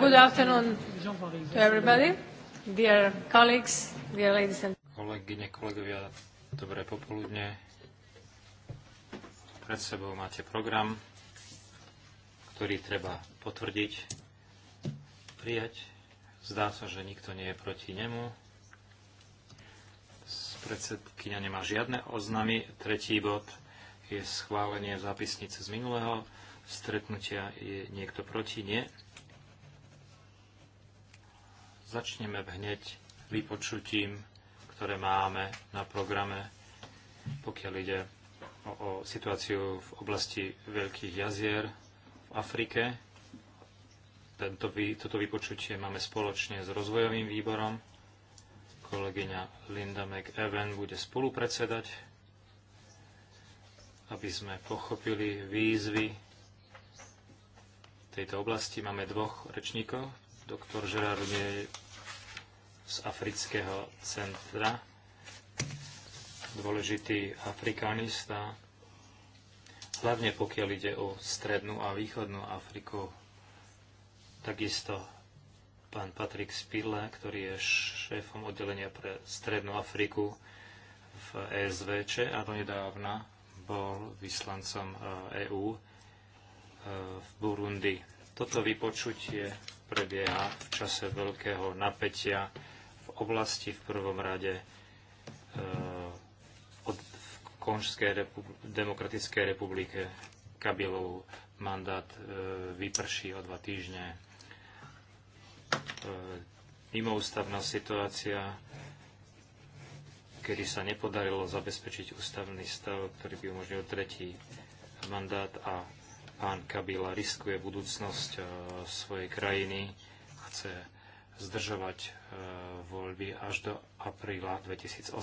Good afternoon to everybody, dear colleagues, dear ladies and Kolegyne, kolegovia, dobré popoludne. Pred sebou máte program, ktorý treba potvrdiť, prijať. Zdá sa, že nikto nie je proti nemu. Predsedkynia nemá žiadne oznamy. Tretí bod je schválenie zápisnice z minulého stretnutia. Je niekto proti? Nie. Začneme hneď vypočutím, ktoré máme na programe, pokiaľ ide o, o situáciu v oblasti veľkých jazier v Afrike. Tento, toto vypočutie máme spoločne s rozvojovým výborom. Kolegyňa Linda McEwen bude spolupredsedať, aby sme pochopili výzvy tejto oblasti. Máme dvoch rečníkov. Doktor Gerard je z Afrického centra, dôležitý afrikanista, hlavne pokiaľ ide o strednú a východnú Afriku. Takisto pán Patrik Spirle, ktorý je šéfom oddelenia pre strednú Afriku v ESVČ a donedávna bol vyslancom EÚ e v Burundi. Toto vypočutie prebieha v čase veľkého napätia v oblasti v prvom rade e, od Konžskej demokratickej republike Kabilov mandát e, vyprší o dva týždne. E, mimoústavná situácia, kedy sa nepodarilo zabezpečiť ústavný stav, ktorý by umožnil tretí mandát a Pán Kabila riskuje budúcnosť e, svojej krajiny, chce zdržovať e, voľby až do apríla 2018.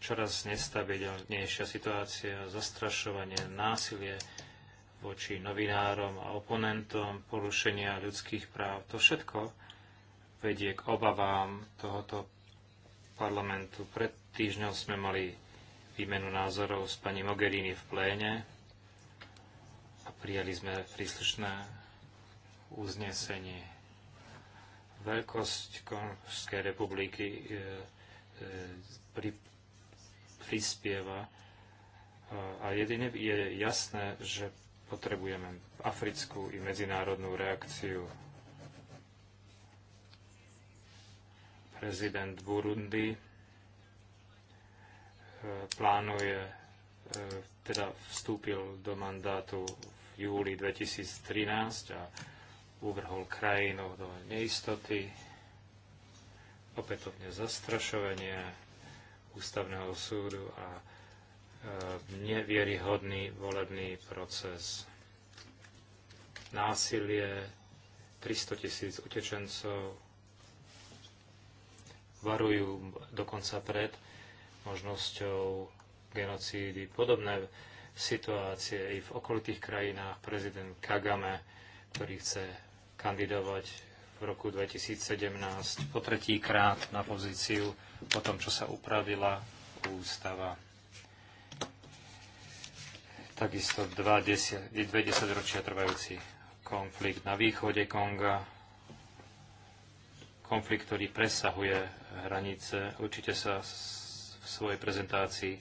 Čoraz nestabilnejšia situácia, zastrašovanie, násilie voči novinárom a oponentom, porušenia ľudských práv, to všetko vedie k obavám tohoto parlamentu. Pred týždňom sme mali výmenu názorov s pani Mogherini v pléne a prijali sme príslušné uznesenie. Veľkosť Konžskej republiky e, e, pri, prispieva e, a jedine je jasné, že potrebujeme africkú i medzinárodnú reakciu. Prezident Burundi Eh, plánuje, eh, teda vstúpil do mandátu v júli 2013 a uvrhol krajinu do neistoty, opätovne zastrašovanie ústavného súdu a eh, nevieryhodný volebný proces. Násilie, 300 tisíc utečencov varujú dokonca pred možnosťou genocídy. Podobné situácie i v okolitých krajinách. Prezident Kagame, ktorý chce kandidovať v roku 2017 po tretí krát na pozíciu po tom, čo sa upravila ústava. Takisto dva dve ročia trvajúci konflikt na východe Konga, konflikt, ktorý presahuje hranice. Určite sa svojej prezentácii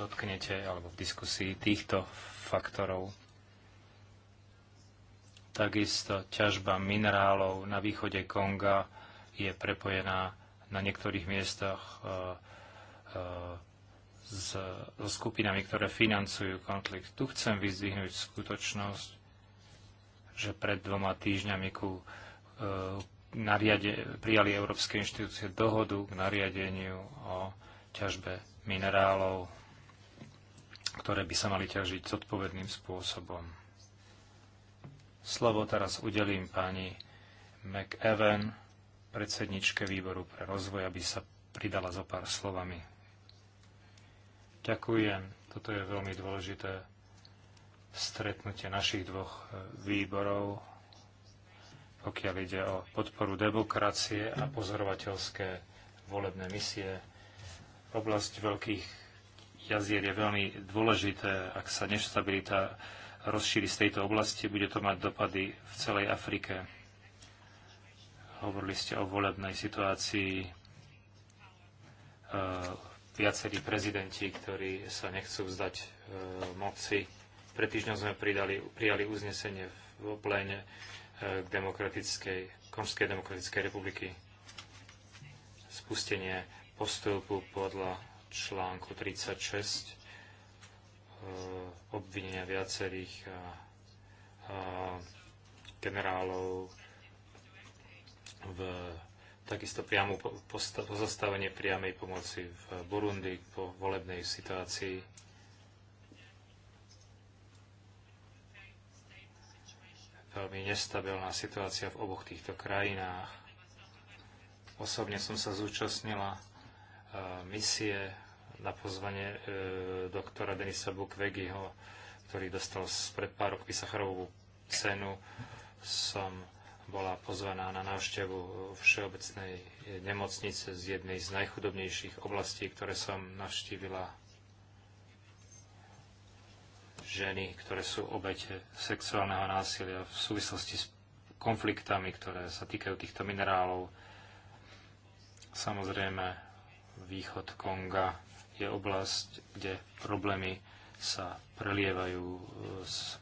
dotknete alebo v diskusii týchto faktorov. Takisto ťažba minerálov na východe Konga je prepojená na niektorých miestach e, e, s skupinami, ktoré financujú konflikt. Tu chcem vyzdvihnúť skutočnosť, že pred dvoma týždňami ku e, nariade, prijali európske inštitúcie dohodu k nariadeniu o ťažbe minerálov, ktoré by sa mali ťažiť zodpovedným spôsobom. Slovo teraz udelím pani McEwen, predsedničke výboru pre rozvoj, aby sa pridala zo pár slovami. Ďakujem. Toto je veľmi dôležité stretnutie našich dvoch výborov, pokiaľ ide o podporu demokracie a pozorovateľské volebné misie Oblasť veľkých jazier je veľmi dôležité. Ak sa nestabilita rozšíri z tejto oblasti, bude to mať dopady v celej Afrike. Hovorili ste o volebnej situácii. E, viacerí prezidenti, ktorí sa nechcú vzdať e, moci. Pred týždňom sme pridali, prijali uznesenie v pléne e, k demokratickej, Konžskej demokratickej republiky spustenie postupu podľa článku 36 e, obvinenia viacerých e, e, generálov v takisto priamu pozastavenie priamej pomoci v Burundi po volebnej situácii. Veľmi nestabilná situácia v oboch týchto krajinách. Osobne som sa zúčastnila misie na pozvanie e, doktora Denisa Bukvegiho, ktorý dostal pred pár rokmi Sacharovú cenu, som bola pozvaná na návštevu Všeobecnej nemocnice z jednej z najchudobnejších oblastí, ktoré som navštívila ženy, ktoré sú obete sexuálneho násilia v súvislosti s konfliktami, ktoré sa týkajú týchto minerálov. Samozrejme, Východ Konga je oblasť, kde problémy sa prelievajú e, z,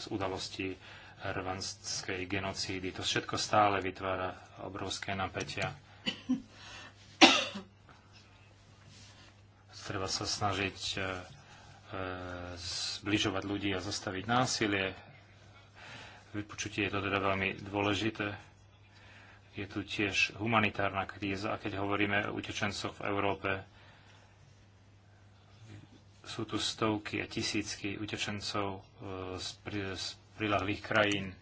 z udalosti rvanskej genocídy. To všetko stále vytvára obrovské napätia. Treba sa snažiť e, e, zbližovať ľudí a zastaviť násilie. Vypočutie je to teda veľmi dôležité je tu tiež humanitárna kríza a keď hovoríme o utečencoch v Európe, sú tu stovky a tisícky utečencov e, z, pri, z prilahlých krajín.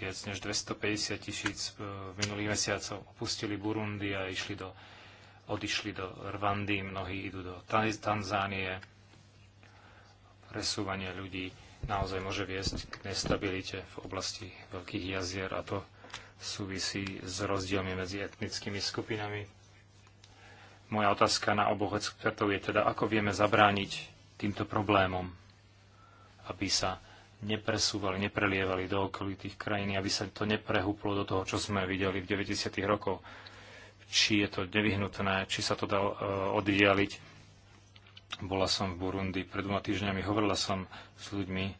Viac než 250 tisíc e, v minulých mesiacov opustili Burundi a išli do, odišli do Rwandy, mnohí idú do Tanzánie. Presúvanie ľudí naozaj môže viesť k nestabilite v oblasti veľkých jazier a to súvisí s rozdielmi medzi etnickými skupinami. Moja otázka na oboch expertov je teda, ako vieme zabrániť týmto problémom, aby sa nepresúvali, neprelievali do okolitých krajín, aby sa to neprehúplo do toho, čo sme videli v 90. rokoch. Či je to nevyhnutné, či sa to dá e, oddialiť. Bola som v Burundi pred dvoma týždňami, hovorila som s ľuďmi, e,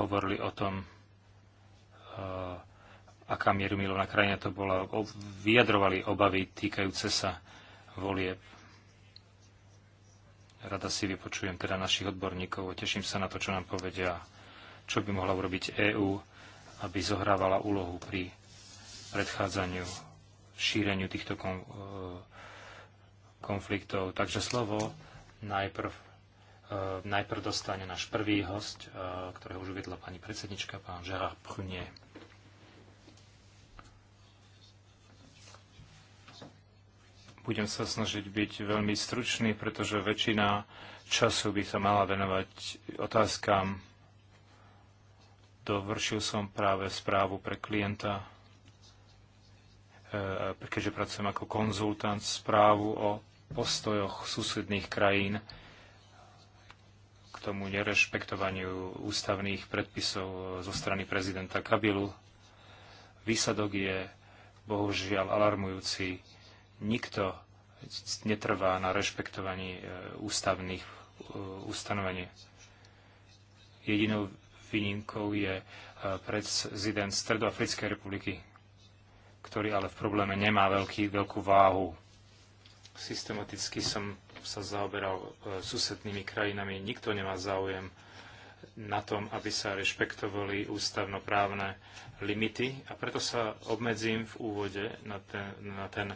hovorili o tom, e, aká mierumilovná krajina to bola, vyjadrovali obavy týkajúce sa volieb. Rada si vypočujem teda našich odborníkov a teším sa na to, čo nám povedia, čo by mohla urobiť EÚ, aby zohrávala úlohu pri predchádzaniu, šíreniu týchto e, konfliktov. Takže slovo najprv, e, najprv dostane náš prvý host, e, ktorého už uvedla pani predsednička, pán Gérard Prunier. Budem sa snažiť byť veľmi stručný, pretože väčšina času by sa mala venovať otázkam. Dovršil som práve správu pre klienta, e, keďže pracujem ako konzultant, správu o postojoch susedných krajín k tomu nerešpektovaniu ústavných predpisov zo strany prezidenta Kabilu. Výsadok je bohužiaľ alarmujúci nikto netrvá na rešpektovaní e, ústavných e, ustanovení. Jedinou výnimkou je e, prezident Stredoafrickej republiky, ktorý ale v probléme nemá veľký, veľkú váhu. Systematicky som sa zaoberal susednými krajinami. Nikto nemá záujem na tom, aby sa rešpektovali ústavnoprávne limity a preto sa obmedzím v úvode na ten, na ten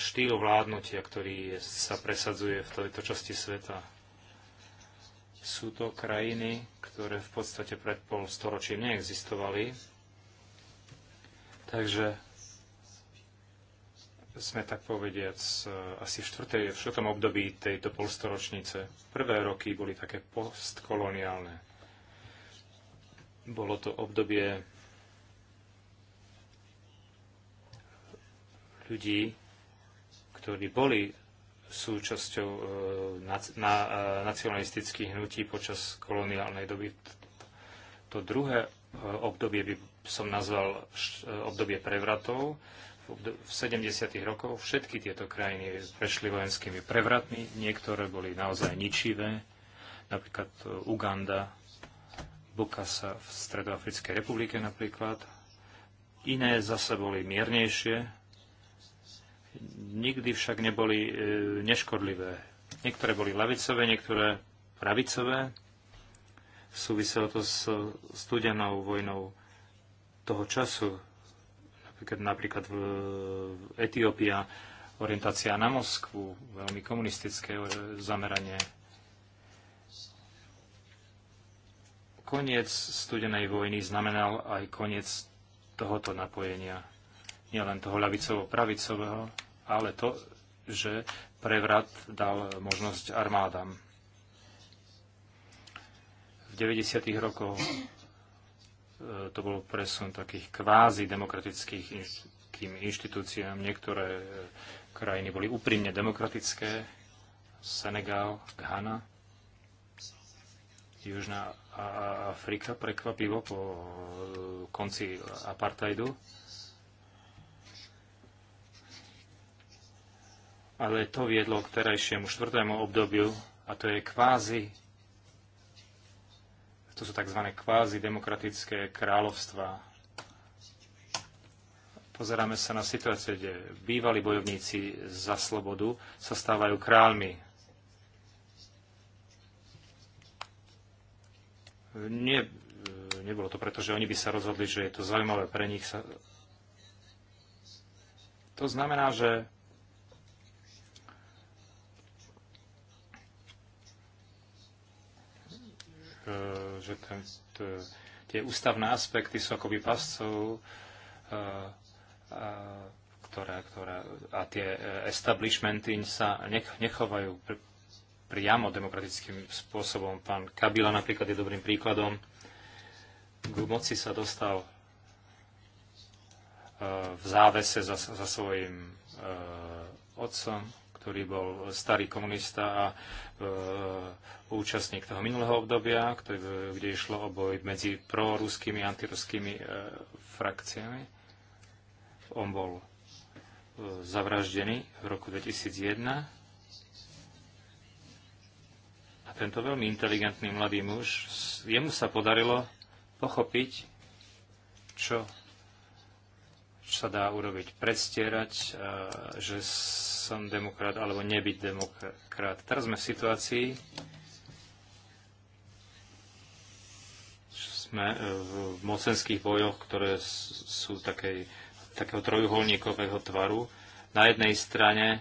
štýl vládnutia, ktorý sa presadzuje v tejto časti sveta. Sú to krajiny, ktoré v podstate pred pol storočím neexistovali. Takže sme tak povediac eh, asi v, čtvrtej, v štvrtom období tejto polstoročnice. Prvé roky boli také postkoloniálne. Bolo to obdobie ľudí, ktorí boli súčasťou e, na, na, e, nacionalistických hnutí počas koloniálnej doby. To druhé e, obdobie by som nazval obdobie prevratov. V 70. rokoch všetky tieto krajiny prešli vojenskými prevratmi, niektoré boli naozaj ničivé, napríklad Uganda, Bukasa v Stredoafrickej republike napríklad. Iné zase boli miernejšie, nikdy však neboli e, neškodlivé. Niektoré boli lavicové, niektoré pravicové. Súviselo to s studenou vojnou toho času. Napríklad, napríklad v Etiópia orientácia na Moskvu, veľmi komunistické e, zameranie. Koniec studenej vojny znamenal aj koniec tohoto napojenia nielen toho ľavicovo-pravicového, ale to, že prevrat dal možnosť armádam. V 90. rokoch e, to bol presun takých kvázi demokratických inštitúciám. Niektoré e, krajiny boli úprimne demokratické. Senegal, Ghana, Južná Afrika prekvapivo po e, konci apartheidu ale to viedlo k terajšiemu štvrtému obdobiu a to je kvázi to sú tzv. kvázi demokratické kráľovstva. Pozeráme sa na situácie, kde bývalí bojovníci za slobodu sa stávajú kráľmi. Nie, nebolo to preto, že oni by sa rozhodli, že je to zaujímavé pre nich. Sa... To znamená, že Eh, že ten, t, tie ústavné aspekty sú akoby pascov, eh, eh, ktoré, ktoré, a tie establishmenty sa nech, nechovajú pr, priamo demokratickým spôsobom. Pán Kabila napríklad je dobrým príkladom. K moci sa dostal v závese za, za svojim otcom, ktorý bol starý komunista a e, účastník toho minulého obdobia, ktorý, e, kde išlo o boj medzi proruskými a antiruskými e, frakciami. On bol e, zavraždený v roku 2001 a tento veľmi inteligentný mladý muž, jemu sa podarilo pochopiť, čo sa dá urobiť, predstierať, e, že som demokrat alebo nebyť demokrat. Teraz sme v situácii, sme e, v mocenských bojoch, ktoré sú takej, takého trojuholníkového tvaru. Na jednej strane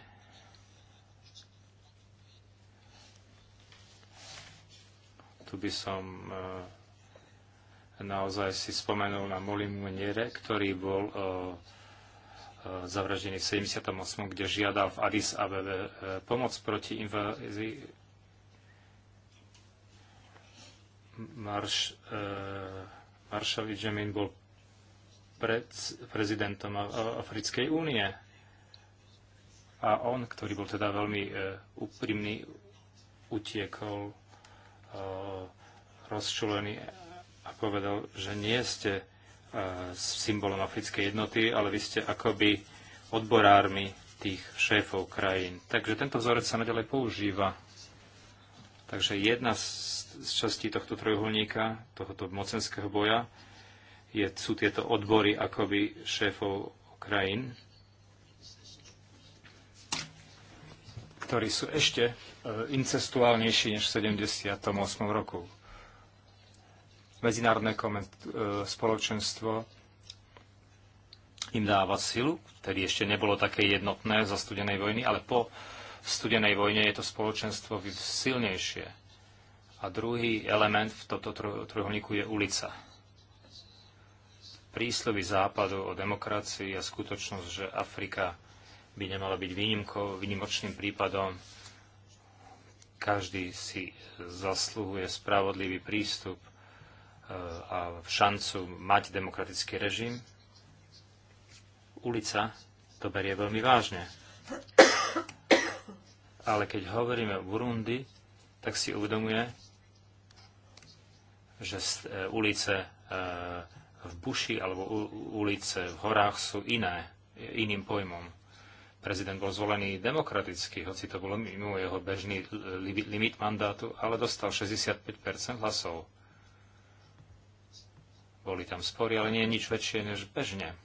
tu by som e, naozaj si spomenul na Molimu Niere, ktorý bol e, e, zavraždený v 78., kde žiadal v Addis Abebe e, pomoc proti invázii. Marš, e, Maršali Džemin bol pred prezidentom Africkej únie. A on, ktorý bol teda veľmi úprimný, utiekol rozčulený a povedal, že nie ste e, symbolom africkej jednoty, ale vy ste akoby odborármi tých šéfov krajín. Takže tento vzorec sa nadalej používa. Takže jedna z častí tohto trojuholníka, tohoto mocenského boja, je, sú tieto odbory akoby šéfov krajín, ktorí sú ešte e, incestuálnejší než v 78. roku medzinárodné e, spoločenstvo im dáva silu, vtedy ešte nebolo také jednotné za studenej vojny, ale po studenej vojne je to spoločenstvo silnejšie. A druhý element v tomto trojuholníku je ulica. Príslovy západu o demokracii a skutočnosť, že Afrika by nemala byť výnimkou, výnimočným prípadom, každý si zasluhuje spravodlivý prístup a šancu mať demokratický režim, ulica to berie veľmi vážne. Ale keď hovoríme o Burundi, tak si uvedomuje, že e, ulice e, v buši alebo ulice v horách sú iné, iným pojmom. Prezident bol zvolený demokraticky, hoci to bolo mimo jeho bežný limit mandátu, ale dostal 65 hlasov. Boli tam spory, ale nie je nič väčšie než bežne.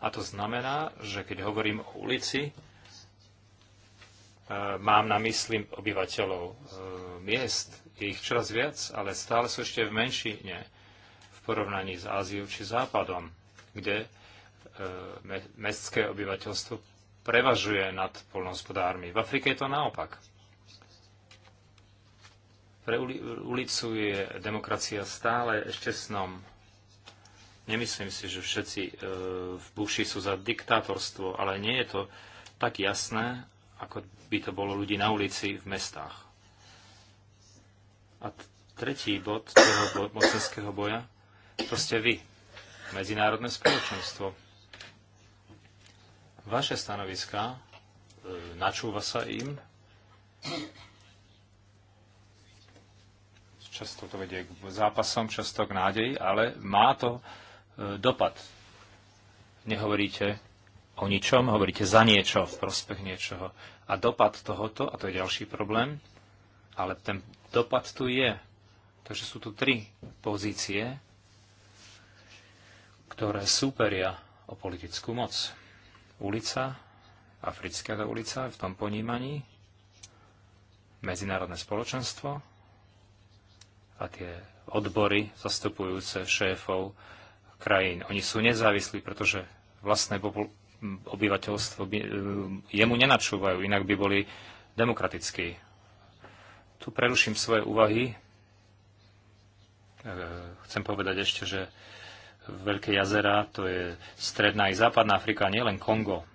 A to znamená, že keď hovorím o ulici, e, mám na mysli obyvateľov e, miest, je ich čoraz viac, ale stále sú ešte v menšine v porovnaní s Áziou či Západom, kde e, mestské obyvateľstvo prevažuje nad polnohospodármi. V Afrike je to naopak. Pre ulicu je demokracia stále ešte snom. Nemyslím si, že všetci e, v Buši sú za diktátorstvo, ale nie je to tak jasné, ako by to bolo ľudí na ulici v mestách. A tretí bod toho bo- mocenského boja, to ste vy, medzinárodné spoločenstvo. Vaše stanoviska e, načúva sa im, často to vedie k zápasom, často k nádeji, ale má to E, dopad. Nehovoríte o ničom, hovoríte za niečo, v prospech niečoho. A dopad tohoto, a to je ďalší problém, ale ten dopad tu je. Takže sú tu tri pozície, ktoré súperia o politickú moc. Ulica, africká ulica v tom ponímaní, medzinárodné spoločenstvo a tie odbory zastupujúce šéfov krajín. Oni sú nezávislí, pretože vlastné obyvateľstvo by, e, jemu nenačúvajú, inak by boli demokratickí. Tu preruším svoje úvahy. E, chcem povedať ešte, že Veľké jazera, to je stredná i západná Afrika, nielen Kongo.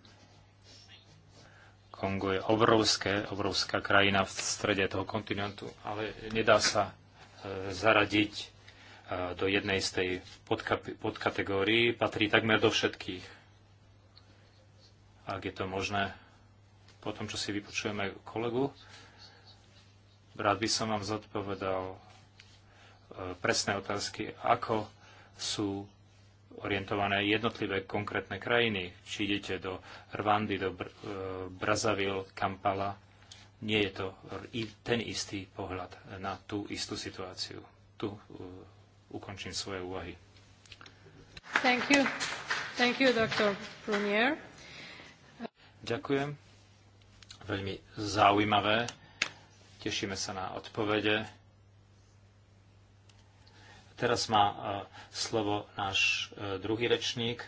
Kongo je obrovské, obrovská krajina v strede toho kontinentu, ale nedá sa e, zaradiť do jednej z tej podkategórii, patrí takmer do všetkých. Ak je to možné, po tom, čo si vypočujeme kolegu, rád by som vám zodpovedal e, presné otázky, ako sú orientované jednotlivé konkrétne krajiny. Či idete do Rwandy, do Br- e, Brazavil, Kampala, nie je to ten istý pohľad na tú istú situáciu. Tu e, ukončím svoje úvahy. Thank you. Thank you, Dr. Ďakujem. Veľmi zaujímavé. Tešíme sa na odpovede. Teraz má e, slovo náš e, druhý rečník,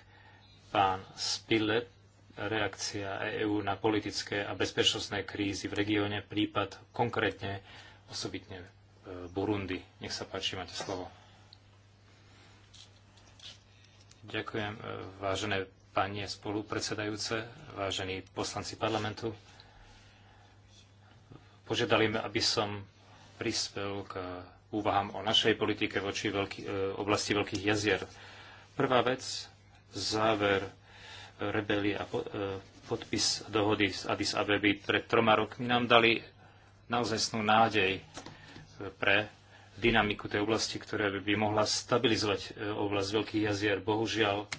pán Spille, reakcia EÚ na politické a bezpečnostné krízy v regióne, prípad konkrétne osobitne e, Burundi. Nech sa páči, máte slovo. Ďakujem, e, vážené pani spolupredsedajúce, vážení poslanci parlamentu. Požiadali ma, aby som prispel k úvahám o našej politike voči veľký, e, oblasti veľkých jazier. Prvá vec, záver rebelie a e, podpis dohody z Addis Abeby pred troma rokmi nám dali naozajstnú nádej pre dynamiku tej oblasti, ktorá by mohla stabilizovať e, oblasť Veľkých jazier. Bohužiaľ,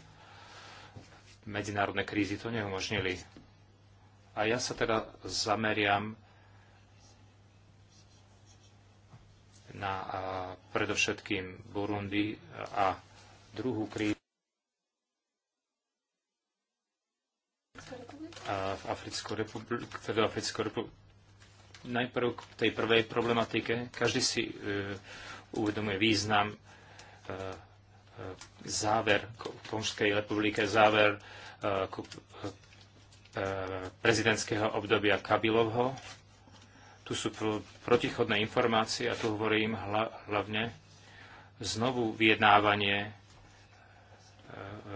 medzinárodné krízy to neumožnili. A ja sa teda zameriam na a, predovšetkým Burundi a druhú krízu v Africkú republiku, teda Africkú republiku Najprv k tej prvej problematike. Každý si e, uvedomuje význam, e, e, záver Konžskej republike, záver e, e, prezidentského obdobia Kabilovho. Tu sú pr- protichodné informácie a tu hovorím hla- hlavne znovu vyjednávanie,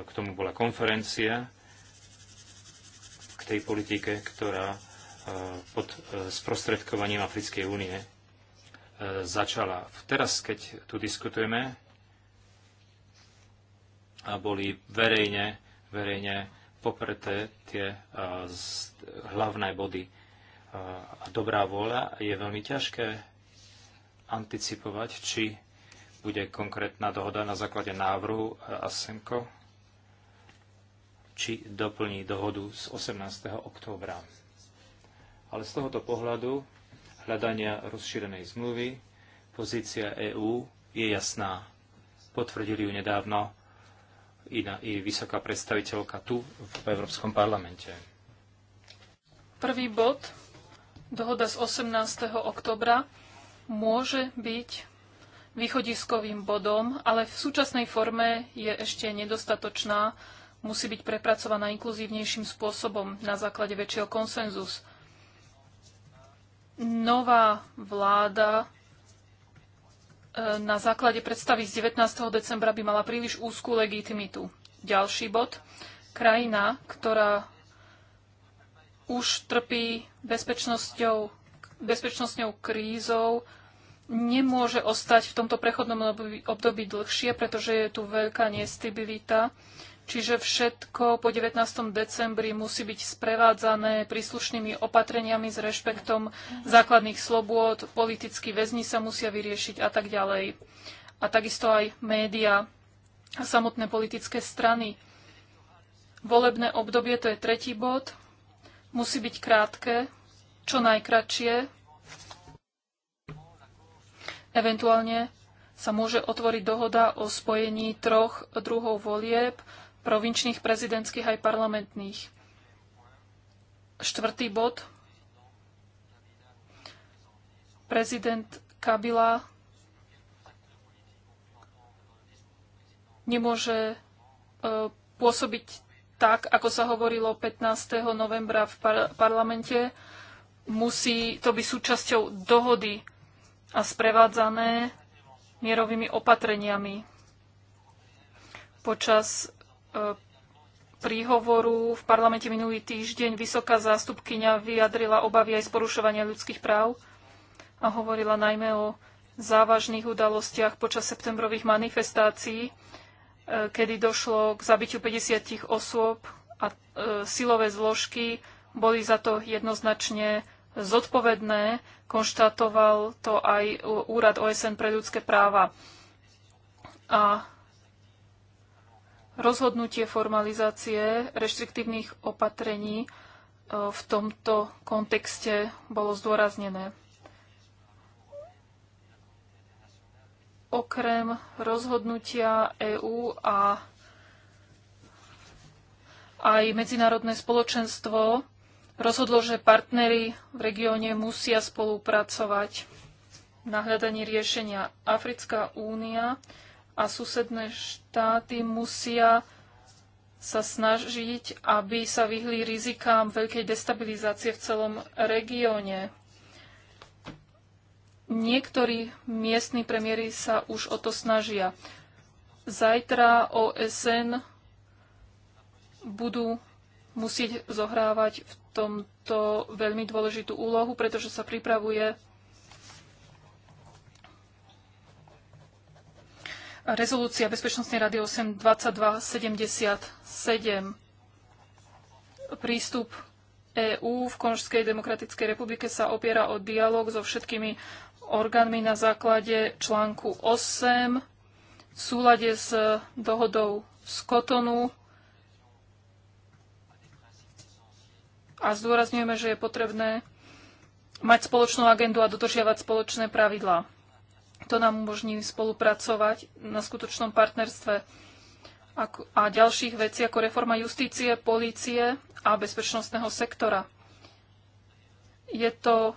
k tomu bola konferencia, k tej politike, ktorá E, pod e, sprostredkovaním Africkej únie e, začala. Teraz, keď tu diskutujeme a boli verejne, verejne popreté tie hlavné body a dobrá vôľa, je veľmi ťažké anticipovať, či bude konkrétna dohoda na základe návrhu ASEMKO, či doplní dohodu z 18. októbra. Ale z tohoto pohľadu hľadania rozšírenej zmluvy pozícia EÚ je jasná. Potvrdili ju nedávno i, na, i vysoká predstaviteľka tu v Európskom parlamente. Prvý bod, dohoda z 18. oktobra, môže byť východiskovým bodom, ale v súčasnej forme je ešte nedostatočná, musí byť prepracovaná inkluzívnejším spôsobom na základe väčšieho konsenzusu nová vláda e, na základe predstavy z 19. decembra by mala príliš úzkú legitimitu. Ďalší bod. Krajina, ktorá už trpí bezpečnosťou, bezpečnosťou krízou, nemôže ostať v tomto prechodnom období dlhšie, pretože je tu veľká nestabilita Čiže všetko po 19. decembri musí byť sprevádzané príslušnými opatreniami s rešpektom základných slobôd, politickí väzni sa musia vyriešiť a tak ďalej. A takisto aj média a samotné politické strany. Volebné obdobie, to je tretí bod, musí byť krátke, čo najkračšie. Eventuálne sa môže otvoriť dohoda o spojení troch druhov volieb provinčných, prezidentských aj parlamentných. Štvrtý bod. Prezident Kabila nemôže e, pôsobiť tak, ako sa hovorilo 15. novembra v parlamente, musí to byť súčasťou dohody a sprevádzané mierovými opatreniami. Počas E, príhovoru v parlamente minulý týždeň vysoká zástupkyňa vyjadrila obavy aj z porušovania ľudských práv a hovorila najmä o závažných udalostiach počas septembrových manifestácií, e, kedy došlo k zabitiu 50 osôb a e, silové zložky boli za to jednoznačne zodpovedné, konštatoval to aj Úrad OSN pre ľudské práva. A rozhodnutie formalizácie reštriktívnych opatrení e, v tomto kontexte bolo zdôraznené. Okrem rozhodnutia EÚ a aj medzinárodné spoločenstvo rozhodlo, že partnery v regióne musia spolupracovať na hľadanie riešenia. Africká únia a susedné štáty musia sa snažiť, aby sa vyhli rizikám veľkej destabilizácie v celom regióne. Niektorí miestni premiéry sa už o to snažia. Zajtra OSN budú musieť zohrávať v tomto veľmi dôležitú úlohu, pretože sa pripravuje rezolúcia Bezpečnostnej rady 82277 prístup EÚ v Konžskej demokratickej republike sa opiera o dialog so všetkými orgánmi na základe článku 8 v súlade s dohodou z Kotonu a zdôrazňujeme, že je potrebné mať spoločnú agendu a dodržiavať spoločné pravidlá. To nám umožní spolupracovať na skutočnom partnerstve a ďalších vecí ako reforma justície, polície a bezpečnostného sektora. Je to,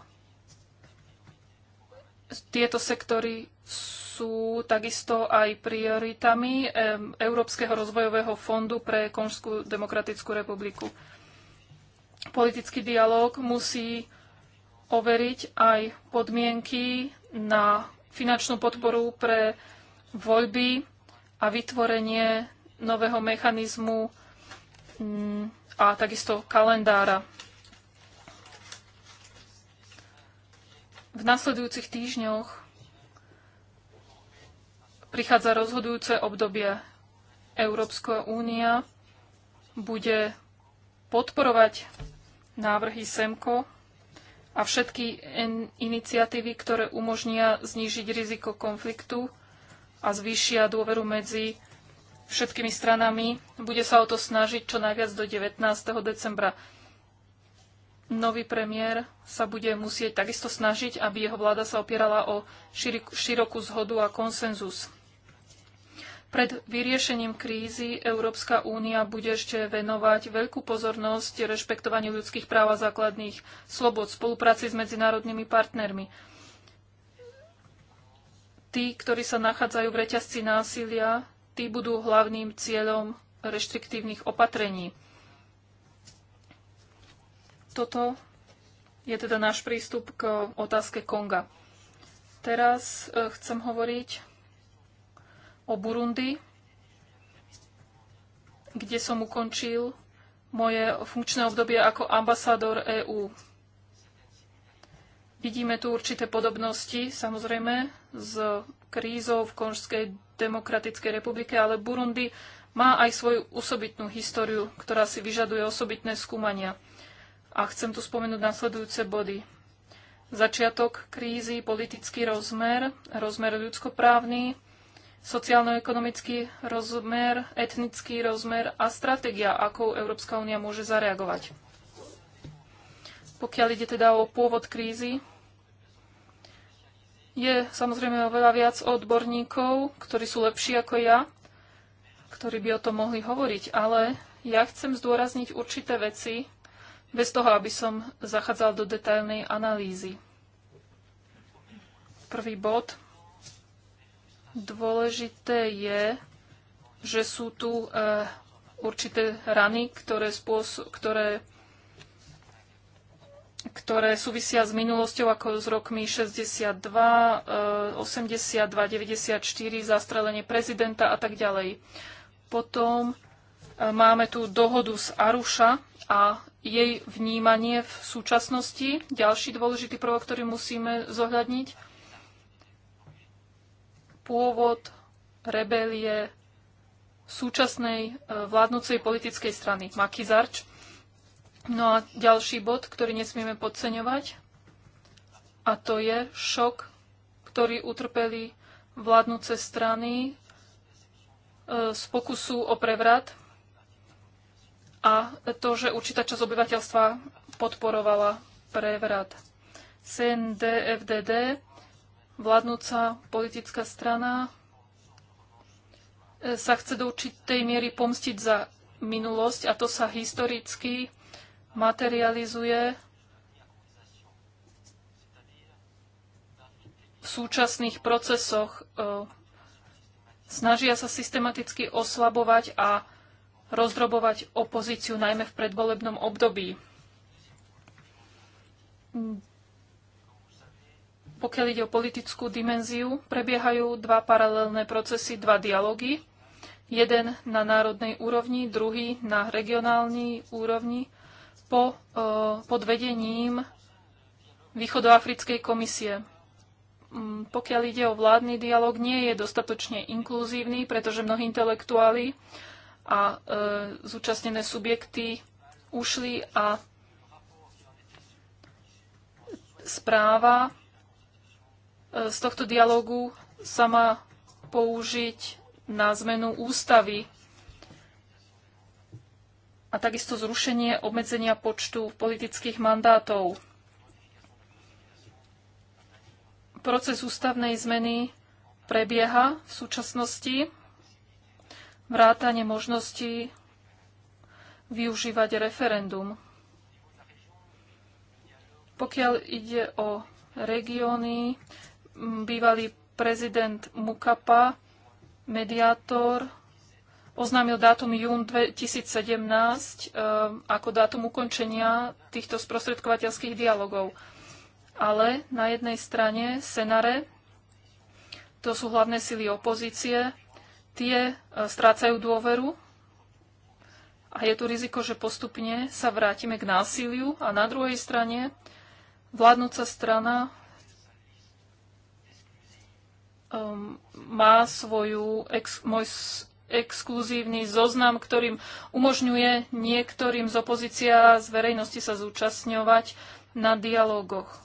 tieto sektory sú takisto aj prioritami Európskeho rozvojového fondu pre Konžskú demokratickú republiku. Politický dialog musí overiť aj podmienky na finančnú podporu pre voľby a vytvorenie nového mechanizmu mm, a takisto kalendára. V nasledujúcich týždňoch prichádza rozhodujúce obdobie. Európska únia bude podporovať návrhy SEMKO a všetky iniciatívy, ktoré umožnia znížiť riziko konfliktu a zvýšia dôveru medzi všetkými stranami. Bude sa o to snažiť čo najviac do 19. decembra. Nový premiér sa bude musieť takisto snažiť, aby jeho vláda sa opierala o širokú zhodu a konsenzus. Pred vyriešením krízy Európska únia bude ešte venovať veľkú pozornosť rešpektovaniu ľudských práv a základných slobod, spolupráci s medzinárodnými partnermi. Tí, ktorí sa nachádzajú v reťazci násilia, tí budú hlavným cieľom reštriktívnych opatrení. Toto je teda náš prístup k otázke Konga. Teraz e, chcem hovoriť o Burundi, kde som ukončil moje funkčné obdobie ako ambasádor EÚ. Vidíme tu určité podobnosti, samozrejme, s krízou v Konžskej demokratickej republike, ale Burundi má aj svoju osobitnú históriu, ktorá si vyžaduje osobitné skúmania. A chcem tu spomenúť nasledujúce body. Začiatok krízy, politický rozmer, rozmer ľudskoprávny, sociálno-ekonomický rozmer, etnický rozmer a stratégia, ako Európska únia môže zareagovať. Pokiaľ ide teda o pôvod krízy, je samozrejme oveľa viac odborníkov, ktorí sú lepší ako ja, ktorí by o tom mohli hovoriť, ale ja chcem zdôrazniť určité veci, bez toho, aby som zachádzal do detailnej analýzy. Prvý bod Dôležité je, že sú tu e, určité rany, ktoré, spôso- ktoré, ktoré súvisia s minulosťou, ako s rokmi 62, 82, 94, zastrelenie prezidenta a tak ďalej. Potom e, máme tu dohodu z Aruša a jej vnímanie v súčasnosti. Ďalší dôležitý prvok, ktorý musíme zohľadniť pôvod rebelie súčasnej e, vládnúcej politickej strany Makizarč. No a ďalší bod, ktorý nesmieme podceňovať, a to je šok, ktorý utrpeli vládnúce strany e, z pokusu o prevrat a to, že určitá časť obyvateľstva podporovala prevrat. CNDFDD vládnúca politická strana e, sa chce do určitej miery pomstiť za minulosť a to sa historicky materializuje v súčasných procesoch. E, Snažia sa systematicky oslabovať a rozdrobovať opozíciu, najmä v predvolebnom období. Pokiaľ ide o politickú dimenziu, prebiehajú dva paralelné procesy, dva dialógy. Jeden na národnej úrovni, druhý na regionálnej úrovni po, e, pod vedením Východoafrickej komisie. Mm, pokiaľ ide o vládny dialog, nie je dostatočne inkluzívny, pretože mnohí intelektuáli a e, zúčastnené subjekty ušli a správa E, z tohto dialogu sa má použiť na zmenu ústavy a takisto zrušenie obmedzenia počtu politických mandátov. Proces ústavnej zmeny prebieha v súčasnosti vrátane možnosti využívať referendum. Pokiaľ ide o regióny, bývalý prezident Mukapa, mediátor, oznámil dátum jún 2017 eh, ako dátum ukončenia týchto sprostredkovateľských dialogov. Ale na jednej strane Senare, to sú hlavné sily opozície, tie eh, strácajú dôveru a je tu riziko, že postupne sa vrátime k násiliu a na druhej strane vládnúca strana um, má svoju ex, môj exkluzívny zoznam, ktorým umožňuje niektorým z opozícia z verejnosti sa zúčastňovať na dialogoch.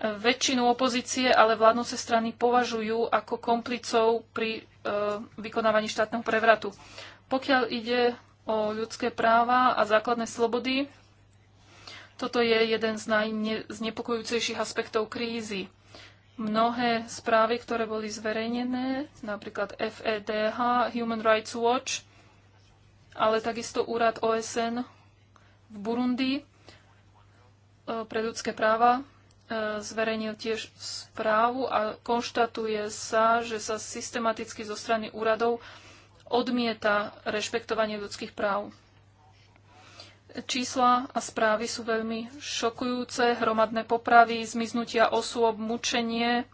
Ehm, väčšinu opozície ale vládnúce strany považujú ako komplicov pri e, vykonávaní štátneho prevratu. Pokiaľ ide o ľudské práva a základné slobody, toto je jeden z najznepokojúcejších aspektov krízy mnohé správy, ktoré boli zverejnené, napríklad FEDH, Human Rights Watch, ale takisto úrad OSN v Burundi e, pre ľudské práva e, zverejnil tiež správu a konštatuje sa, že sa systematicky zo strany úradov odmieta rešpektovanie ľudských práv. Čísla a správy sú veľmi šokujúce. Hromadné popravy, zmiznutia osôb, mučenie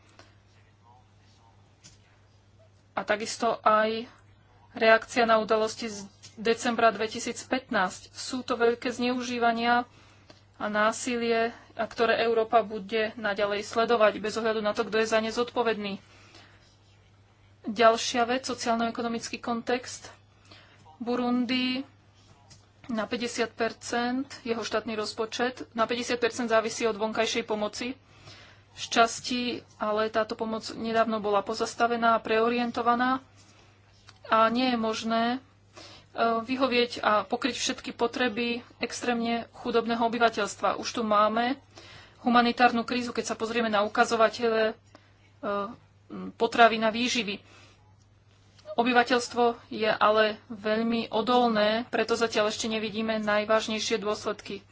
a takisto aj reakcia na udalosti z decembra 2015. Sú to veľké zneužívania a násilie, a ktoré Európa bude naďalej sledovať, bez ohľadu na to, kto je za ne zodpovedný. Ďalšia vec, sociálno-ekonomický kontext. Burundi na 50 jeho štátny rozpočet na 50 závisí od vonkajšej pomoci. Z časti ale táto pomoc nedávno bola pozastavená a preorientovaná a nie je možné e, vyhovieť a pokryť všetky potreby extrémne chudobného obyvateľstva. Už tu máme humanitárnu krízu, keď sa pozrieme na ukazovatele e, potravy na výživy. Obyvateľstvo je ale veľmi odolné, preto zatiaľ ešte nevidíme najvážnejšie dôsledky.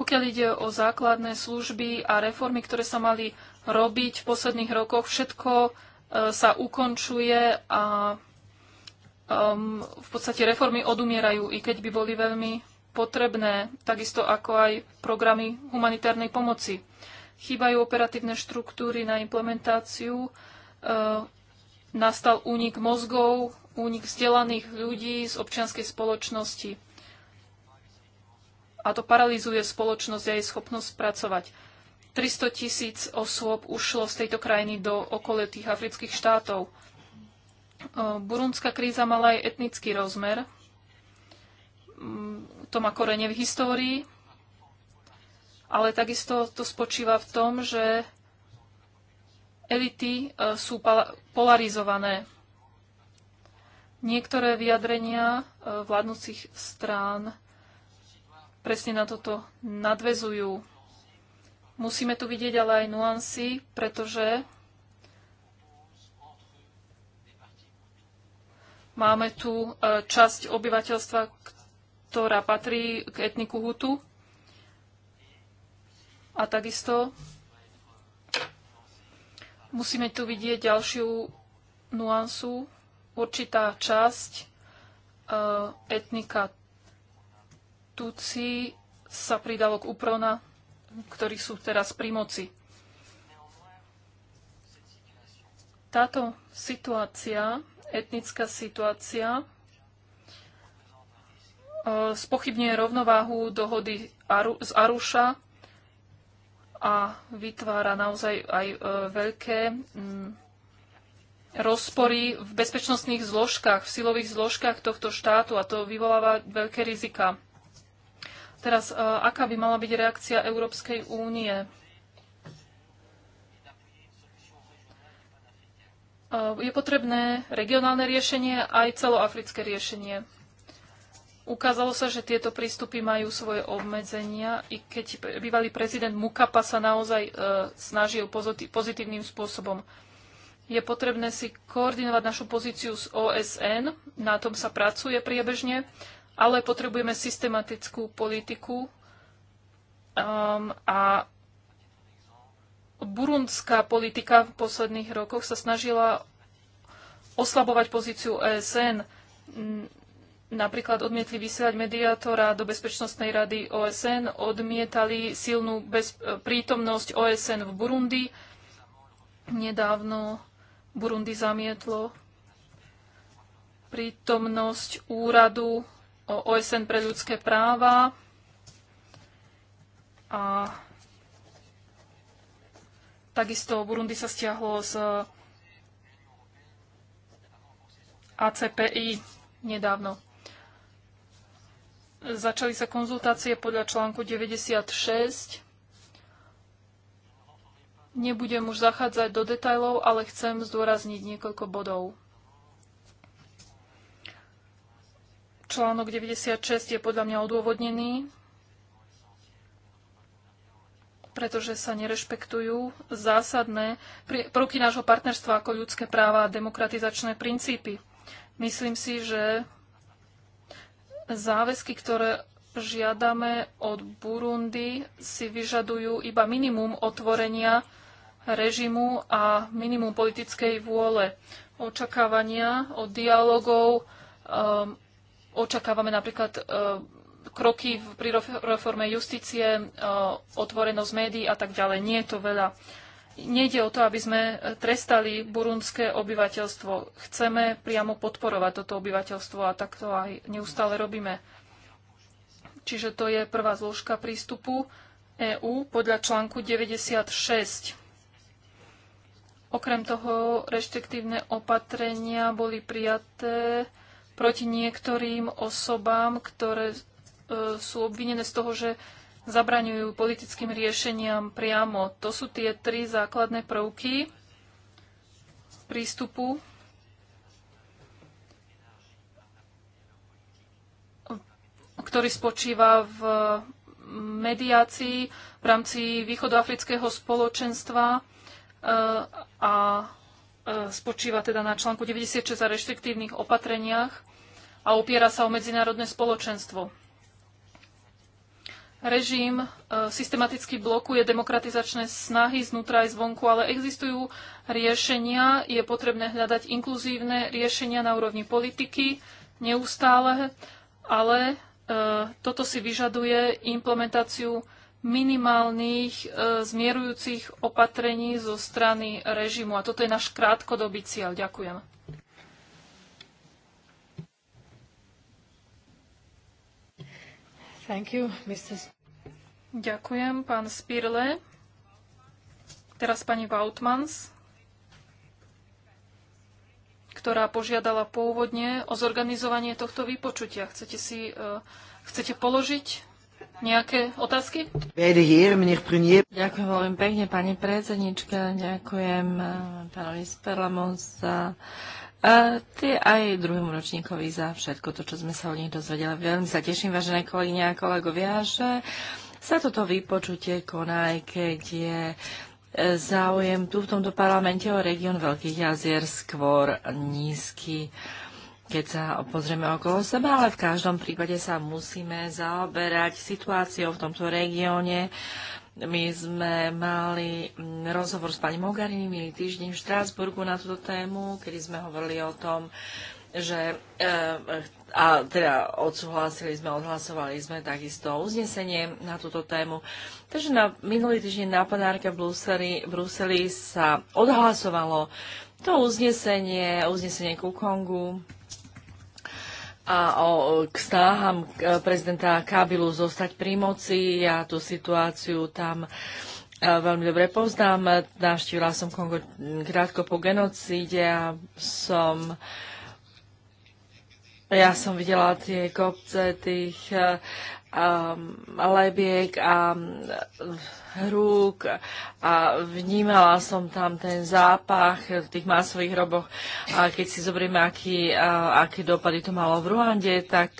Pokiaľ ide o základné služby a reformy, ktoré sa mali robiť v posledných rokoch, všetko e, sa ukončuje a um, v podstate reformy odumierajú, i keď by boli veľmi potrebné, takisto ako aj programy humanitárnej pomoci. Chýbajú operatívne štruktúry na implementáciu Ehm, nastal únik mozgov, únik vzdelaných ľudí z občianskej spoločnosti. A to paralizuje spoločnosť a jej schopnosť pracovať. 300 tisíc osôb ušlo z tejto krajiny do okolitých afrických štátov. Ehm, burundská kríza mala aj etnický rozmer. Ehm, to má korene v histórii, ale takisto to spočíva v tom, že elity e, sú polarizované. Niektoré vyjadrenia e, vládnúcich strán presne na toto nadvezujú. Musíme tu vidieť ale aj nuancy, pretože máme tu e, časť obyvateľstva, ktorá patrí k etniku Hutu a takisto Musíme tu vidieť ďalšiu nuansu. Určitá časť e, etnika Tutsi sa pridalo k Uprona, ktorí sú teraz pri moci. Táto situácia, etnická situácia, e, spochybňuje rovnováhu dohody z Aruša a vytvára naozaj aj e, veľké mm, rozpory v bezpečnostných zložkách, v silových zložkách tohto štátu a to vyvoláva veľké rizika. Teraz, e, aká by mala byť reakcia Európskej únie? E, je potrebné regionálne riešenie aj celoafrické riešenie. Ukázalo sa, že tieto prístupy majú svoje obmedzenia, i keď bývalý prezident Mukapa sa naozaj e, snažil pozitívnym spôsobom. Je potrebné si koordinovať našu pozíciu s OSN, na tom sa pracuje priebežne, ale potrebujeme systematickú politiku um, a burundská politika v posledných rokoch sa snažila oslabovať pozíciu OSN Napríklad odmietli vysielať mediátora do Bezpečnostnej rady OSN, odmietali silnú bez, e, prítomnosť OSN v Burundi. Nedávno Burundi zamietlo prítomnosť úradu OSN pre ľudské práva a takisto Burundi sa stiahlo z ACPI nedávno. Začali sa konzultácie podľa článku 96. Nebudem už zachádzať do detajlov, ale chcem zdôrazniť niekoľko bodov. Článok 96 je podľa mňa odôvodnený, pretože sa nerešpektujú zásadné prvky nášho partnerstva ako ľudské práva a demokratizačné princípy. Myslím si, že záväzky, ktoré žiadame od Burundi, si vyžadujú iba minimum otvorenia režimu a minimum politickej vôle. Očakávania od dialogov, um, očakávame napríklad um, kroky pri reforme justície, um, otvorenosť médií a tak ďalej. Nie je to veľa. Nejde o to, aby sme e, trestali burundské obyvateľstvo. Chceme priamo podporovať toto obyvateľstvo a tak to aj neustále robíme. Čiže to je prvá zložka prístupu EÚ podľa článku 96. Okrem toho reštriktívne opatrenia boli prijaté proti niektorým osobám, ktoré e, sú obvinené z toho, že zabraňujú politickým riešeniam priamo. To sú tie tri základné prvky prístupu ktorý spočíva v mediácii v rámci východoafrického spoločenstva e, a e, spočíva teda na článku 96 a reštriktívnych opatreniach a opiera sa o medzinárodné spoločenstvo režim e, systematicky blokuje demokratizačné snahy znútra aj zvonku, ale existujú riešenia, je potrebné hľadať inkluzívne riešenia na úrovni politiky neustále, ale e, toto si vyžaduje implementáciu minimálnych e, zmierujúcich opatrení zo strany režimu. A toto je náš krátkodobý cieľ. Ďakujem. Thank you, Mr. Ďakujem, pán Spirle. Teraz pani Vautmans, ktorá požiadala pôvodne o zorganizovanie tohto vypočutia. Chcete si eh, chcete položiť nejaké otázky? Ďakujem veľmi pekne, pani predsednička. Ďakujem eh, pánovi Sperlamu za eh, ty aj druhému ročníkovi za všetko to, čo sme sa o nich dozvedeli. Veľmi sa teším, vážené kolegyne a kolegovia, že sa toto vypočutie koná, aj keď je e, záujem tu v tomto parlamente o región Veľkých jazier skôr nízky keď sa pozrieme okolo seba, ale v každom prípade sa musíme zaoberať situáciou v tomto regióne. My sme mali mm, rozhovor s pani Mogarini minulý týždeň v Štrásburgu na túto tému, kedy sme hovorili o tom, že e, e, a teda odsúhlasili sme, odhlasovali sme takisto uznesenie na túto tému. Takže na minulý týždeň na plenárke v Bruseli, Bruseli sa odhlasovalo to uznesenie, uznesenie ku Kongu a o, k snahám e, prezidenta Kabilu zostať pri moci. Ja tú situáciu tam veľmi dobre poznám. Navštívila som Kongo krátko po genocíde a som uh, ja som videla tie kopce tých eh, um, lebiek a mm, hrúk a vnímala som tam ten zápach v tých masových roboch. A keď si zoberieme, aký, eh, aké dopady to malo v Ruande, tak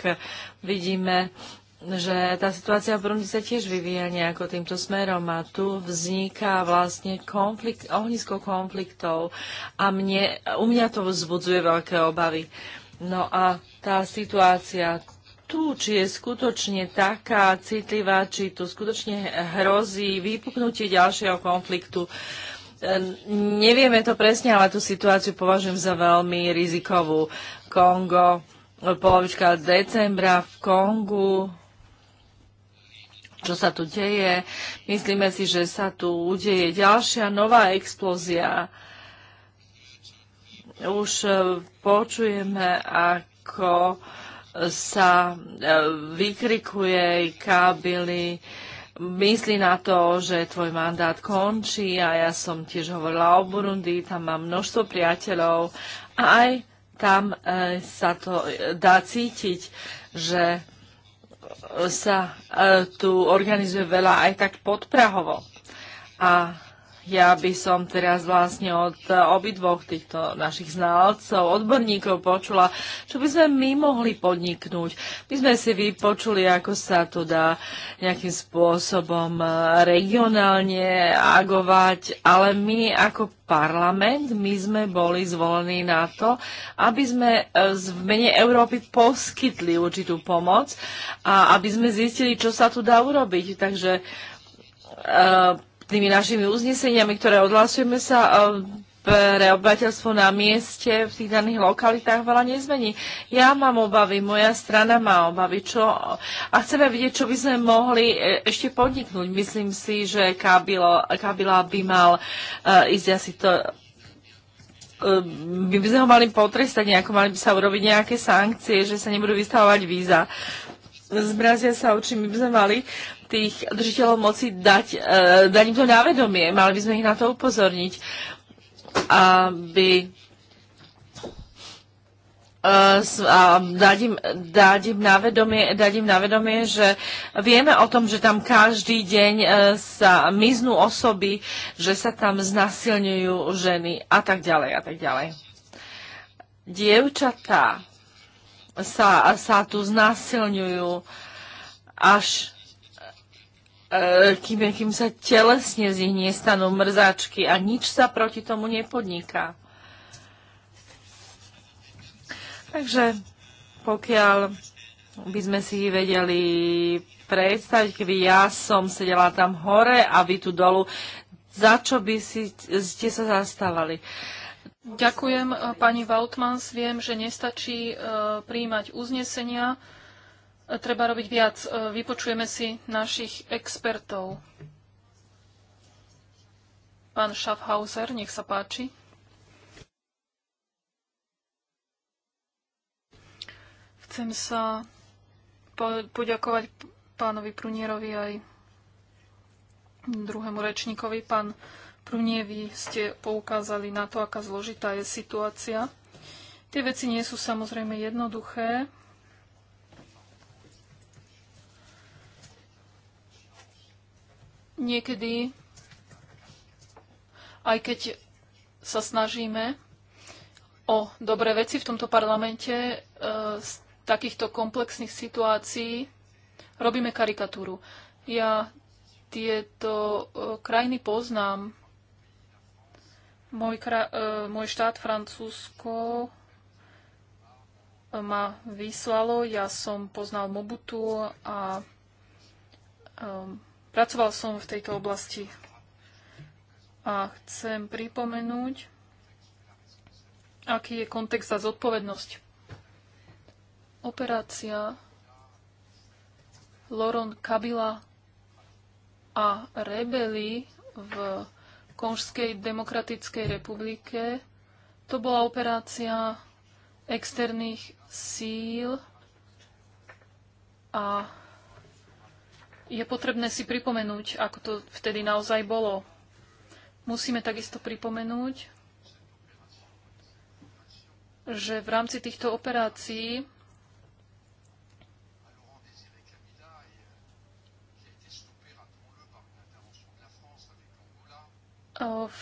vidíme, že tá situácia v Burundi sa tiež vyvíja nejako týmto smerom a tu vzniká vlastne konflikt, ohnisko konfliktov a mne, u mňa to vzbudzuje veľké obavy. Uh, No a tá situácia tu, či je skutočne taká citlivá, či tu skutočne hrozí vypuknutie ďalšieho konfliktu. Ehm, nevieme to presne, ale tú situáciu považujem za veľmi rizikovú. Kongo, polovička decembra v Kongu, čo sa tu deje. Myslíme si, že sa tu udeje ďalšia nová explózia. Už počujeme, ako sa e, vykrikuje kábily, myslí na to, že tvoj mandát končí a ja som tiež hovorila o Burundi, tam mám množstvo priateľov a aj tam e, sa to e, dá cítiť, že sa tu organizuje veľa aj tak podprahovo. A ja by som teraz vlastne od e, obidvoch týchto našich znalcov, odborníkov počula, čo by sme my mohli podniknúť. My sme si vypočuli, ako sa tu dá nejakým spôsobom e, regionálne agovať, ale my ako parlament, my sme boli zvolení na to, aby sme e, v mene Európy poskytli určitú pomoc a aby sme zistili, čo sa tu dá urobiť. Takže uh, tými našimi uzneseniami, ktoré odhlasujeme sa e, pre obyvateľstvo na mieste v tých daných lokalitách veľa nezmení. Ja mám obavy, moja strana má obavy, čo, a chceme vidieť, čo by sme mohli e, ešte podniknúť. Myslím si, že Kabilo, Kabila by mal uh, ísť asi to my by sme ho mali potrestať nejako, mali by sa urobiť nejaké sankcie, že sa nebudú vystavovať víza. Zmrazia sa oči, my by sme mali uh, tých držiteľov moci dať, e, dať im to návedomie. Mali by sme ich na to upozorniť, aby e, a dať im, dať, im navedomie, dať im navedomie, že vieme o tom, že tam každý deň e, sa miznú osoby, že sa tam znasilňujú ženy a tak ďalej a tak ďalej. Dievčatá sa, sa tu znasilňujú až E, kým, kým sa telesne z nich nestanú mrzáčky a nič sa proti tomu nepodniká. Takže pokiaľ by sme si vedeli predstaviť, keby ja som sedela tam hore a vy tu dolu, za čo by si, ste sa zastávali? Ďakujem, e, pani Vautmans. Viem, že nestačí e, príjmať uznesenia treba robiť viac. E, vypočujeme si našich expertov. Pán Schaffhauser, nech sa páči. Chcem sa poďakovať pánovi Prunierovi aj druhému rečníkovi. Pán Prunie, vy ste poukázali na to, aká zložitá je situácia. Tie veci nie sú samozrejme jednoduché, Niekedy, aj keď sa snažíme o dobré veci v tomto parlamente, e, z takýchto komplexných situácií robíme karikatúru. Ja tieto e, krajiny poznám. Môj, kra- e, môj štát Francúzsko ma vyslalo. Ja som poznal Mobutu a um, Pracoval som v tejto oblasti a chcem pripomenúť, aký je kontext a zodpovednosť. Operácia Loron Kabila a rebeli v Konžskej demokratickej republike. To bola operácia externých síl a je potrebné si pripomenúť, ako to vtedy naozaj bolo. Musíme takisto pripomenúť, že v rámci týchto operácií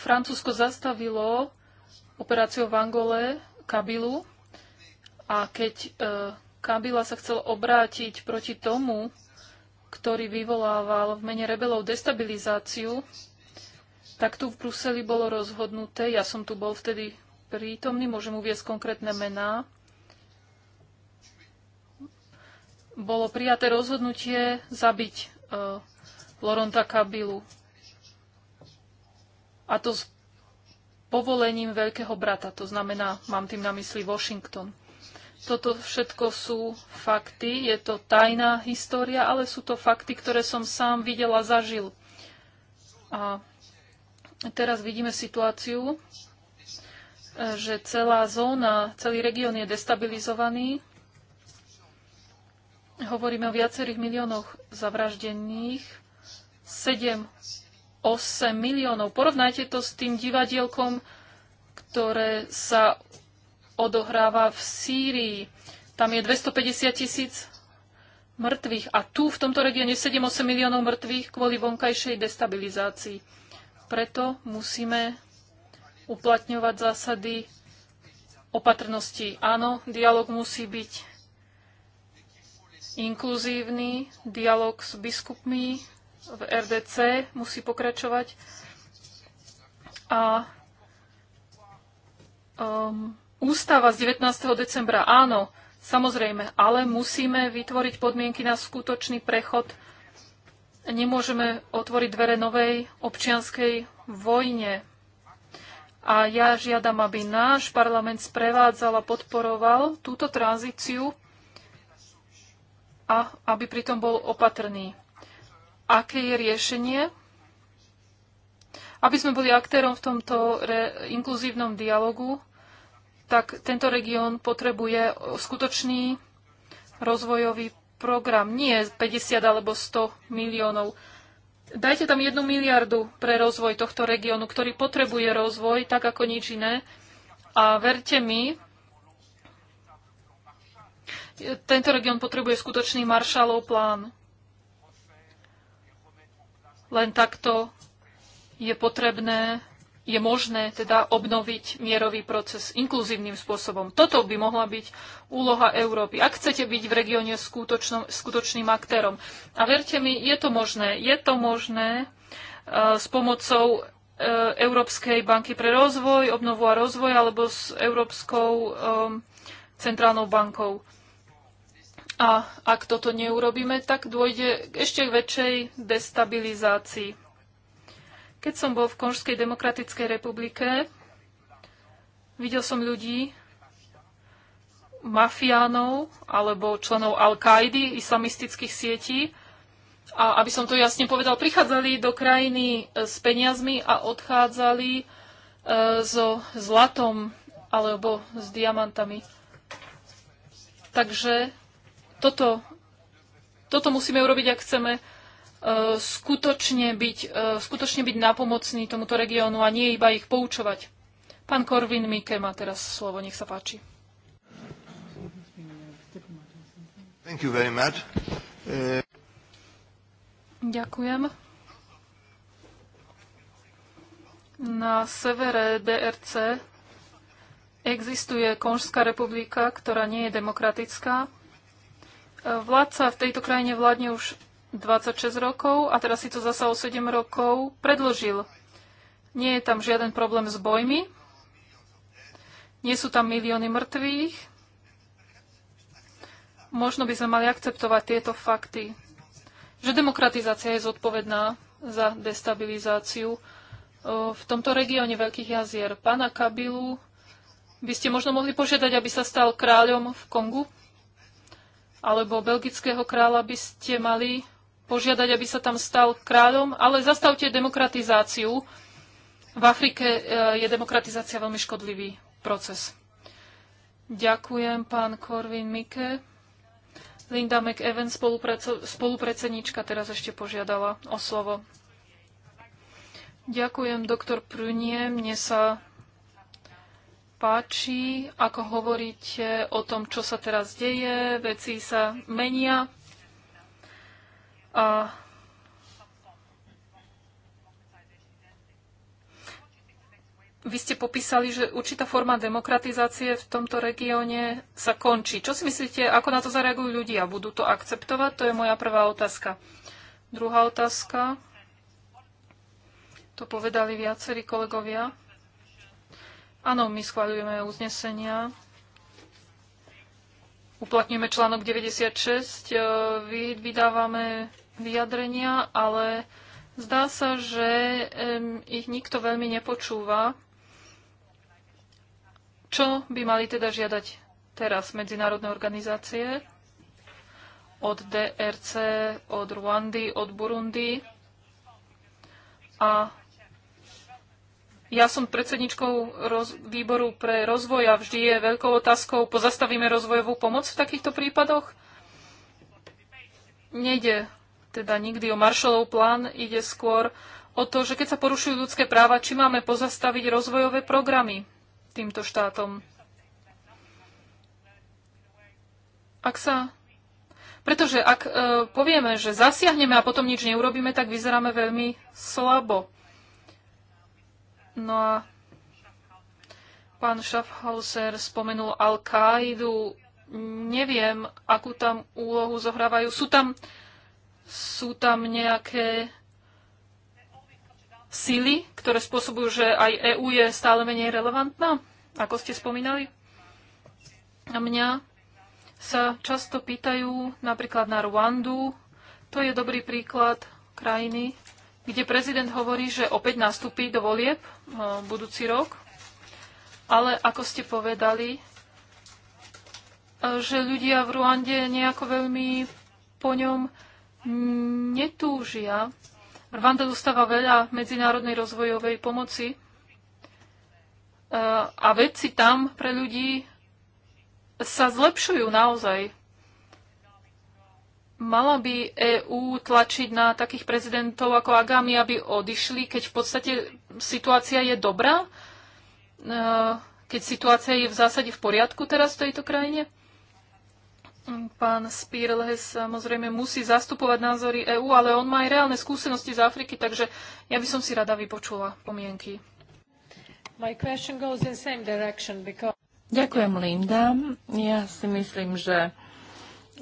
Francúzsko zastavilo operáciu v Angole Kabilu a keď e, Kabila sa chcel obrátiť proti tomu, ktorý vyvolával v mene rebelov destabilizáciu, tak tu v Bruseli bolo rozhodnuté, ja som tu bol vtedy prítomný, môžem uviezť konkrétne mená, bolo prijaté rozhodnutie zabiť uh, Loronta Kabilu. A to s povolením veľkého brata, to znamená, mám tým na mysli Washington. Toto všetko sú fakty, je to tajná história, ale sú to fakty, ktoré som sám videl a zažil. A teraz vidíme situáciu, e, že celá zóna, celý región je destabilizovaný. Hovoríme o viacerých miliónoch zavraždených. 7, 8 miliónov. Porovnajte to s tým divadielkom, ktoré sa odohráva v Sýrii. Tam je 250 tisíc mŕtvych a tu v tomto regióne 7-8 miliónov mŕtvych kvôli vonkajšej destabilizácii. Preto musíme uplatňovať zásady opatrnosti. Áno, dialog musí byť inkluzívny, dialog s biskupmi v RDC musí pokračovať a um, Ústava z 19. decembra, áno, samozrejme, ale musíme vytvoriť podmienky na skutočný prechod. Nemôžeme otvoriť dvere novej občianskej vojne. A ja žiadam, aby náš parlament sprevádzal a podporoval túto tranzíciu a aby pritom bol opatrný. Aké je riešenie? Aby sme boli aktérom v tomto inkluzívnom dialogu, tak tento región potrebuje skutočný rozvojový program, nie 50 alebo 100 miliónov. Dajte tam jednu miliardu pre rozvoj tohto regiónu, ktorý potrebuje rozvoj tak ako nič iné. A verte mi, tento región potrebuje skutočný maršalov plán. Len takto je potrebné je možné teda obnoviť mierový proces inkluzívnym spôsobom. Toto by mohla byť úloha Európy. Ak chcete byť v regióne skutočným aktérom. A verte mi, je to možné. Je to možné e, s pomocou e, Európskej banky pre rozvoj, obnovu a rozvoj alebo s Európskou um, centrálnou bankou. A ak toto neurobíme, tak dôjde k ešte väčšej destabilizácii keď som bol v Konžskej demokratickej republike, videl som ľudí, mafiánov alebo členov Al-Kaidy, islamistických sietí. A aby som to jasne povedal, prichádzali do krajiny e, s peniazmi a odchádzali e, so zlatom alebo s diamantami. Takže toto, toto musíme urobiť, ak chceme E, skutočne byť, e, skutočne byť napomocný tomuto regiónu a nie iba ich poučovať. Pán Korvin Mike má teraz slovo, nech sa páči. Thank you very much. Uh... Ďakujem. Na severe DRC existuje Konžská republika, ktorá nie je demokratická. Vládca v tejto krajine vládne už 26 rokov a teraz si to zasa o 7 rokov predložil. Nie je tam žiaden problém s bojmi, nie sú tam milióny mŕtvych. Možno by sme mali akceptovať tieto fakty, že demokratizácia je zodpovedná za destabilizáciu eh, v tomto regióne Veľkých jazier. Pána Kabilu by ste možno mohli požiadať, aby sa stal kráľom v Kongu? Alebo belgického kráľa by ste mali požiadať, aby sa tam stal kráľom, ale zastavte demokratizáciu. V Afrike eh, je demokratizácia veľmi škodlivý proces. Ďakujem, pán Korvin Mike. Linda McEwen, spolupredsednička, teraz ešte požiadala o slovo. Ďakujem, doktor Prunie. Mne sa páči, ako hovoríte o tom, čo sa teraz deje. Veci sa menia. A Vy ste popísali, že určitá forma demokratizácie v tomto regióne sa končí. Čo si myslíte, ako na to zareagujú ľudia? Budú to akceptovať? To je moja prvá otázka. Druhá otázka. To povedali viacerí kolegovia. Áno, my schváľujeme uznesenia. Uplatňujeme článok 96, e, vydávame vyjadrenia, ale zdá sa, že ich nikto veľmi nepočúva. Čo by mali teda žiadať teraz medzinárodné organizácie od DRC, od Rwandy, od Burundi? A ja som predsedničkou roz- výboru pre rozvoj a vždy je veľkou otázkou, pozastavíme rozvojovú pomoc v takýchto prípadoch? Nejde teda nikdy o Marshallov plán, ide skôr o to, že keď sa porušujú ľudské práva, či máme pozastaviť rozvojové programy týmto štátom. Ak sa... Pretože ak e, povieme, že zasiahneme a potom nič neurobíme, tak vyzeráme veľmi slabo. No a pán Schaffhauser spomenul Al-Kaidu. Neviem, akú tam úlohu zohrávajú. Sú tam sú tam nejaké síly, ktoré spôsobujú, že aj EÚ je stále menej relevantná, ako ste spomínali? A mňa sa často pýtajú napríklad na Rwandu. To je dobrý príklad krajiny, kde prezident hovorí, že opäť nastúpi do volieb e, budúci rok. Ale ako ste povedali, e, že ľudia v Ruande nejako veľmi po ňom netúžia. Rwanda dostáva veľa medzinárodnej rozvojovej pomoci e, a veci tam pre ľudí sa zlepšujú naozaj. Mala by EÚ tlačiť na takých prezidentov ako Agami, aby odišli, keď v podstate situácia je dobrá? E, keď situácia je v zásade v poriadku teraz v tejto krajine? Pán Spírlehes samozrejme musí zastupovať názory EÚ, ale on má aj reálne skúsenosti z Afriky, takže ja by som si rada vypočula pomienky. Because... Ďakujem, Linda. Ja si myslím, že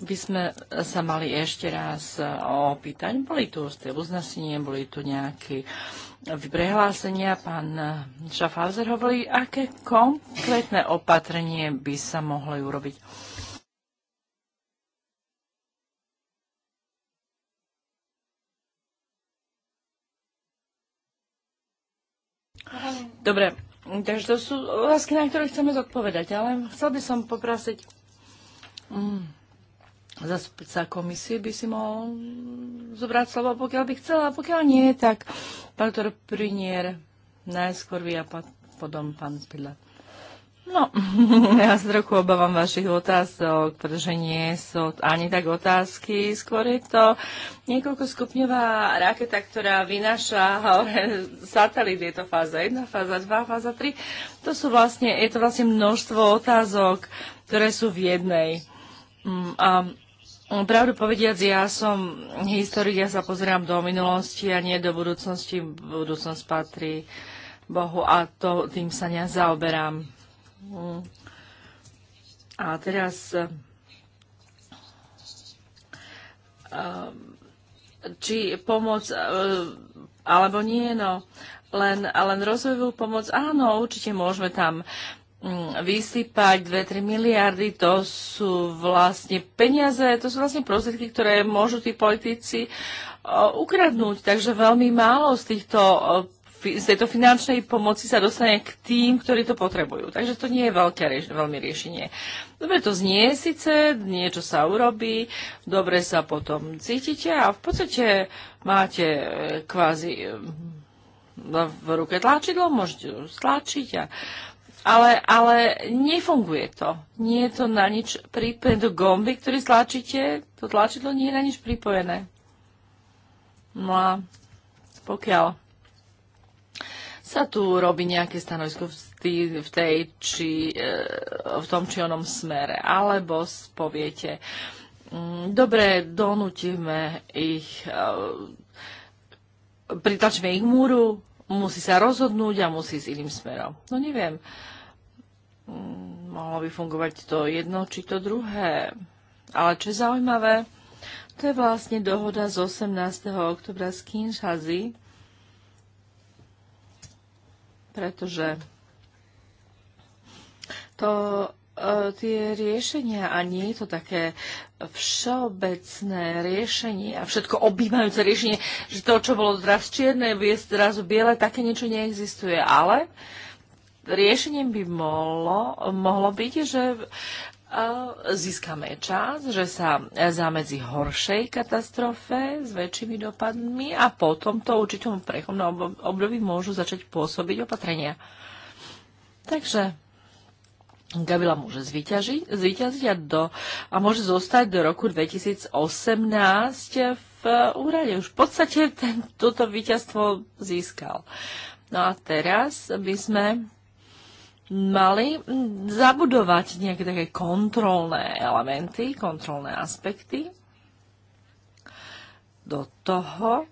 by sme sa mali ešte raz e, opýtať. Boli tu ste uznesenie, boli tu nejaké prehlásenia. Pán Šafázer hovorí, aké konkrétne opatrenie by sa mohlo urobiť. Dobre, takže to sú otázky, na ktoré chceme zodpovedať, ale chcel by som poprosiť mm, sa komisie by si mohol zobrať slovo, pokiaľ by chcela, a pokiaľ nie, tak pán doktor Prinier, najskôr vy a potom pán Spidla. No, ja sa trochu obávam vašich otázok, pretože nie sú ani tak otázky, skôr je to niekoľko skupňová raketa, ktorá vynáša satelit, je to fáza 1, fáza 2, fáza 3. To sú vlastne, je to vlastne množstvo otázok, ktoré sú v jednej. Mm, a Pravdu povediac, ja som historik, ja sa pozerám do minulosti a nie do budúcnosti. Budúcnosť patrí Bohu a to, tým sa nezaoberám. A teraz ehm, či pomoc e, alebo nie, no len, len rozvojovú pomoc, áno, určite môžeme tam mm, vysypať 2-3 miliardy, to sú vlastne peniaze, to sú vlastne prostriedky, ktoré môžu tí politici e, ukradnúť. Takže veľmi málo z týchto e, z tejto finančnej pomoci sa dostane k tým, ktorí to potrebujú. Takže to nie je veľké, rieš, veľmi riešenie. Dobre to znie síce, niečo sa urobí, dobre sa potom cítite a v podstate máte e, kvázi e, v ruke tlačidlo, môžete stlačiť a ale, ale nefunguje to. Nie je to na nič pripojené. Do gomby, ktorý stlačíte, to tlačidlo nie je na nič pripojené. No a pokiaľ sa tu robí nejaké stanovisko v, tý, v, tej, či, e, v tom či onom smere. Alebo poviete, mm, dobre, donútime ich, e, pritačme ich múru, musí sa rozhodnúť a musí s iným smerom. No neviem, mm, mohlo by fungovať to jedno či to druhé. Ale čo je zaujímavé, to je vlastne dohoda z 18. oktobra z Kinshazy, pretože to e, tie riešenia a nie je to také všeobecné riešenie a všetko obývajúce riešenie, že to, čo bolo teraz čierne, je zrazu biele, také niečo neexistuje. Ale riešením by mohlo, mohlo byť, že získame čas, že sa zamedzi horšej katastrofe s väčšími dopadmi a potom to určitom prechomnom období môžu začať pôsobiť opatrenia. Takže Gabila môže zvíťaziť, zvíťaziť a, do, a môže zostať do roku 2018 v úrade. Už v podstate ten, toto víťazstvo získal. No a teraz by sme mali zabudovať nejaké také kontrolné elementy, kontrolné aspekty do toho,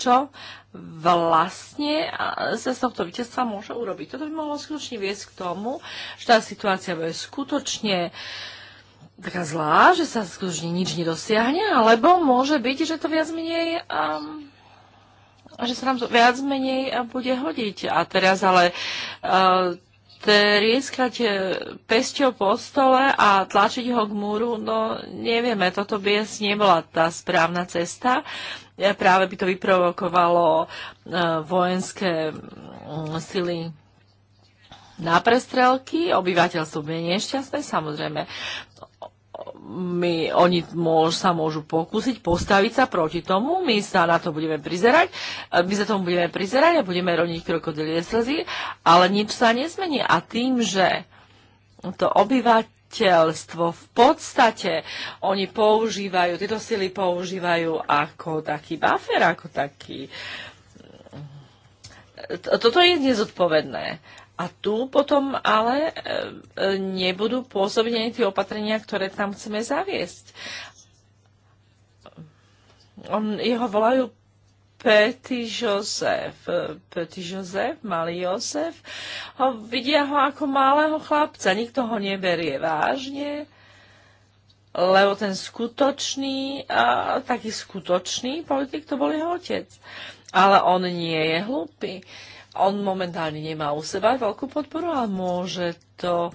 čo vlastne sa z tohto víťazstva môže urobiť. Toto by mohlo skutočne viesť k tomu, že tá situácia bude skutočne taká zlá, že sa skutočne nič nedosiahne, alebo môže byť, že to viac menej um, že sa nám to viac menej bude hodiť. A teraz ale uh, trieskať e, pesťou po stole a tlačiť ho k múru, no nevieme, toto by nebola tá správna cesta. E, práve by to vyprovokovalo e, vojenské mm, sily na prestrelky, obyvateľstvo bude nešťastné, samozrejme my, oni môž, sa môžu pokúsiť postaviť sa proti tomu, my sa na to budeme prizerať, e, my sa tomu budeme prizerať a budeme roniť krokodilie slzy, ale nič sa nezmení. A tým, že to obyvateľstvo v podstate oni používajú, tieto sily používajú ako taký buffer, ako taký... E, toto je nezodpovedné a tu potom ale e, e, nebudú pôsobiť ani tie opatrenia, ktoré tam chceme zaviesť. On, jeho volajú Petý Jozef. Petý Jozef, malý Jozef. Ho, vidia ho ako malého chlapca. Nikto ho neberie vážne, lebo ten skutočný, a, taký skutočný politik to bol jeho otec. Ale on nie je hlupý on momentálne nemá u seba veľkú podporu, ale môže to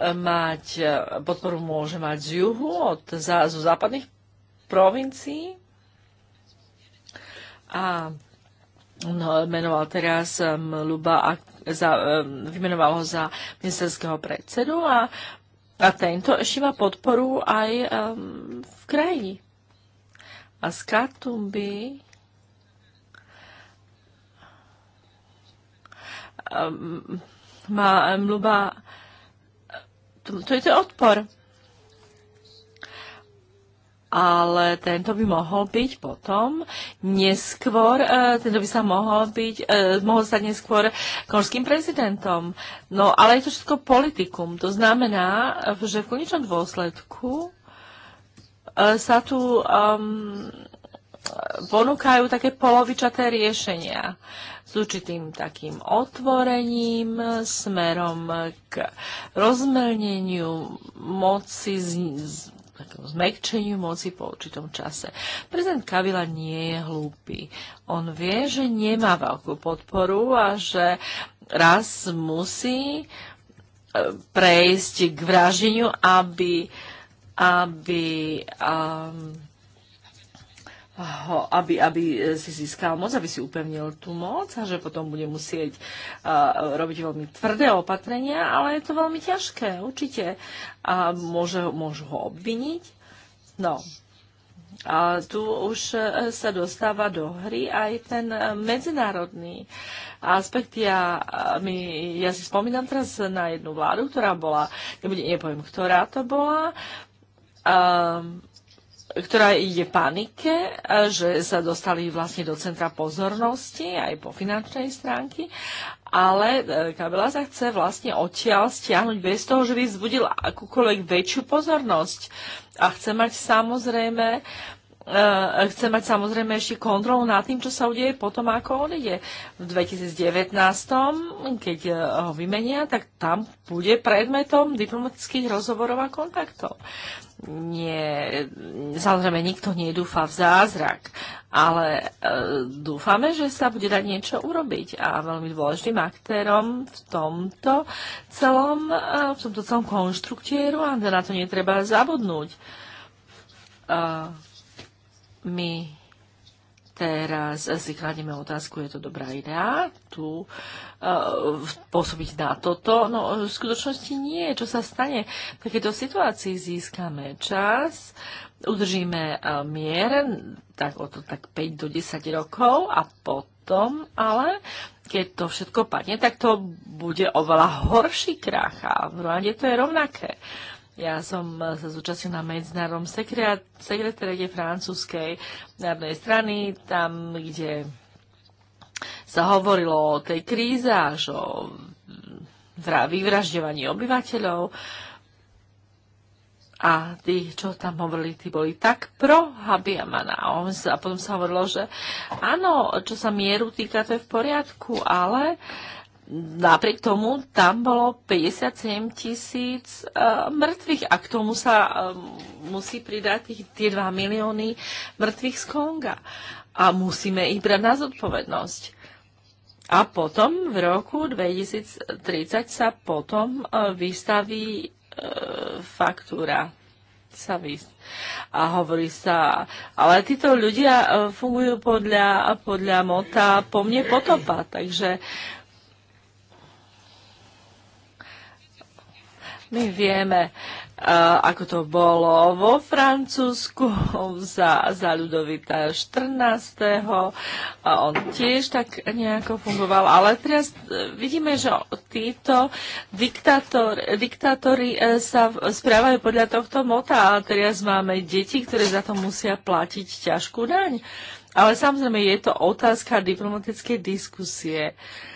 eh, mať, eh, podporu môže mať z juhu, od, za, zo západných provincií. A no, menoval teraz Luba za, vymenoval ho za ministerského predsedu a, a tento ešte má podporu aj um, v kraji. A z Katumby Um, má um, um, to, to je to odpor. Ale tento by mohol byť potom neskôr, uh, tento by sa mohol byť, uh, mohol stať neskôr konžským prezidentom. No ale je to všetko politikum. To znamená, že v konečnom dôsledku uh, sa tu um, ponúkajú také polovičaté riešenia s určitým takým otvorením smerom k rozmelneniu moci, z, z, takému zmekčeniu moci po určitom čase. Prezident Kavila nie je hlúpy. On vie, že nemá veľkú podporu a že raz musí e, prejsť k vraženiu, aby, aby um, ho, aby, aby e, si získal moc, aby si upevnil tú moc a že potom bude musieť uh, robiť veľmi tvrdé opatrenia, ale je to veľmi ťažké, určite. A môže, môžu ho obviniť. No. A tu už e, sa dostáva do hry aj ten medzinárodný aspekt. Ja, my, ja si spomínam teraz na jednu vládu, ktorá bola, nebude, nepoviem, ktorá to bola, Uh, ktorá je panike, že sa dostali vlastne do centra pozornosti aj po finančnej stránke, ale e, Kabela sa chce vlastne odtiaľ stiahnuť bez toho, že by vzbudil akúkoľvek väčšiu pozornosť. A chce mať samozrejme Eh, chce mať samozrejme ešte kontrolu nad tým, čo sa udeje potom, ako ide V 2019, keď eh, ho vymenia, tak tam bude predmetom diplomatických rozhovorov a kontaktov. Nie, samozrejme, nikto nedúfa v zázrak, ale e, dúfame, že sa bude dať niečo urobiť. A veľmi dôležitým aktérom v tomto celom, v tomto celom konštruktieru, a teda Na to netreba zabudnúť. E, my teraz si kladieme otázku, je to dobrá idea tu eh, pôsobiť na toto? No v skutočnosti nie. Čo sa stane? V takéto situácii získame čas, udržíme eh, mier, tak o to tak 5 do 10 rokov a potom ale keď to všetko padne, tak to bude oveľa horší krach a v Ruande to je rovnaké. Uh, ja som e, sa zúčastnil na medzinárodnom sekretariate francúzskej národnej strany, tam, kde sa hovorilo o tej kríze až o vyvražďovaní obyvateľov. A tí, čo tam hovorili, tí boli tak pro Habiamana. A, on a potom sa hovorilo, že áno, čo sa mieru týka, to je v poriadku, ale uh, napriek tomu tam bolo 57 tisíc uh, mŕtvych a k tomu sa uh, musí pridať tých, tie 2 milióny mŕtvych z Konga. A musíme ich brať na zodpovednosť. A potom v roku 2030 sa potom uh, vystaví uh, faktúra sa vys- A hovorí sa, ale títo ľudia fungujú podľa, podľa mota po mne potopa, takže uh, My vieme, eh, ako to bolo vo Francúzsku za, za Ľudovita 14. A on tiež tak nejako fungoval. Ale teraz eh, vidíme, že títo diktátor, diktátori eh, sa správajú podľa tohto mota. A teraz máme deti, ktoré za to musia platiť ťažkú daň. Ale samozrejme je to otázka diplomatickej diskusie. Uh,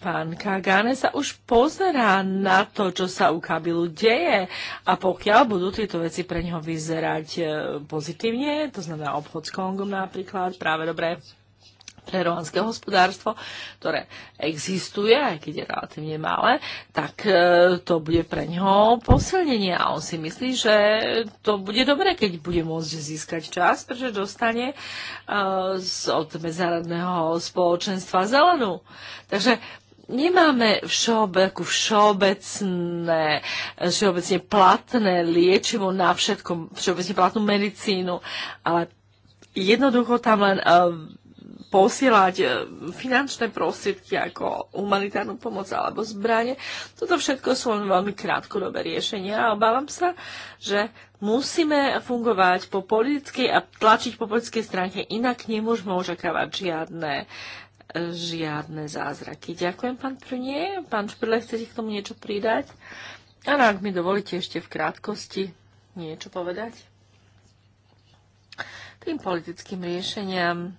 Pán Kagane sa už pozerá na to, čo sa u Kabilu deje a pokiaľ budú tieto veci pre neho vyzerať e, pozitívne, to znamená obchod s Kongom napríklad, práve dobre pre rohanské hospodárstvo, ktoré existuje, aj keď je relatívne malé, tak e, to bude pre neho posilnenie a on si myslí, že to bude dobré, keď bude môcť získať čas, pretože dostane uh, od medzárodného spoločenstva zelenú. Takže nemáme všeobe, všeobecné, všeobecne platné liečivo na všetko, všeobecne platnú medicínu, ale jednoducho tam len uh, posielať uh, finančné prostriedky ako humanitárnu pomoc alebo zbranie. Toto všetko sú len veľmi krátkodobé riešenia a obávam sa, že musíme fungovať po politickej a tlačiť po politickej stránke, inak nemôžeme očakávať žiadne uh, žiadne zázraky. Ďakujem, pán Prunie. Pán Špirle, chcete k tomu niečo pridať? Áno, ak mi dovolíte ešte v krátkosti niečo povedať. Tým politickým riešeniam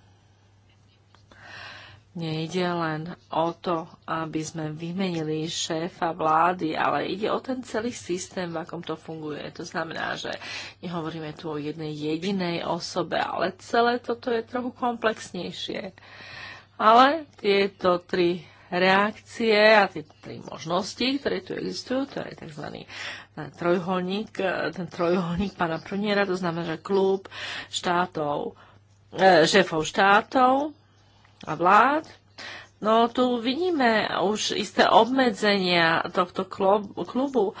nejde len o to, aby sme vymenili šéfa vlády, ale ide o ten celý systém, v akom to funguje. To znamená, že nehovoríme tu o jednej jedinej osobe, ale celé toto je trochu komplexnejšie. Uh, ale tieto tri reakcie a tie tri možnosti, ktoré tu existujú, to je tzv. E, trojholník, e, ten trojholník pána Pruniera, to znamená, že klub štátov, e, šéfov štátov a vlád. No tu vidíme už isté obmedzenia tohto klubu,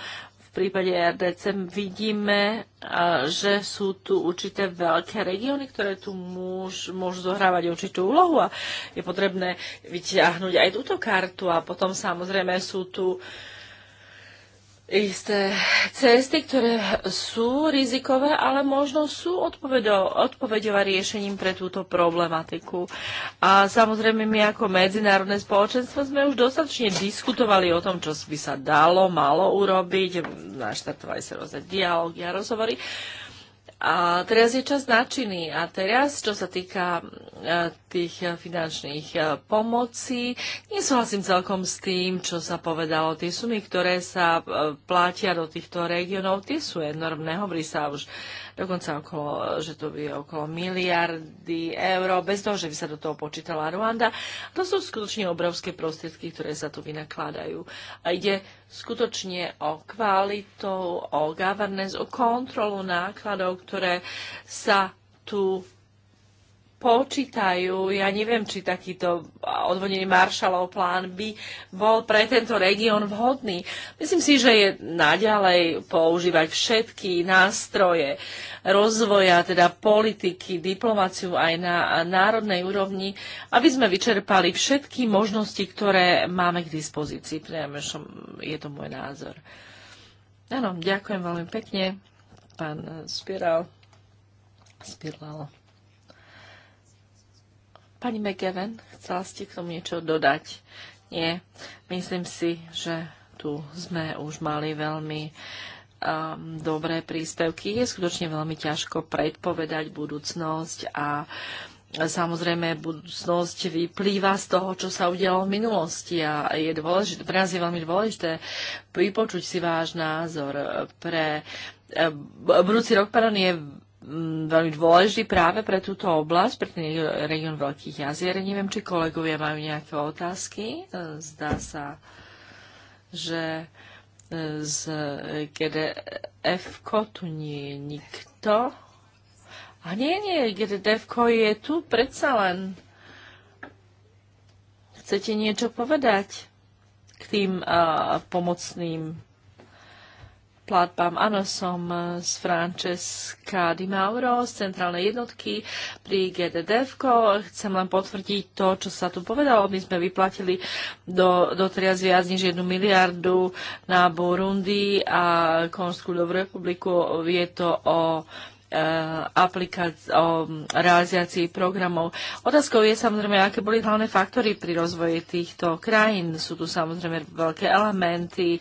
prípade RDC vidíme, že sú tu určité veľké regióny, ktoré tu môž, môžu zohrávať určitú úlohu a je potrebné vyťahnuť aj túto kartu a potom samozrejme sú tu uh, isté cesty, ktoré sú rizikové, ale možno sú odpovedová riešením pre túto problematiku. A samozrejme my ako medzinárodné spoločenstvo sme už dostatočne diskutovali o tom, čo by sa dalo, malo urobiť, naštartovali sa rôzne dialógy a rozhovory. A teraz je čas na činy. A teraz, čo sa týka e, tých eh, finančných eh, pomocí. Nesúhlasím celkom s tým, čo sa povedalo. Tie sumy, ktoré sa eh, platia do týchto regiónov, tie sú enormné. Hovorí sa už dokonca okolo, že to je okolo miliardy eur, bez toho, že by sa do toho počítala Ruanda. To sú skutočne obrovské prostriedky, ktoré sa tu vynakladajú. A ide skutočne o kvalitu, o governance, o kontrolu nákladov, ktoré sa tu počítajú, ja neviem, či takýto odvodený maršalov plán by bol pre tento región vhodný. Myslím si, že je naďalej používať všetky nástroje rozvoja, teda politiky, diplomáciu aj na národnej úrovni, aby sme vyčerpali všetky možnosti, ktoré máme k dispozícii. Priamo je to môj názor. Áno, ďakujem veľmi pekne, pán Spiral. Spirlal. Pani McGeven, chcela ste k tomu niečo dodať? Nie. Myslím si, že tu sme už mali veľmi um, dobré príspevky. Je skutočne veľmi ťažko predpovedať budúcnosť a Samozrejme, budúcnosť vyplýva z toho, čo sa udialo v minulosti a je dôležité, pre nás je veľmi dôležité vypočuť si váš názor. Pre eh, budúci rok, pardon, je Mm, veľmi dôležitý práve pre túto oblasť, pre ten región Veľkých jazier. Neviem, či kolegovia majú nejaké otázky. E, zdá sa, že e, z GDF tu nie je nikto. A nie, nie, GDF je tu predsa len. Chcete niečo povedať k tým uh, pomocným platbám. Áno, som eh, z Francesca Di Mauro z centrálnej jednotky pri GDDF. -ko. Chcem len potvrdiť to, čo sa tu povedalo. My sme vyplatili do, doteraz viac než jednu miliardu na Burundi a Konskú republiku. Je to o eh, aplikáci- o realizácii programov. Otázkou je samozrejme, aké boli hlavné faktory pri rozvoji týchto krajín. Sú tu samozrejme veľké elementy,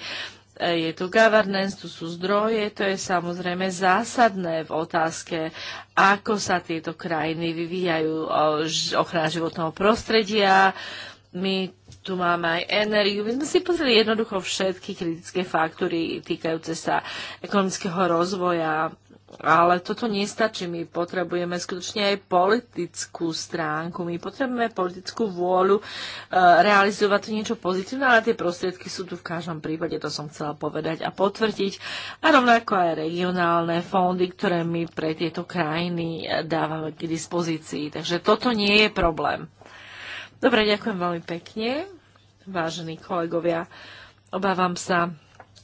E, je tu governance, tu sú zdroje, to je samozrejme zásadné v otázke, ako sa tieto krajiny vyvíjajú, ochrana životného prostredia, my tu máme aj energiu. My sme si pozreli jednoducho všetky kritické faktory týkajúce sa ekonomického rozvoja, ale toto nestačí. My potrebujeme skutočne aj politickú stránku. My potrebujeme politickú vôľu eh, realizovať to niečo pozitívne, ale tie prostriedky sú tu v každom prípade, to som chcela povedať a potvrdiť. A rovnako aj regionálne fondy, ktoré my pre tieto krajiny eh, dávame k dispozícii. Takže toto nie je problém. Dobre, ďakujem veľmi pekne, vážení kolegovia. Obávam sa,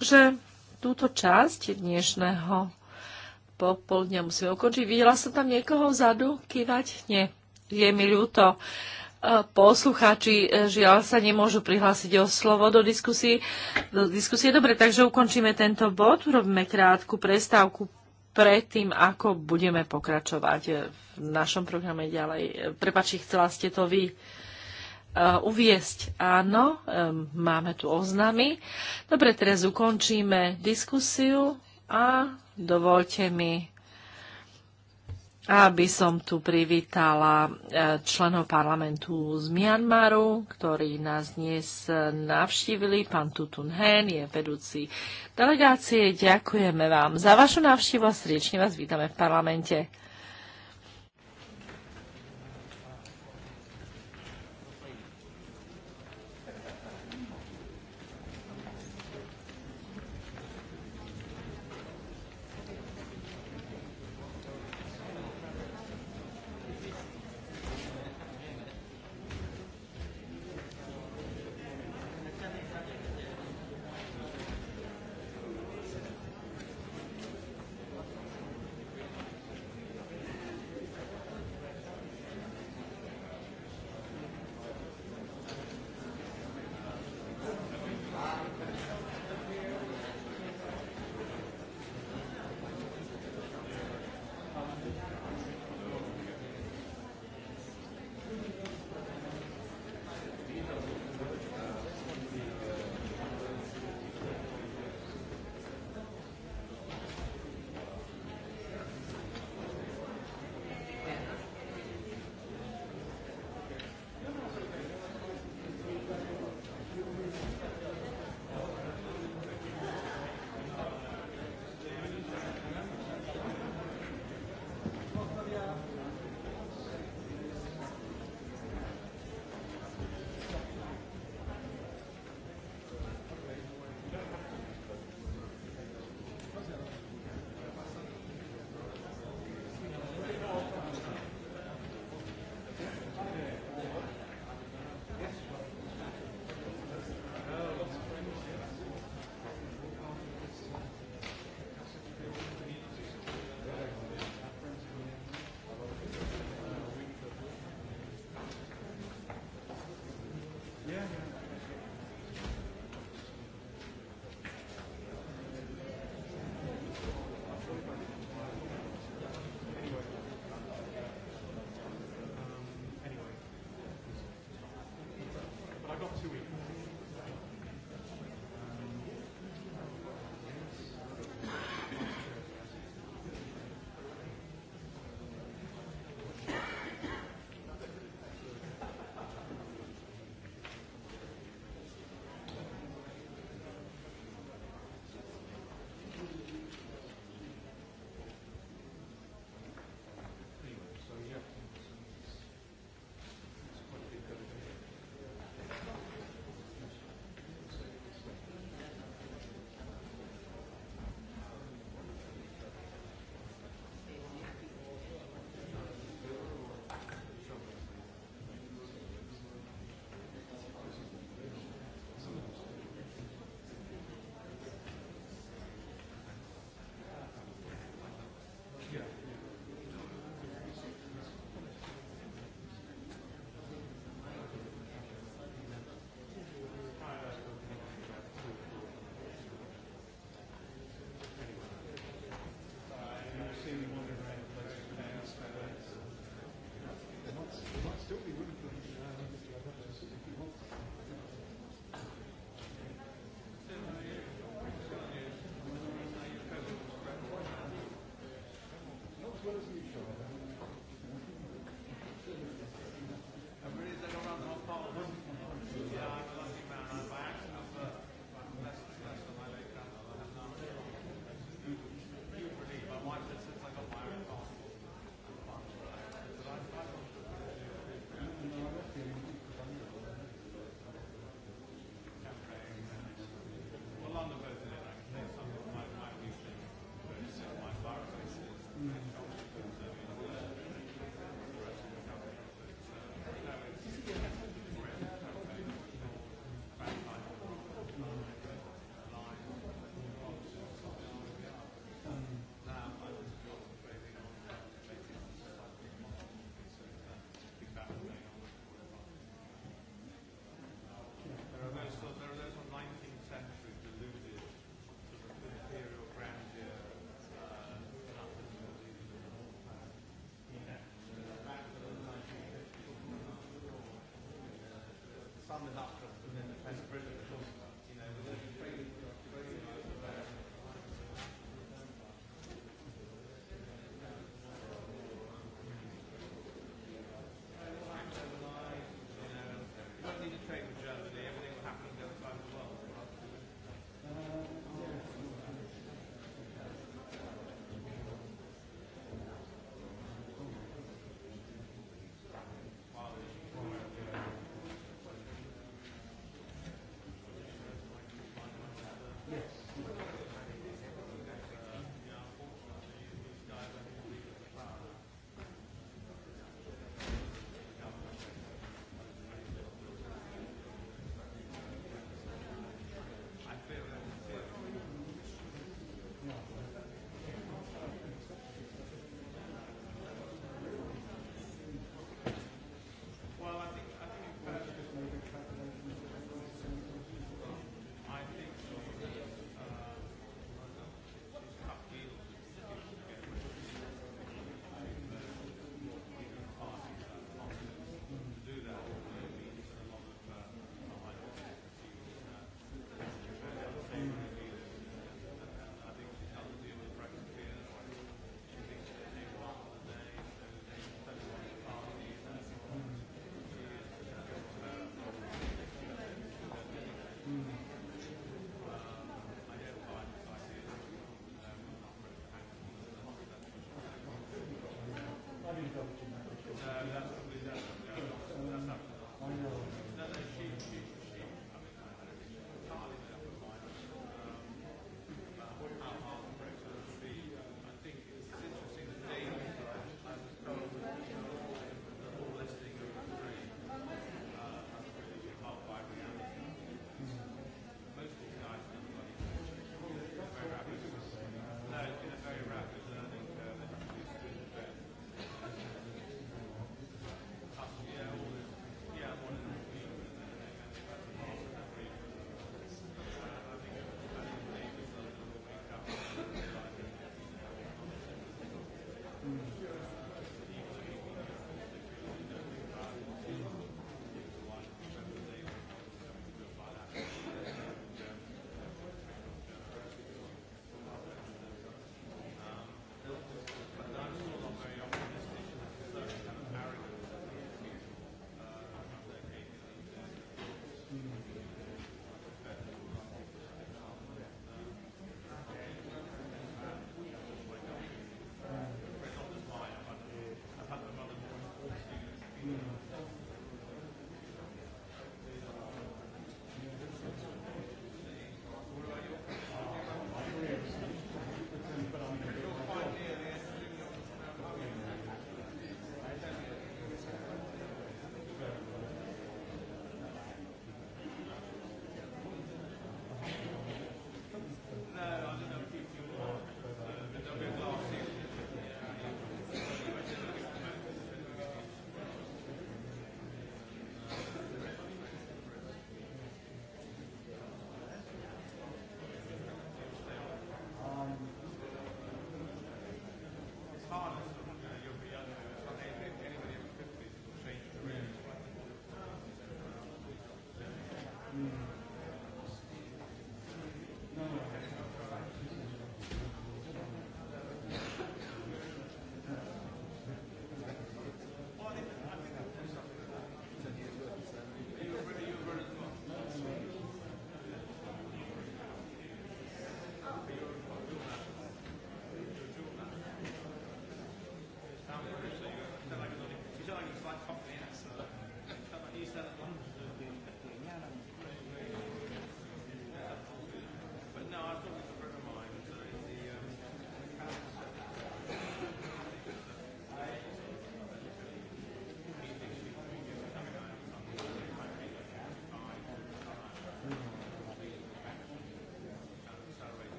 že túto časť dnešného dňa musíme ukončiť. Videla som tam niekoho vzadu kývať? Nie. Je mi ľúto. E, poslucháči e, žiaľ sa nemôžu prihlásiť o slovo do diskusie. Do diskusie. Dobre, takže ukončíme tento bod, robíme krátku prestávku predtým, ako budeme pokračovať v našom programe ďalej. Prepači, chcela ste to vy e, uviesť. Áno, máme tu oznamy. Dobre, teraz ukončíme diskusiu a dovolte mi, aby som tu privítala e, členov parlamentu z Mianmaru, ktorí nás dnes navštívili. Pán Tutun Hen je vedúci delegácie. Ďakujeme vám za vašu návštevu a srdečne vás vítame v parlamente. the summed and then the president. pýtal u teba.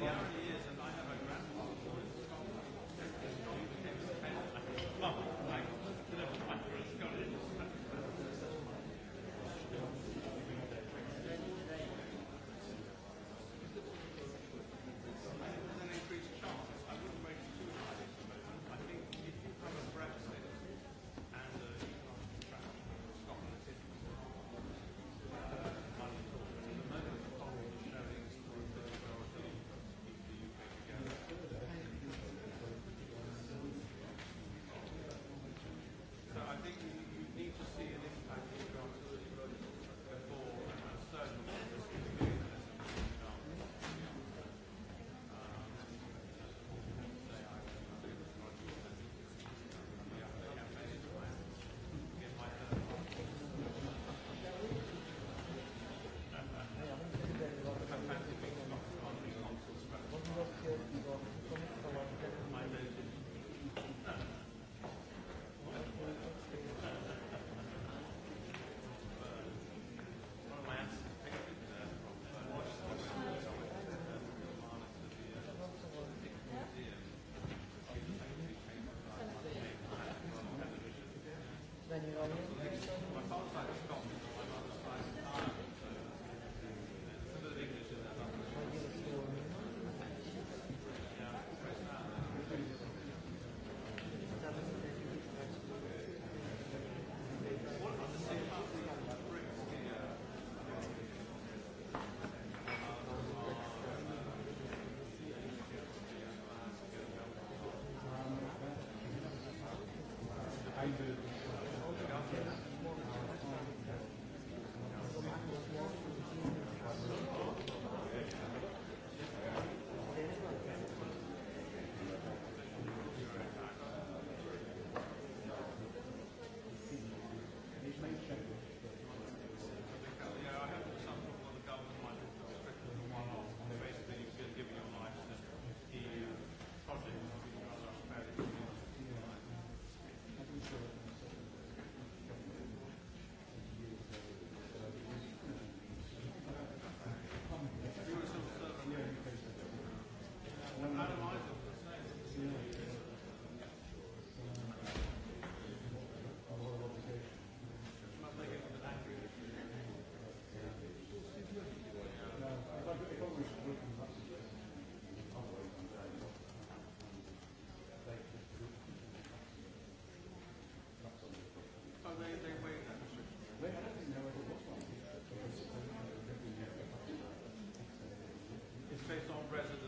Yeah. It's based on precedent.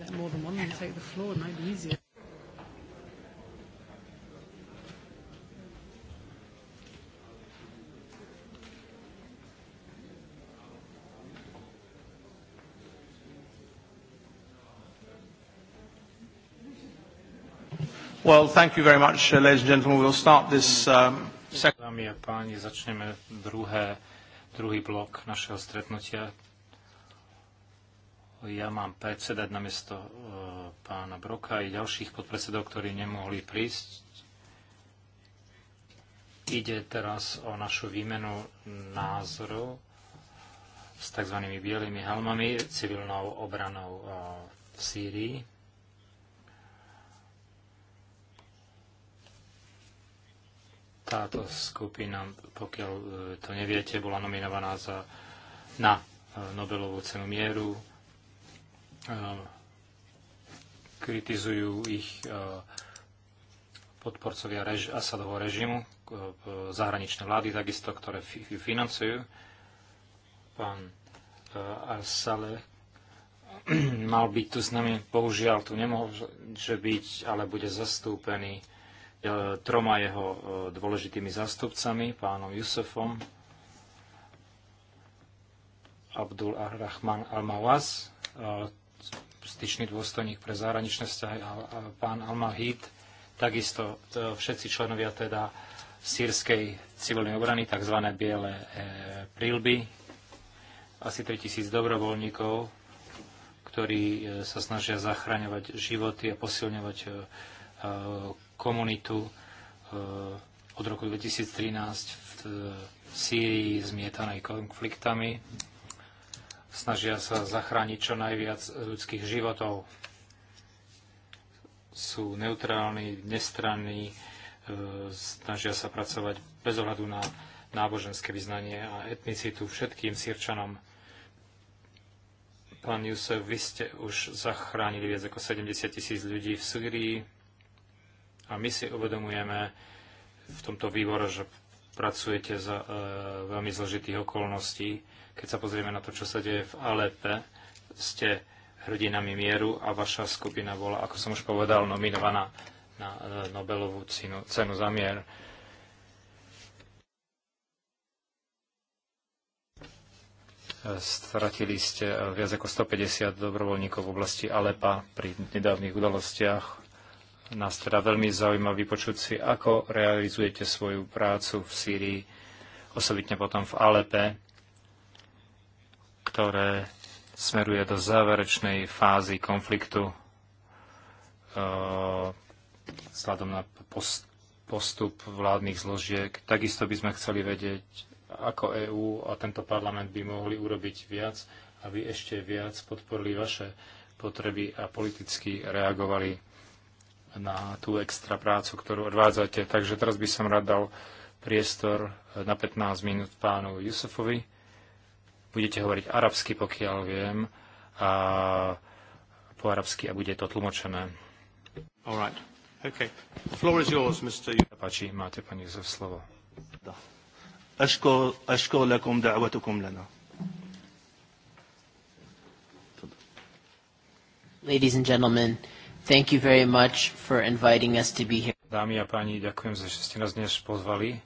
let more than one of take the floor. It might be easier. Well, thank you very much, uh, ladies and gentlemen. We'll start this um, Dámy a páni, začneme druhé, druhý blok našeho stretnutia ja mám predsedať na miesto e, pána Broka i ďalších podpredsedov, ktorí nemohli prísť. Ide teraz o našu výmenu názorov s tzv. bielými helmami, civilnou obranou e, v Sýrii. Táto skupina, pokiaľ e, to neviete, bola nominovaná za, na Nobelovú cenu mieru kritizujú ich podporcovia rež- Asadovho režimu, e, zahraničné vlády takisto, ktoré ju financujú. Pán e, al mal byť tu s nami, bohužiaľ tu nemohol že byť, ale bude zastúpený e, troma jeho dôležitými zástupcami, pánom Jusefom, Abdul rahman Al-Mawaz, styčný dôstojník pre zahraničné vzťahy a, a pán Al-Mahid, takisto e, všetci členovia teda sírskej civilnej obrany, tzv. biele e, prílby, asi 3000 dobrovoľníkov, ktorí e, sa snažia zachraňovať životy a posilňovať e, e komunitu e, od roku 2013 v, v e, Sýrii zmietanej konfliktami snažia sa zachrániť čo najviac ľudských životov. Sú neutrálni, nestranní, e, snažia sa pracovať bez ohľadu na náboženské vyznanie a etnicitu všetkým sírčanom. Pán Jusef, vy ste už zachránili viac ako 70 tisíc ľudí v Sýrii a my si uvedomujeme v tomto výbore, že pracujete za e, veľmi zložitých okolností. Keď sa pozrieme na to, čo sa deje v Alepe, ste hrdinami mieru a vaša skupina bola, ako som už povedal, nominovaná na e, Nobelovú cenu, cenu za mier. E, stratili ste e, viac ako 150 dobrovoľníkov v oblasti Alepa pri nedávnych udalostiach nás teda veľmi zaujíma vypočuť si, ako realizujete svoju prácu v Sýrii, osobitne potom v Alepe, ktoré smeruje do záverečnej fázy konfliktu e, vzhľadom na postup vládnych zložiek. Takisto by sme chceli vedieť, ako EÚ a tento parlament by mohli urobiť viac, aby ešte viac podporili vaše potreby a politicky reagovali na tú extra prácu, ktorú odvádzate. Takže teraz by som rád dal priestor eh, na 15 minút pánu Jusufovi. Budete hovoriť arabsky, pokiaľ viem, a po arabsky a bude to tlmočené. All right. Okay. The floor is yours, Mr. Páči, máte, pán Jusuf, slovo. Aško أشكر da'watukum lana. Ladies and gentlemen, Thank you very much for inviting us to be here. Dámy a páni, ďakujem, že ste nás dnes pozvali.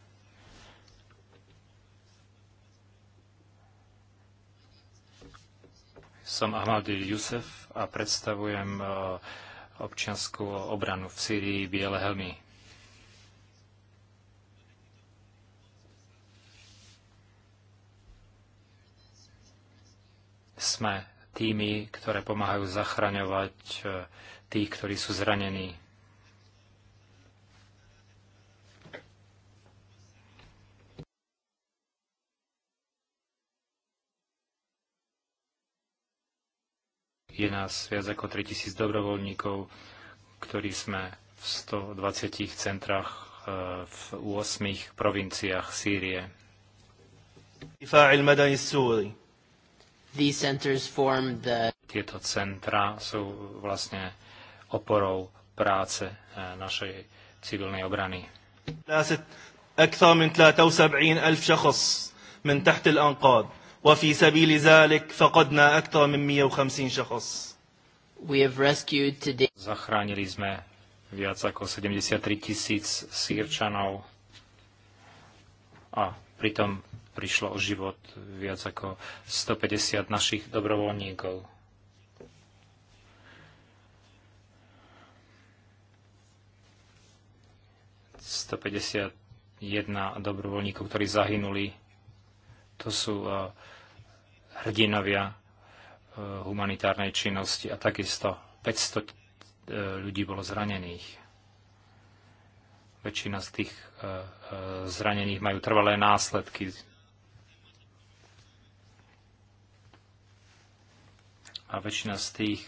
Som Ahmad Jusef a predstavujem eh, občianskú obranu v Syrii Biele helmy. Sme tými, ktoré pomáhajú zachraňovať eh, tých, ktorí sú zranení. Je nás viac ako 3000 dobrovoľníkov, ktorí sme v 120 centrách eh, v 8 provinciách Sýrie. Tieto centra sú vlastne oporou práce eh, našej civilnej obrany. وفي سبيل ذلك فقدنا أكثر من 150 شخص We have rescued today. Zachránili sme viac ako 73 tisíc sírčanov a pritom prišlo o život viac ako 150 našich dobrovoľníkov. 151 dobrovoľníkov, ktorí zahynuli. To sú e, hrdinovia e, humanitárnej činnosti a takisto 500 e, ľudí bolo zranených. Väčšina z tých zranených majú trvalé následky. A väčšina z tých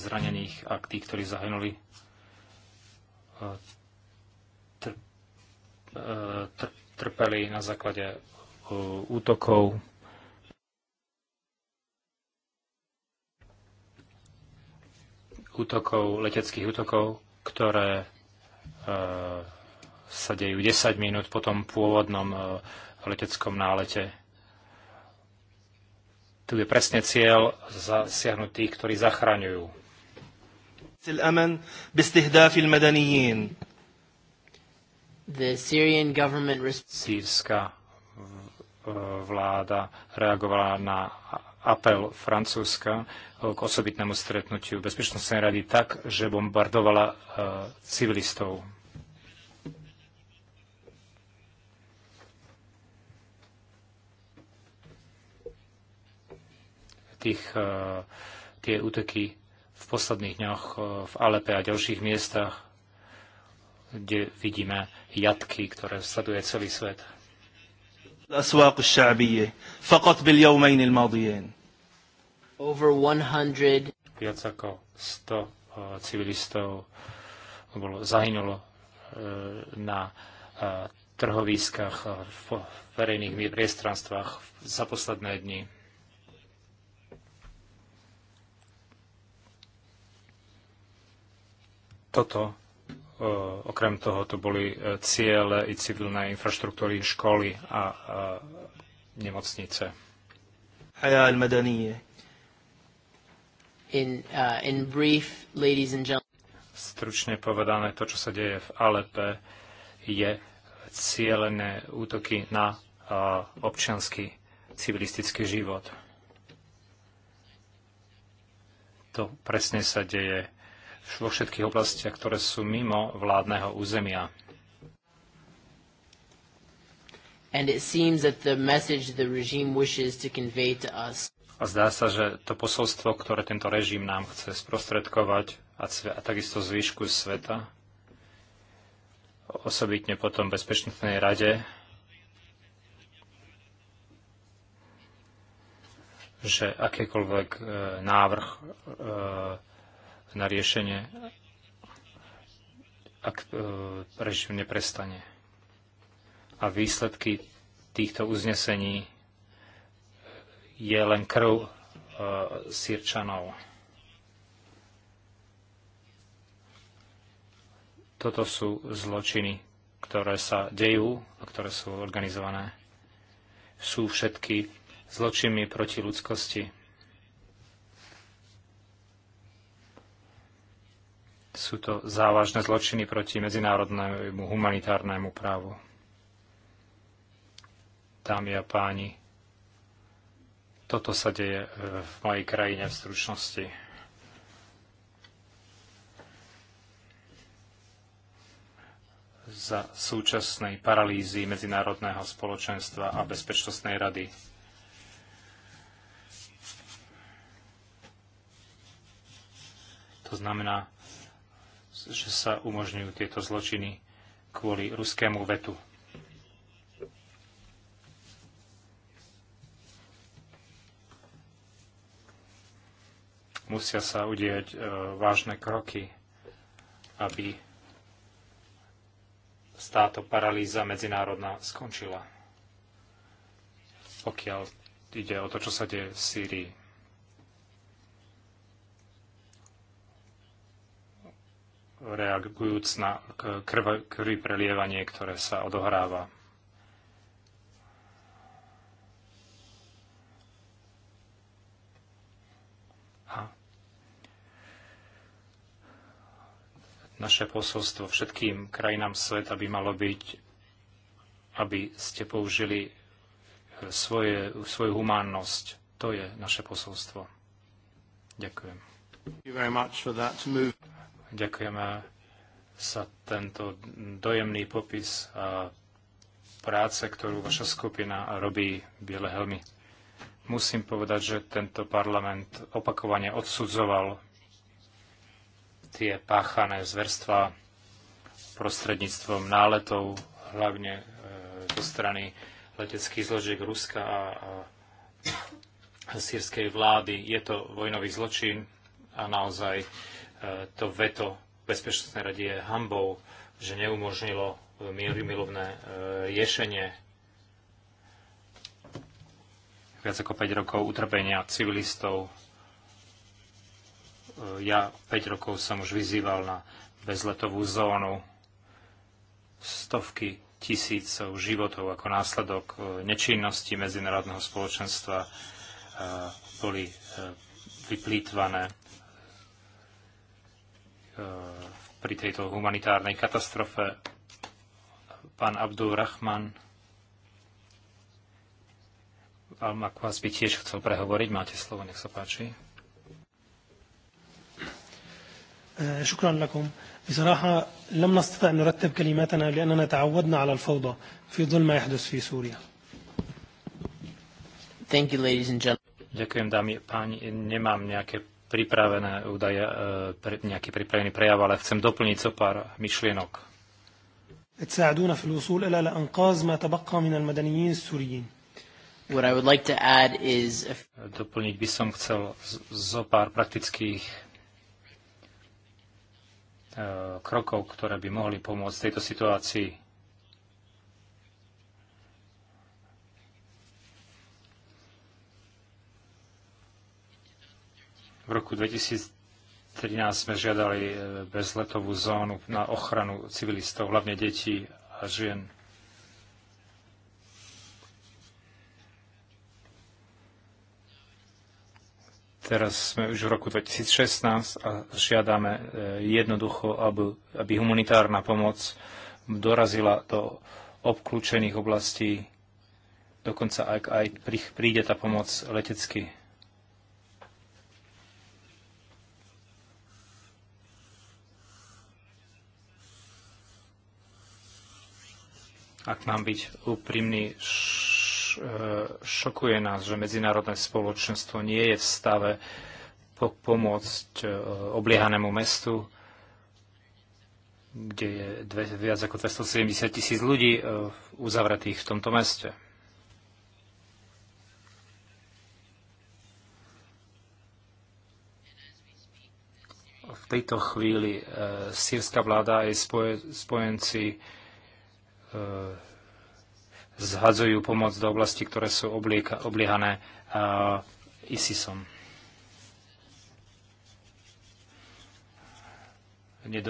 zranených a tých, ktorí zahynuli, trpeli na základe e, útokov. útokov, leteckých útokov, ktoré e, sa dejú 10 minút po tom pôvodnom e, leteckom nálete. Tu je presne cieľ zasiahnuť tých, ktorí zachraňujú. The Syrian government Sýrska vláda reagovala na apel Francúzska k osobitnému stretnutiu Bezpečnostnej rady tak, že bombardovala e, civilistov. Tých, e, tie útoky v posledných dňoch e, v Alepe a ďalších miestach, kde vidíme jatky, ktoré sleduje celý svet. الأسواق الشعبية فقط باليومين الماضيين. Over 100 viac ako 100 eh, civilistov bolo zahynulo eh, na eh, trhoviskách v verejných priestranstvách za posledné dni. Toto E, okrem toho to boli e, ciele i civilné infraštruktúry, školy a, nemocnice. In, uh, in brief, ladies and gentlemen. Stručne povedané, to, čo sa deje v Alepe, je cieľené útoky na uh, e, občianský civilistický život. To presne sa deje vo všetkých oblastiach, ktoré sú mimo vládneho územia. a zdá sa, že to posolstvo, ktoré tento režim nám chce sprostredkovať a, a takisto zvýšku sveta, osobitne potom Bezpečnostnej rade, že akýkoľvek e, návrh e, na riešenie, ak e, režim neprestane. A výsledky týchto uznesení je len krv e, sírčanov. Toto sú zločiny, ktoré sa dejú a ktoré sú organizované. Sú všetky zločiny proti ľudskosti. Sú to závažné zločiny proti medzinárodnému humanitárnemu právu. Dámy a páni, toto sa deje v mojej krajine v stručnosti. za súčasnej paralýzy medzinárodného spoločenstva a bezpečnostnej rady. To znamená, že sa umožňujú tieto zločiny kvôli ruskému vetu. Musia sa udieť e, vážne kroky, aby táto paralýza medzinárodná skončila. Pokiaľ ide o to, čo sa deje v Sýrii. reagujúc na krv, krvý prelievanie, ktoré sa odohráva. A naše posolstvo všetkým krajinám sveta by malo byť, aby ste použili e, svoje, svoju humánnosť. To je naše posolstvo. Ďakujem. Ďakujeme za tento dojemný popis a práce, ktorú vaša skupina robí Biele helmy. Musím povedať, že tento parlament opakovane odsudzoval tie páchané zverstva prostredníctvom náletov, hlavne e, zo strany leteckých zložiek Ruska a, a sírskej vlády. Je to vojnový zločin a naozaj to veto Bezpečnostnej rady je hambou, že neumožnilo e, mierumilovné e, riešenie viac ako 5 rokov utrpenia civilistov. E, ja 5 rokov som už vyzýval na bezletovú zónu. Stovky tisícov životov ako následok nečinnosti medzinárodného spoločenstva boli vyplýtvané Eh, pri tejto humanitárnej katastrofe. Pán Abdul Rahman Almak vás by tiež chcel prehovoriť. Máte slovo, nech sa páči. Eh, Thank you, ladies and gentlemen. Ďakujem, dámy a páni. Nemám nejaké pripravené údaje, e, pre, nejaký pripravený prejav, ale chcem doplniť zo pár myšlienok. What I would like to add is... Doplniť by som chcel zo pár praktických e, krokov, ktoré by mohli pomôcť tejto situácii V roku 2013 sme žiadali e, bezletovú zónu na ochranu civilistov, hlavne detí a žien. Teraz sme už v roku 2016 a žiadame e, jednoducho, aby, aby humanitárna pomoc dorazila do obklúčených oblastí, dokonca aj príde tá pomoc letecky. ak mám byť úprimný, e, šokuje nás, že medzinárodné spoločenstvo nie je v stave po- pomôcť e, obliehanému mestu, kde je viac ako 270 tisíc ľudí e, uzavretých v tomto meste. V tejto chvíli e, sírska vláda a jej spojenci E, zhadzujú pomoc do oblasti, ktoré sú oblieka, obliehané e, ISISom.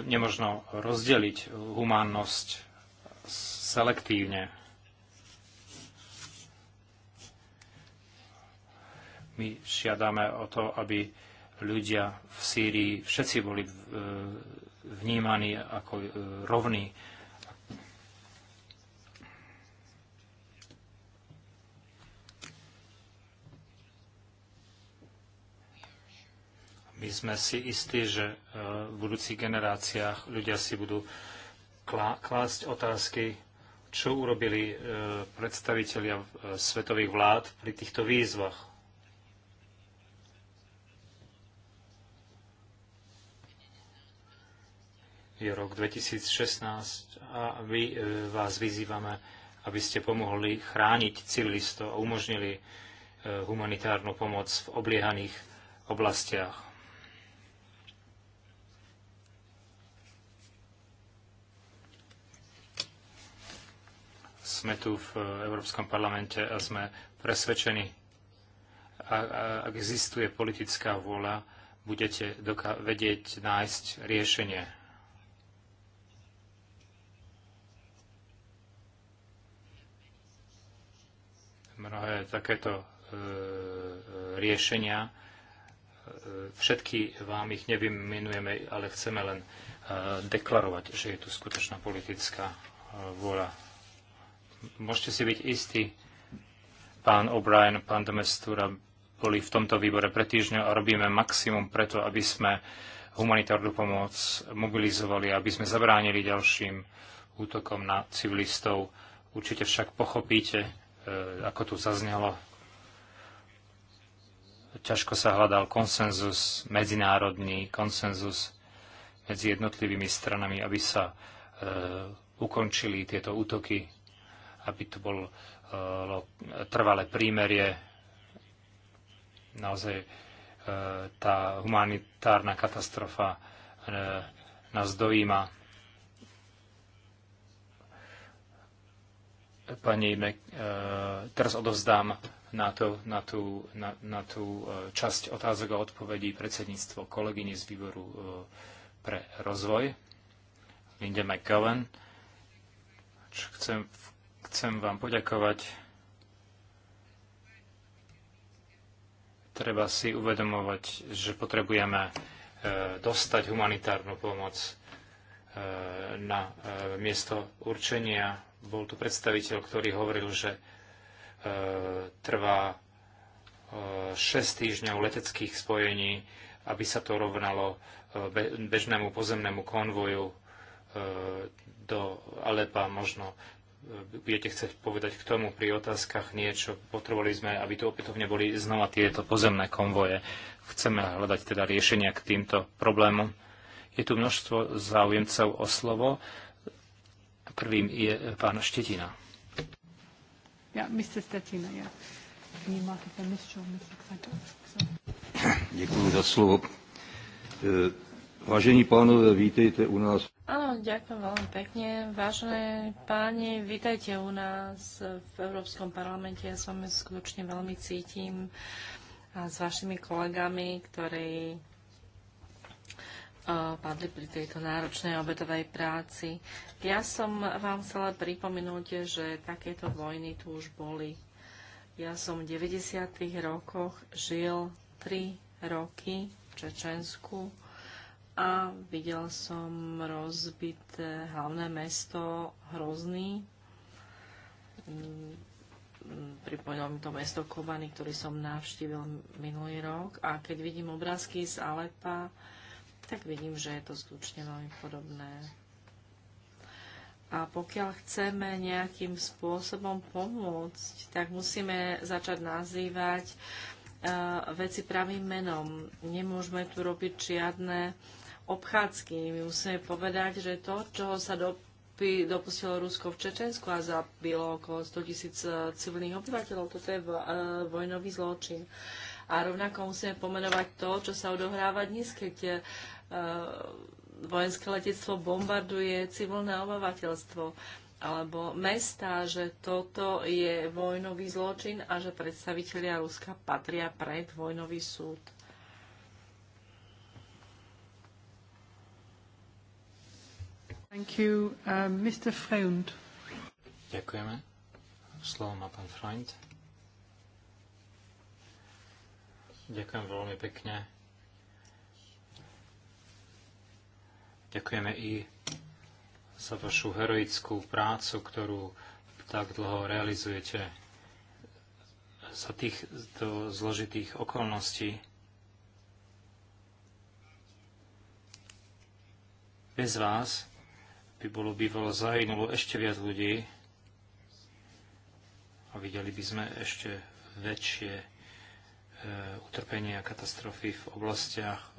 Nemožno rozdeliť humánnosť selektívne. My žiadame o to, aby ľudia v Sýrii všetci boli e, vnímaní ako rovní My sme si istí, že e, v budúcich generáciách ľudia si budú klásť otázky, čo urobili e, predstavitelia e, svetových vlád pri týchto výzvach. Je rok 2016 a my vás vyzývame, aby ste pomohli chrániť civilistov a umožnili humanitárnu pomoc v obliehaných oblastiach. Sme tu v eh, Európskom parlamente a sme presvedčení, ak existuje politická vôľa, budete vedieť nájsť riešenie. Mnohé takéto e, riešenia, e, všetky vám ich nevymenujeme, ale chceme len e, deklarovať, že je tu skutočná politická vôľa. Môžete si byť istí, pán O'Brien, pán Demestúra boli v tomto výbore pre týždňa a robíme maximum preto, aby sme humanitárnu pomoc mobilizovali, aby sme zabránili ďalším útokom na civilistov. Určite však pochopíte, e, ako tu zaznelo, ťažko sa hľadal konsenzus, medzinárodný konsenzus medzi jednotlivými stranami, aby sa e, ukončili tieto útoky aby to bolo e, trvalé prímerie. Naozaj e, tá humanitárna katastrofa e, nás dojíma. Pani, teraz odovzdám na tú, na tú, na, na tú časť otázok a odpovedí predsedníctvo kolegyne z výboru pre rozvoj, Linde McGowan. Chcem v Chcem vám poďakovať. Treba si uvedomovať, že potrebujeme e, dostať humanitárnu pomoc e, na e, miesto určenia. Bol tu predstaviteľ, ktorý hovoril, že trvá 6 týždňov leteckých spojení, aby sa to rovnalo bežnému pozemnému konvoju do Alepa možno budete chcieť povedať k tomu pri otázkach niečo. Potrebovali sme, aby tu opätovne boli znova tieto pozemné konvoje. Chceme hľadať teda riešenia k týmto problémom. Je tu množstvo záujemcov o slovo. Prvým je pán Štetina. Ja, mister Štetina, ja. Děkuji za slovo. E, vážení pánové, vítejte u nás. Áno, ďakujem veľmi pekne. Vážené páni, vítajte u nás v Európskom parlamente. Ja s vami skutočne veľmi cítim a s vašimi kolegami, ktorí eh, padli pri tejto náročnej obetovej práci. Ja som vám chcela pripomenúť, že takéto vojny tu už boli. Ja som v 90. rokoch žil 3 roky v Čečensku a videl som rozbité hlavné mesto Hrozný. Pripomínal mi to mesto Kobany, ktorý som navštívil minulý rok. A keď vidím obrázky z Alepa, tak vidím, že je to skutočne veľmi podobné. A pokiaľ chceme nejakým spôsobom pomôcť, tak musíme začať nazývať uh, veci pravým menom. Nemôžeme tu robiť žiadne obchádzky. My musíme povedať, že to, čo sa do dopustilo Rusko v Čečensku a zabilo okolo 100 tisíc e, civilných obyvateľov. Toto je e, vojnový zločin. A rovnako musíme pomenovať to, čo sa odohráva dnes, keď e, vojenské letectvo bombarduje civilné obyvateľstvo alebo mesta, že toto je vojnový zločin a že predstavitelia Ruska patria pred vojnový súd. Thank you, uh, Mr. Freund. Ďakujeme. Slovo má pán Freund. Ďakujem veľmi pekne. Ďakujeme i za vašu heroickú prácu, ktorú tak dlho realizujete za týchto zložitých okolností. Bez vás by bolo bývalo zahynulo ešte viac ľudí a videli by sme ešte väčšie e, utrpenie a katastrofy v oblastiach, e,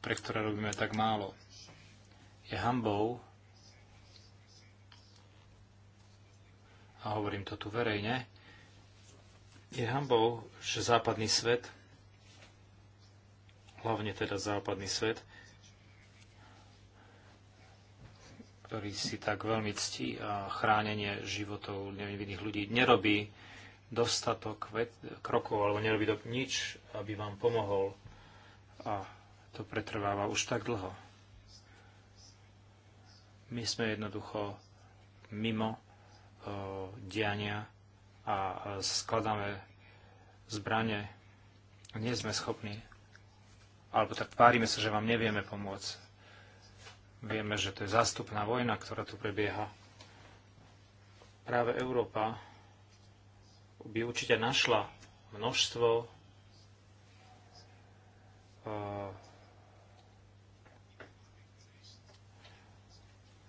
pre ktoré robíme tak málo. Je hambou, a hovorím to tu verejne, je hambou, že západný svet, hlavne teda západný svet, ktorý si tak veľmi ctí a chránenie životov nevinných ľudí nerobí dostatok krokov alebo nerobí do nič, aby vám pomohol a to pretrváva už tak dlho. My sme jednoducho mimo o, e, diania a e, skladáme zbranie. Nie sme schopní. Alebo tak tvárime sa, že vám nevieme pomôcť Vieme, že to je zástupná vojna, ktorá tu prebieha. Práve Európa by určite našla množstvo e,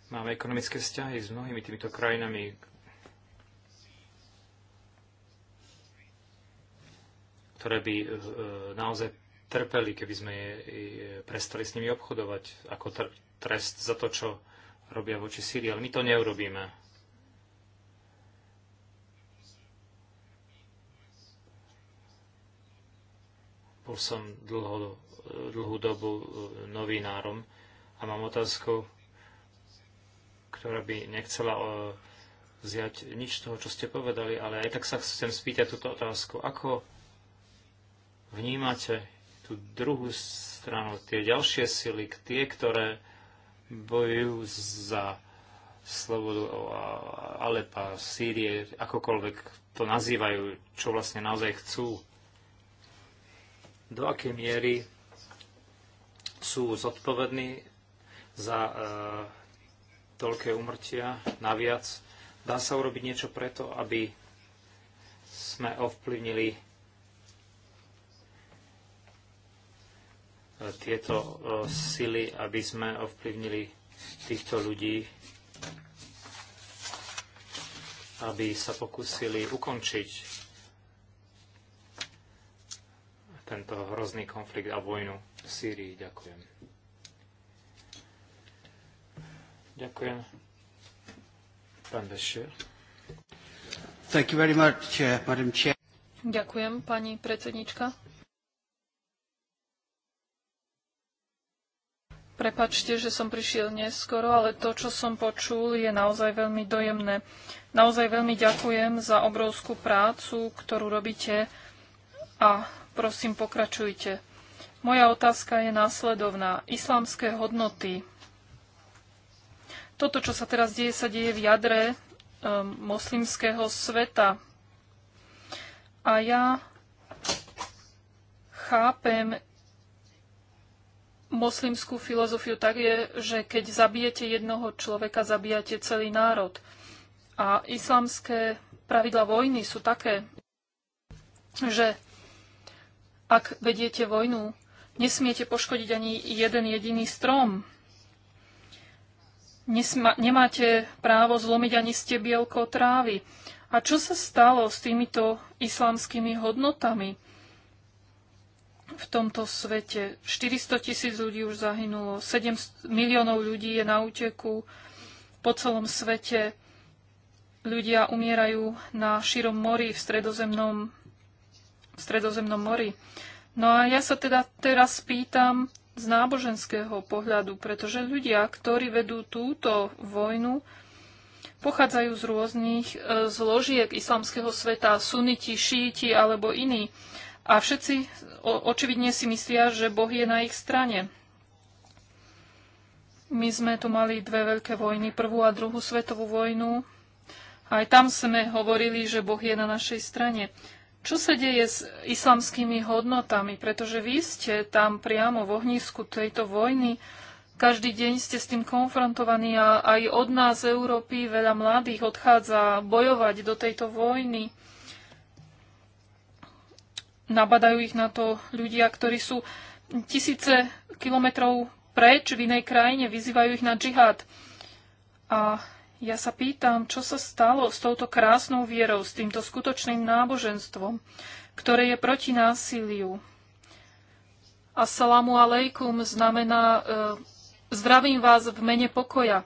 Máme ekonomické vzťahy s mnohými týmito krajinami. ktoré by e, e, naozaj trpeli, keby sme prestali s nimi obchodovať, ako trest za to, čo robia voči Syrii, ale my to neurobíme. Bol som dlho, dlhú dobu e, novinárom a mám otázku, ktorá by nechcela e, vziať nič toho, čo ste povedali, ale aj tak sa chcem spýtať túto otázku. Ako vnímate tú druhú stranu, tie ďalšie sily, tie, ktoré bojujú za slobodu Alepa, Sýrie, akokoľvek to nazývajú, čo vlastne naozaj chcú, do akej miery sú zodpovední za e, toľké umrtia naviac. Dá sa urobiť niečo preto, aby sme ovplyvnili tieto sily, aby sme ovplyvnili týchto ľudí, aby sa pokúsili ukončiť tento hrozný konflikt a vojnu v Sýrii. Ďakujem. Ďakujem. Pán Bešir. Thank you very much, uh, Madam Chair. Ďakujem, pani predsednička. Prepačte, že som prišiel neskoro, ale to, čo som počul, je naozaj veľmi dojemné. Naozaj veľmi ďakujem za obrovskú prácu, ktorú robíte a prosím, pokračujte. Moja otázka je následovná. Islámske hodnoty. Toto, čo sa teraz deje, sa deje v jadre um, moslimského sveta. A ja chápem moslimskú filozofiu tak je, že keď zabijete jednoho človeka, zabijate celý národ. A islamské pravidla vojny sú také, že ak vediete vojnu, nesmiete poškodiť ani jeden jediný strom. Nesma, nemáte právo zlomiť ani stebielko trávy. A čo sa stalo s týmito islamskými hodnotami? v tomto svete. 400 tisíc ľudí už zahynulo, 7 miliónov ľudí je na úteku po celom svete. Ľudia umierajú na širom mori v stredozemnom, v stredozemnom mori. No a ja sa teda teraz pýtam z náboženského pohľadu, pretože ľudia, ktorí vedú túto vojnu, pochádzajú z rôznych e, zložiek islamského sveta, suniti, šíti alebo iní. A všetci očividne si myslia, že Boh je na ich strane. My sme tu mali dve veľké vojny, prvú a druhú svetovú vojnu. Aj tam sme hovorili, že Boh je na našej strane. Čo sa deje s islamskými hodnotami? Pretože vy ste tam priamo v ohnisku tejto vojny. Každý deň ste s tým konfrontovaní a aj od nás, Európy, veľa mladých odchádza bojovať do tejto vojny nabadajú ich na to ľudia, ktorí sú tisíce kilometrov preč v inej krajine, vyzývajú ich na džihad. A ja sa pýtam, čo sa stalo s touto krásnou vierou, s týmto skutočným náboženstvom, ktoré je proti násiliu. Assalamu alaikum znamená e, zdravím vás v mene pokoja.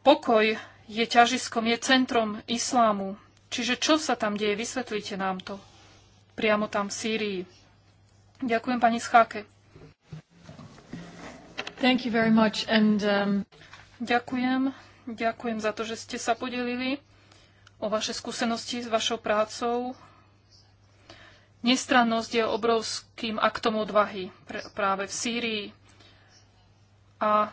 Pokoj je ťažiskom, je centrom islámu. Čiže čo sa tam deje? Vysvetlite nám to priamo tam v Sýrii. Ďakujem pani Scháke. Thank you very much and, um... Ďakujem. Ďakujem za to, že ste sa podelili o vaše skúsenosti s vašou prácou. Nestrannosť je obrovským aktom odvahy pr- práve v Sýrii. A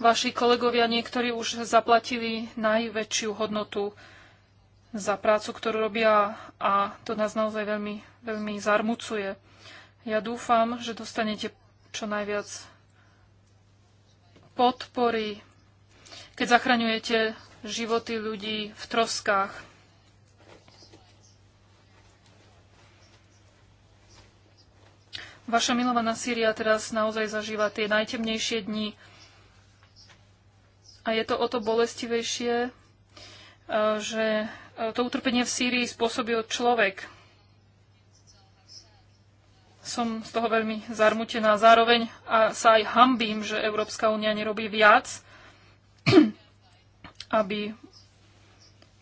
vaši kolegovia niektorí už zaplatili najväčšiu hodnotu za prácu, ktorú robia a to nás naozaj veľmi, veľmi zarmucuje. Ja dúfam, že dostanete čo najviac podpory, keď zachraňujete životy ľudí v troskách. Vaša milovaná Síria teraz naozaj zažíva tie najtemnejšie dni a je to o to bolestivejšie, eh, že to utrpenie v Sýrii spôsobil človek. Som z toho veľmi zarmutená. Zároveň a sa aj hambím, že Európska únia nerobí viac, aby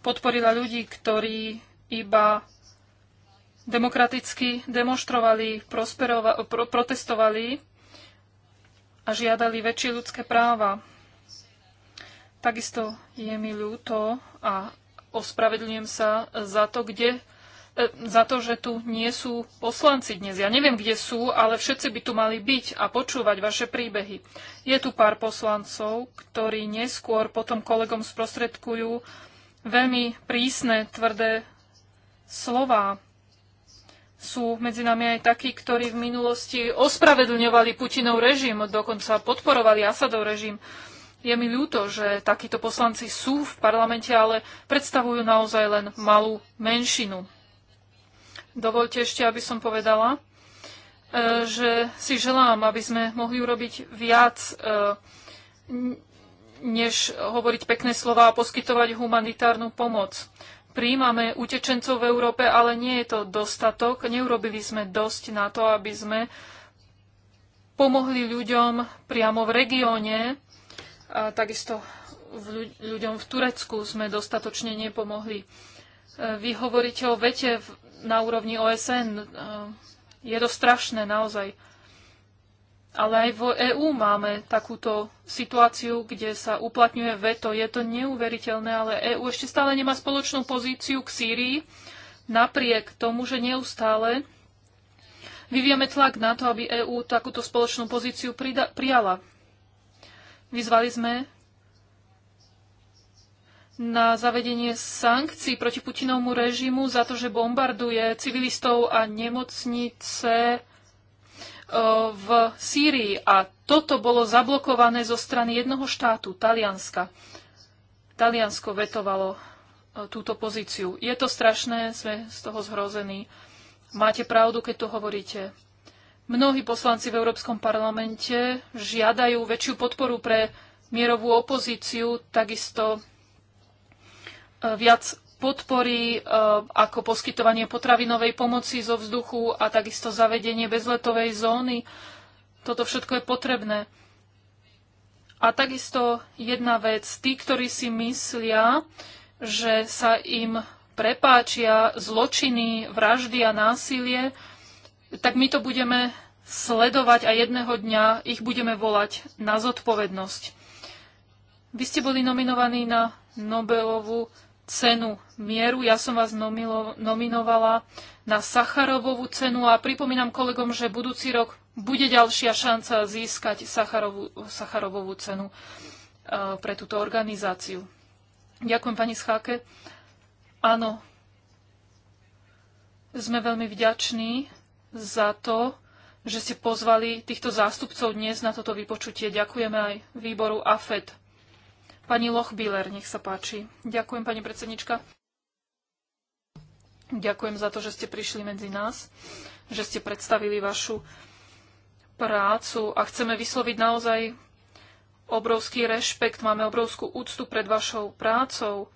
podporila ľudí, ktorí iba demokraticky demonstrovali, pro- protestovali a žiadali väčšie ľudské práva. Takisto je mi ľúto a ospravedlňujem sa za to, kde e, za to, že tu nie sú poslanci dnes. Ja neviem, kde sú, ale všetci by tu mali byť a počúvať vaše príbehy. Je tu pár poslancov, ktorí neskôr potom kolegom sprostredkujú veľmi prísne, tvrdé slova. Sú medzi nami aj takí, ktorí v minulosti ospravedlňovali Putinov režim, dokonca podporovali Asadov režim. Je mi ľúto, že takíto poslanci sú v parlamente, ale predstavujú naozaj len malú menšinu. Dovolte ešte, aby som povedala, e, že si želám, aby sme mohli urobiť viac, e, než hovoriť pekné slova a poskytovať humanitárnu pomoc. Príjmame utečencov v Európe, ale nie je to dostatok. Neurobili sme dosť na to, aby sme pomohli ľuďom priamo v regióne, Takisto ľuďom v Turecku sme dostatočne nepomohli. E, vy hovoríte o vete na úrovni OSN. E, je to strašné naozaj. Ale aj v EÚ máme takúto situáciu, kde sa uplatňuje veto. Je to neuveriteľné, ale EÚ ešte stále nemá spoločnú pozíciu k Sýrii, napriek tomu, že neustále vyvieme tlak na to, aby EÚ takúto spoločnú pozíciu prida- prijala. Vyzvali sme na zavedenie sankcií proti Putinovmu režimu za to, že bombarduje civilistov a nemocnice e, v Sýrii. A toto bolo zablokované zo strany jednoho štátu, Talianska. Taliansko vetovalo e, túto pozíciu. Je to strašné, sme z toho zhrození. Máte pravdu, keď to hovoríte. Mnohí poslanci v Európskom parlamente žiadajú väčšiu podporu pre mierovú opozíciu, takisto e, viac podpory e, ako poskytovanie potravinovej pomoci zo vzduchu a takisto zavedenie bezletovej zóny. Toto všetko je potrebné. A takisto jedna vec, tí, ktorí si myslia, že sa im prepáčia zločiny, vraždy a násilie, tak my to budeme sledovať a jedného dňa ich budeme volať na zodpovednosť. Vy ste boli nominovaní na Nobelovú cenu mieru. Ja som vás nomilo, nominovala na Sacharovovú cenu a pripomínam kolegom, že budúci rok bude ďalšia šanca získať Sacharovú, Sacharovovú cenu e, pre túto organizáciu. Ďakujem, pani Scháke. Áno, sme veľmi vďační za to, že ste pozvali týchto zástupcov dnes na toto vypočutie. Ďakujeme aj výboru AFED. Pani Lochbíler, nech sa páči. Ďakujem, pani predsednička. Ďakujem za to, že ste prišli medzi nás, že ste predstavili vašu prácu a chceme vysloviť naozaj obrovský rešpekt, máme obrovskú úctu pred vašou prácou.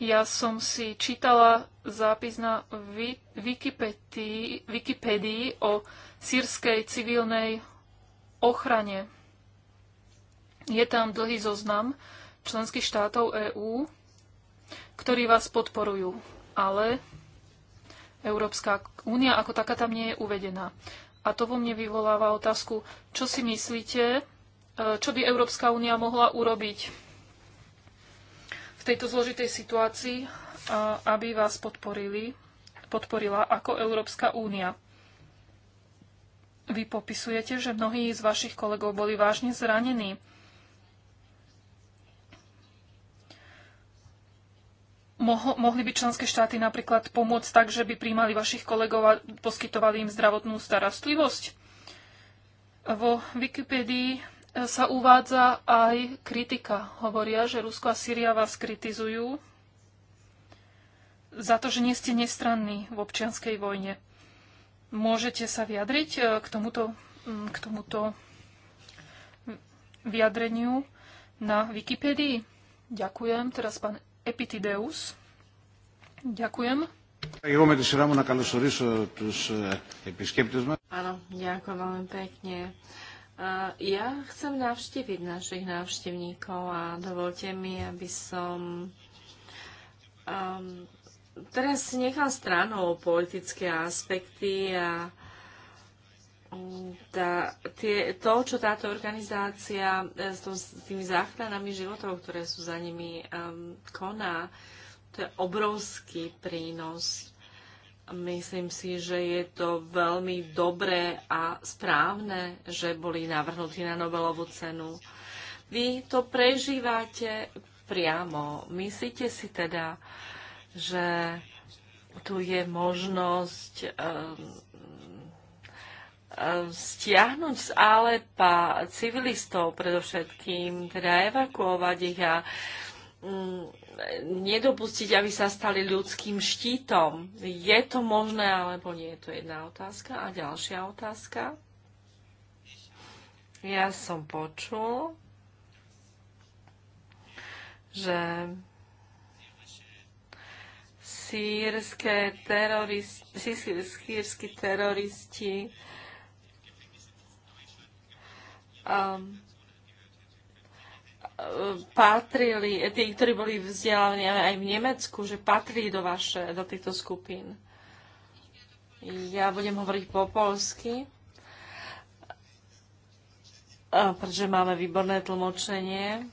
Ja som si čítala zápis na Wikipedii, Wikipedii o sírskej civilnej ochrane. Je tam dlhý zoznam členských štátov EÚ, ktorí vás podporujú, ale Európska únia ako taká tam nie je uvedená. A to vo mne vyvoláva otázku, čo si myslíte, e, čo by Európska únia mohla urobiť v tejto zložitej situácii aby vás podporili, podporila ako Európska únia. Vy popisujete, že mnohí z vašich kolegov boli vážne zranení. mohli by členské štáty napríklad pomôcť tak, že by príjmali vašich kolegov a poskytovali im zdravotnú starostlivosť? Vo Wikipédii e, sa uvádza aj kritika. Hovoria, že Rusko a Syria vás kritizujú za to, že nie ste nestranní v občianskej vojne. Môžete sa vyjadriť e, k tomuto, k tomuto vyjadreniu na Wikipédii? Ďakujem. Teraz pán Epitideus. Ďakujem. Εγώ με τη σειρά μου να καλωσορίσω τους επισκέπτες μας. Áno, ďakujem veľmi pekne. Ja chcem navštíviť našich návštevníkov a dovolte mi, aby som um, teraz nechám stranou politické aspekty a tá, tie, to, čo táto organizácia e, s, s tými záchranami životov, ktoré sú za nimi, um, koná, to je obrovský prínos. Myslím si, že je to veľmi dobré a správne, že boli navrhnutí na Nobelovú cenu. Vy to prežívate priamo. Myslíte si teda, uh, že tu je možnosť ehm, ehm, stiahnuť z Alepa civilistov predovšetkým, teda evakuovať ich a mm, nedopustiť, aby sa stali ľudským štítom. Je to možné alebo nie? To je jedna otázka. A ďalšia otázka. Ja som počul, že sírske terorist, sírsky teroristi um, patrili, tí, ktorí boli vzdelávaní aj v Nemecku, že patrili do, vaše, do týchto skupín. Ja budem hovoriť po polsky, pretože máme výborné tlmočenie.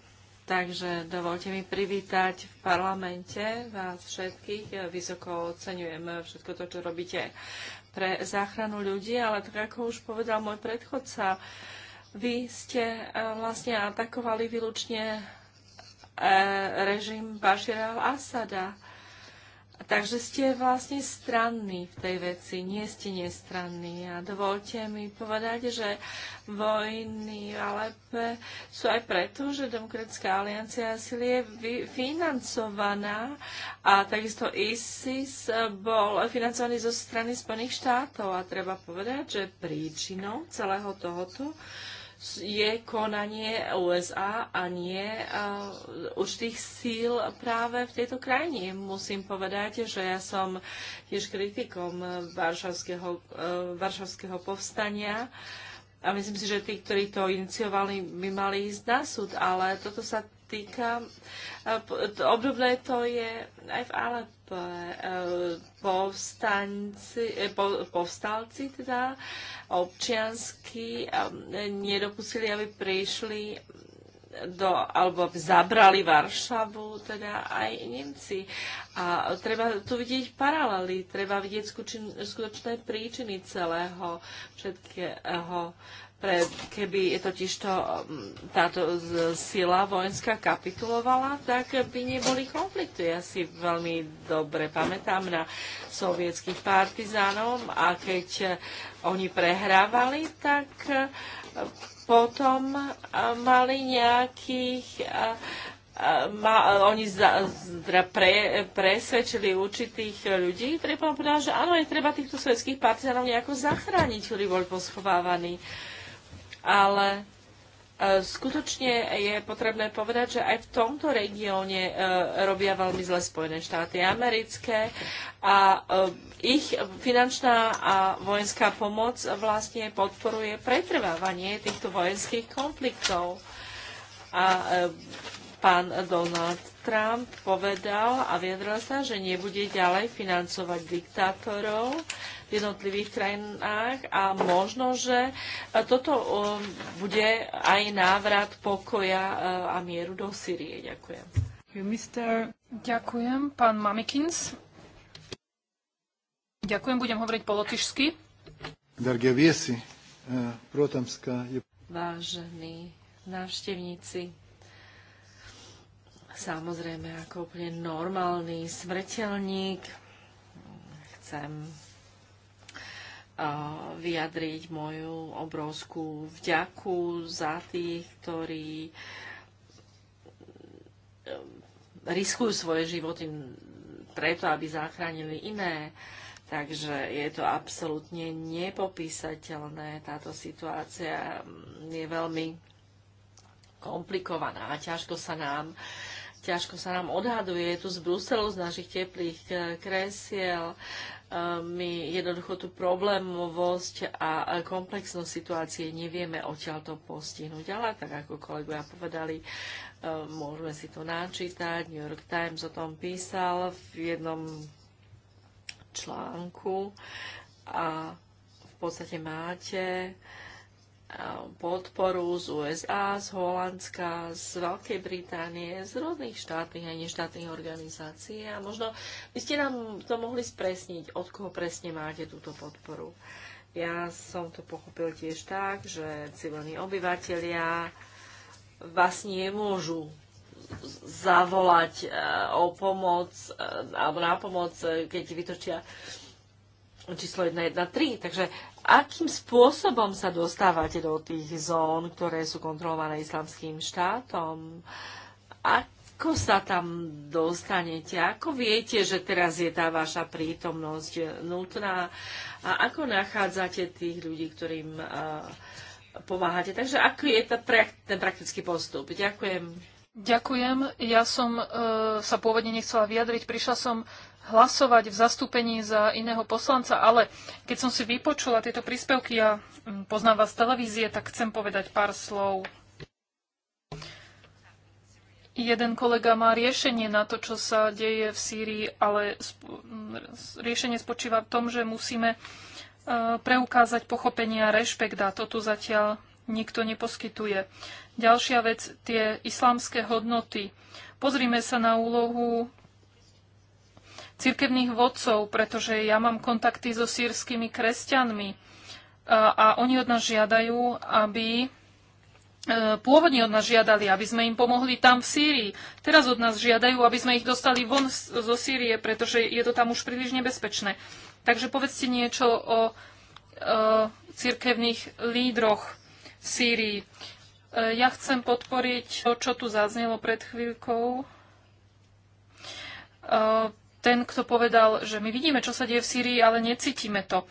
Takže dovolte mi privítať v parlamente vás všetkých. Vysoko oceňujem všetko to, čo robíte pre záchranu ľudí, ale tak ako už povedal môj predchodca, vy ste eh, vlastne atakovali výlučne eh, režim Bašira al-Asada Takže ste vlastne stranní v tej veci, nie ste nestranní. A dovolte mi povedať, že vojny v Alepe sú aj preto, že Demokratická aliancia síly je financovaná a takisto ISIS bol financovaný zo strany Spojených štátov. A treba povedať, že príčinou celého tohoto je konanie USA a nie uh, určitých síl práve v tejto krajine. Musím povedať, že ja som tiež kritikom Varšavského, uh, Varšavského povstania a myslím si, že tí, ktorí to iniciovali, by mali ísť na súd, ale toto sa týka. Obdobné to je aj v Alepe. E, Povstanci, e, povstalci teda občiansky e, nedopustili, aby prišli do, alebo zabrali Varšavu, teda aj Nemci. A treba tu vidieť paralely, treba vidieť skutočné príčiny celého všetkého pre, keby totiž to, um, táto sila vojenská kapitulovala, tak by neboli konflikty. Ja si veľmi dobre pamätám na sovietských partizánov a keď eh, oni prehrávali, tak eh, potom eh, mali nejakých ma, oni za, zra, pre, presvedčili určitých ľudí, ktorí povedali, že áno, je treba týchto svetských partizánov nejako zachrániť, ktorí boli poschovávaní. Uh, ale e, skutočne je potrebné povedať, že aj v tomto regióne e, robia veľmi zle Spojené štáty americké a e, ich finančná a vojenská pomoc vlastne podporuje pretrvávanie týchto vojenských konfliktov. A pán Donald Trump povedal a vyjadril sa, že nebude ďalej financovať diktátorov, v jednotlivých krajinách a možno, že e, toto e, bude aj návrat pokoja e, a mieru do Syrie. Ďakujem. Ďakujem, pán Mamikins. Ďakujem, budem hovoriť po lotyšsky. Vážení návštevníci, samozrejme ako úplne normálny smrteľník chcem vyjadriť moju obrovskú vďaku za tých, ktorí riskujú svoje životy preto, aby zachránili iné. Takže je to absolútne nepopísateľné. Táto situácia je veľmi komplikovaná a ťažko sa nám ťažko sa nám odhaduje. Je tu z Bruselu, z našich teplých eh, kresiel. Uh, my jednoducho tú problémovosť a komplexnosť situácie nevieme odtiaľ to postihnúť. Ale tak ako kolegovia povedali, e, môžeme si to načítať. New York Times o tom písal v jednom článku a v podstate máte uh, podporu z USA, z Holandska, z Veľkej Británie, z rôznych štátnych a neštátnych organizácií. A možno by ste nám to mohli spresniť, od koho presne máte túto podporu. Ja som to pochopil tiež tak, že civilní obyvateľia vás nemôžu zavolať eh, o pomoc eh, alebo na pomoc, eh, keď vytočia číslo 113. Takže Akým spôsobom sa dostávate do tých zón, ktoré sú kontrolované islamským štátom? Ako sa tam dostanete? Ako viete, že teraz je tá vaša prítomnosť nutná? A ako nachádzate tých ľudí, ktorým uh, pomáhate? Takže aký je to pra- ten praktický postup? Ďakujem. Ďakujem. Ja som e, sa pôvodne nechcela vyjadriť. Prišla som hlasovať v zastúpení za iného poslanca, ale keď som si vypočula tieto príspevky a ja mm, poznám vás z televízie, tak chcem povedať pár slov. Jeden kolega má riešenie na to, čo sa deje v Sýrii, ale mm, riešenie spočíva v tom, že musíme e, preukázať pochopenie a rešpekt a to tu zatiaľ nikto neposkytuje. Ďalšia vec, tie islamské hodnoty. Pozrime sa na úlohu cirkevných vodcov, pretože ja mám kontakty so sírskymi kresťanmi a, a oni od nás žiadajú, aby e, pôvodne od nás žiadali, aby sme im pomohli tam v Sýrii. Teraz od nás žiadajú, aby sme ich dostali von zo Sýrie, pretože je to tam už príliš nebezpečné. Takže povedzte niečo o o e, cirkevných lídroch v Sýrii. E, ja chcem podporiť to, čo tu zaznelo pred chvíľkou ten, kto povedal, že my vidíme, čo sa deje v Sýrii, ale necítime to.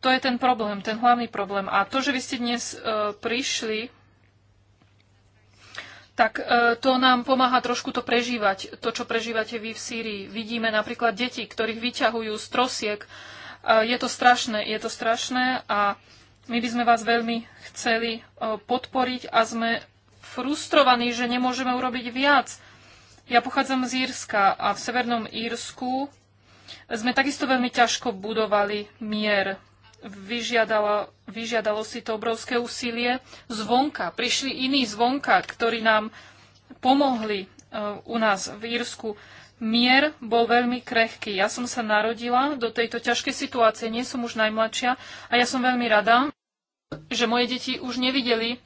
To je ten problém, ten hlavný problém. A to, že vy ste dnes e, prišli, tak e, to nám pomáha trošku to prežívať, to, čo prežívate vy v Sýrii. Vidíme napríklad deti, ktorých vyťahujú z trosiek. E, je to strašné, je to strašné a my by sme vás veľmi chceli e, podporiť a sme frustrovaní, že nemôžeme urobiť viac ja pochádzam z Írska a v Severnom Írsku sme takisto veľmi ťažko budovali mier. Vyžiadalo, vyžiadalo si to obrovské úsilie zvonka. Prišli iní zvonka, ktorí nám pomohli e, u nás v Írsku. Mier bol veľmi krehký. Ja som sa narodila do tejto ťažkej situácie, nie som už najmladšia a ja som veľmi rada, že moje deti už nevideli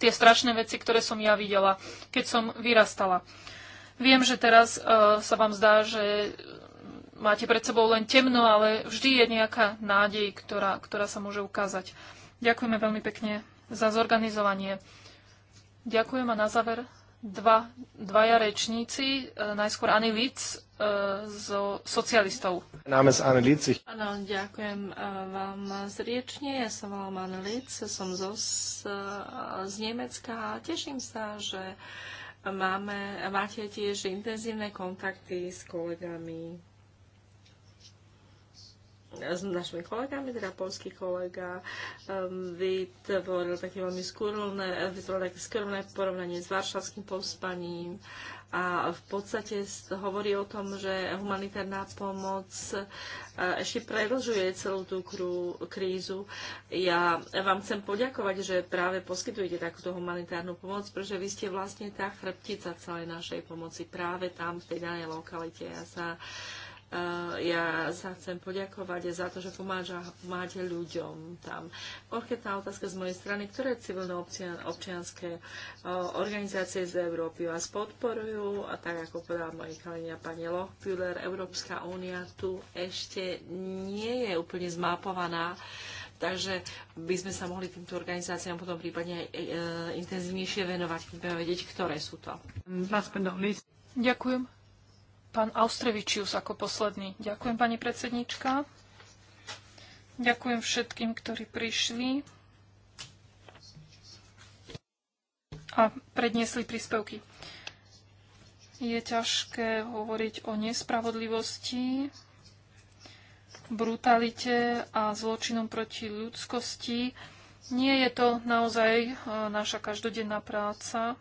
tie strašné veci, ktoré som ja videla, keď som vyrastala. Viem, že teraz uh, sa vám zdá, že máte pred sebou len temno, ale vždy je nejaká nádej, ktorá, ktorá sa môže ukázať. Ďakujeme veľmi pekne za zorganizovanie. Ďakujem a na záver dva, dvaja rečníci, e, najskôr Ani uh, e, zo socialistov. Náme z Ani Litz. Áno, ďakujem vám zriečne. Ja sa volám Ani Litz, som zo, z, z Nemecka a teším sa, že uh, Máme, máte tiež intenzívne kontakty s kolegami, s našimi kolegami, teda polský kolega um, vytvoril také veľmi skúrne, vytvoril také skúrne porovnanie s varšavským povstaním a v podstate hovorí o tom, že humanitárna pomoc e, ešte predlžuje celú tú krízu. Ja vám chcem poďakovať, že práve poskytujete takúto humanitárnu pomoc, pretože vy ste vlastne tá chrbtica celej našej pomoci práve tam, v tej danej lokalite. Ja sa Eh, ja sa chcem poďakovať za to, že pomáža, pomáhate ľuďom tam. Konkrétna otázka z mojej strany, ktoré civilné občianské eh, organizácie z Európy vás podporujú a tak ako povedala moja kolegyňa pani Lochpüller, Európska únia tu ešte nie je úplne zmapovaná. Takže by sme sa mohli týmto organizáciám potom prípadne aj eh, e, intenzívnejšie venovať, keď budeme vedieť, ktoré sú to. Ďakujem. Pán Austrevičius ako posledný. Ďakujem, pani predsednička. Ďakujem všetkým, ktorí prišli a predniesli príspevky. Je ťažké hovoriť o nespravodlivosti, brutalite a zločinom proti ľudskosti. Nie je to naozaj eh, naša každodenná práca,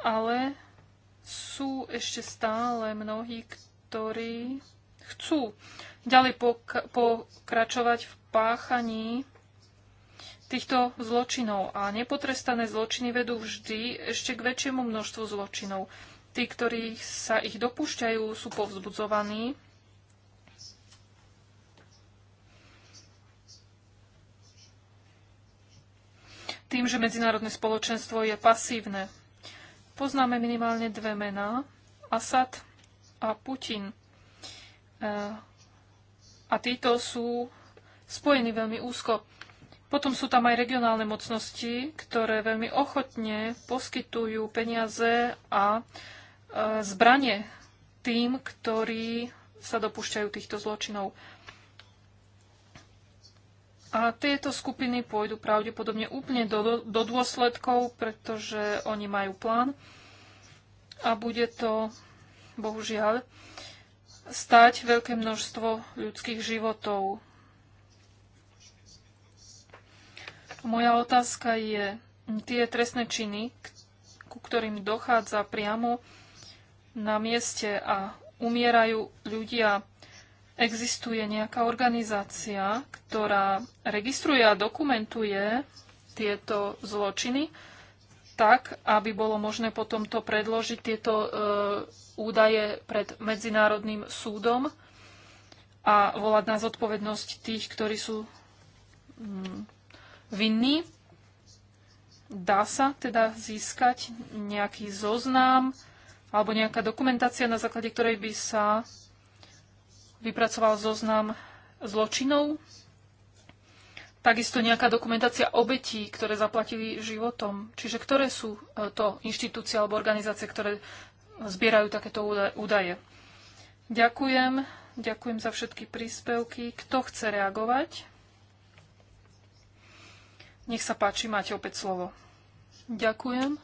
ale sú ešte stále mnohí, ktorí chcú ďalej pokračovať v páchaní týchto zločinov. A nepotrestané zločiny vedú vždy ešte k väčšiemu množstvu zločinov. Tí, ktorí sa ich dopúšťajú, sú povzbudzovaní. Tým, že medzinárodné spoločenstvo je pasívne. Poznáme minimálne dve mená, Asad a Putin. E, a títo sú spojení veľmi úzko. Potom sú tam aj regionálne mocnosti, ktoré veľmi ochotne poskytujú peniaze a e, zbranie tým, ktorí sa dopúšťajú týchto zločinov. A tieto skupiny pôjdu pravdepodobne úplne do, do dôsledkov, pretože oni majú plán a bude to, bohužiaľ, stať veľké množstvo ľudských životov. Moja otázka je, tie trestné činy, ku ktorým dochádza priamo na mieste a umierajú ľudia existuje nejaká organizácia, ktorá registruje a dokumentuje tieto zločiny tak, aby bolo možné potom to predložiť tieto e, údaje pred Medzinárodným súdom a volať na zodpovednosť tých, ktorí sú mm, vinní. Dá sa teda získať nejaký zoznam alebo nejaká dokumentácia, na základe ktorej by sa vypracoval zoznam zločinov, takisto nejaká dokumentácia obetí, ktoré zaplatili životom. Čiže ktoré sú e, to inštitúcie alebo organizácie, ktoré zbierajú takéto údaje. Ďakujem. Ďakujem za všetky príspevky. Kto chce reagovať? Nech sa páči, máte opäť slovo. Ďakujem.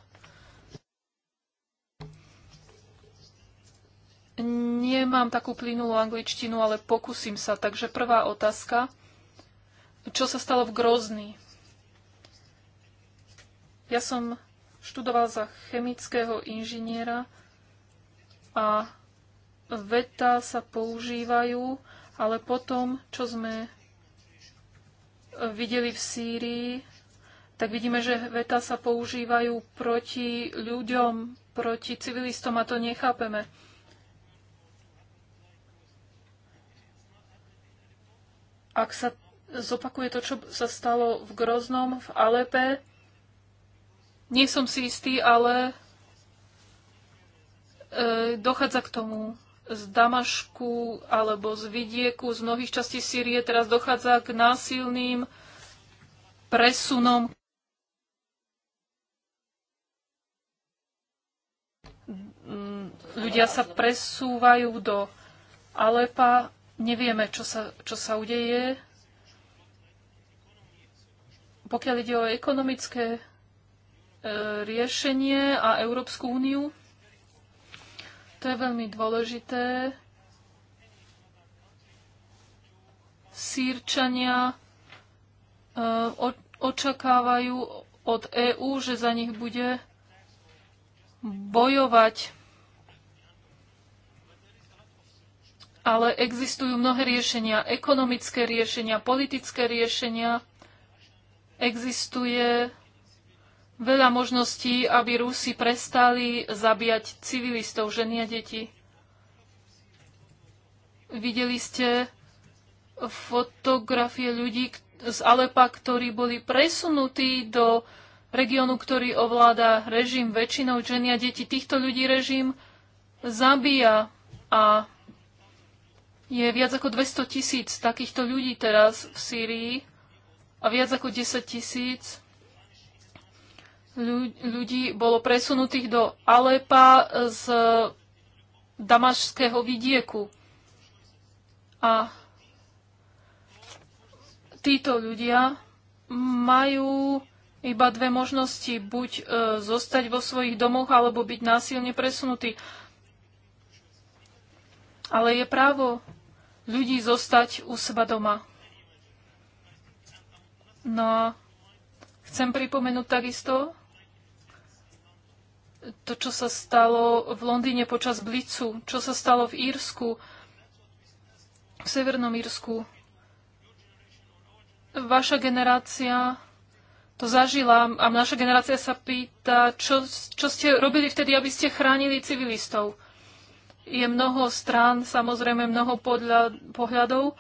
Nemám takú plynulú angličtinu, ale pokúsim sa. Takže prvá otázka. Čo sa stalo v Grozny? Ja som študoval za chemického inžiniera a veta sa používajú, ale potom, čo sme videli v Sýrii, tak vidíme, že veta sa používajú proti ľuďom, proti civilistom a to nechápeme. ak sa zopakuje to, čo sa stalo v Groznom, v Alepe, nie som si istý, ale e, dochádza k tomu z Damašku alebo z vidieku, z mnohých častí Sýrie teraz dochádza k násilným presunom mm, ľudia sa presúvajú do Alepa Nevieme, čo sa, čo sa udeje. Pokiaľ ide o ekonomické e, riešenie a Európsku úniu, to je veľmi dôležité. Sýrčania e, očakávajú od EÚ, že za nich bude bojovať ale existujú mnohé riešenia, ekonomické riešenia, politické riešenia. Existuje veľa možností, aby Rusi prestali zabíjať civilistov, ženy a deti. Videli ste fotografie ľudí z Alepa, ktorí boli presunutí do regiónu, ktorý ovláda režim väčšinou ženy a deti. Týchto ľudí režim zabíja a je viac ako 200 tisíc takýchto ľudí teraz v Sýrii a viac ako 10 tisíc ľudí bolo presunutých do Alepa z damašského vidieku. A títo ľudia majú iba dve možnosti. Buď e, zostať vo svojich domoch, alebo byť násilne presunutí. Ale je právo ľudí zostať u seba doma. No a chcem pripomenúť takisto to, čo sa stalo v Londýne počas Blicu, čo sa stalo v Írsku, v Severnom Írsku. Vaša generácia to zažila a naša generácia sa pýta, čo, čo ste robili vtedy, aby ste chránili civilistov. Je mnoho strán, samozrejme mnoho podľa, pohľadov.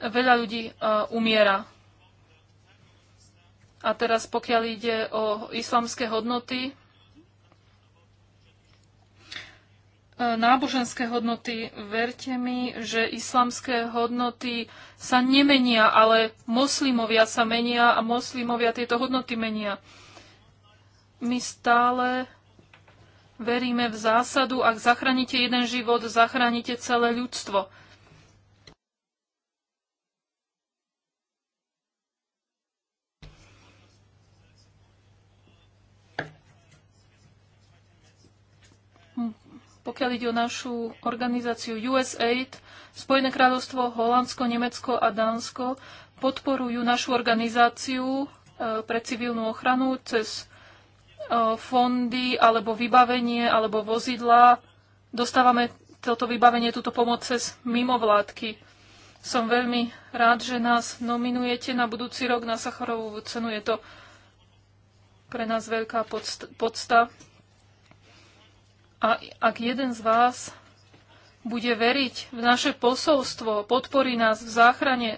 Veľa ľudí uh, umiera. A teraz pokiaľ ide o islamské hodnoty, e, náboženské hodnoty, verte mi, že islamské hodnoty sa nemenia, ale moslimovia sa menia a moslimovia tieto hodnoty menia. My stále Veríme v zásadu, ak zachránite jeden život, zachránite celé ľudstvo. Pokiaľ ide o našu organizáciu USAID, Spojené kráľovstvo, Holandsko, Nemecko a Dánsko podporujú našu organizáciu eh, pre civilnú ochranu cez fondy alebo vybavenie alebo vozidla. Dostávame toto vybavenie, túto pomoc cez mimovládky. Som veľmi rád, že nás nominujete na budúci rok na Sacharovú cenu. Je to pre nás veľká podsta. A ak jeden z vás bude veriť v naše posolstvo, podporí nás v záchrane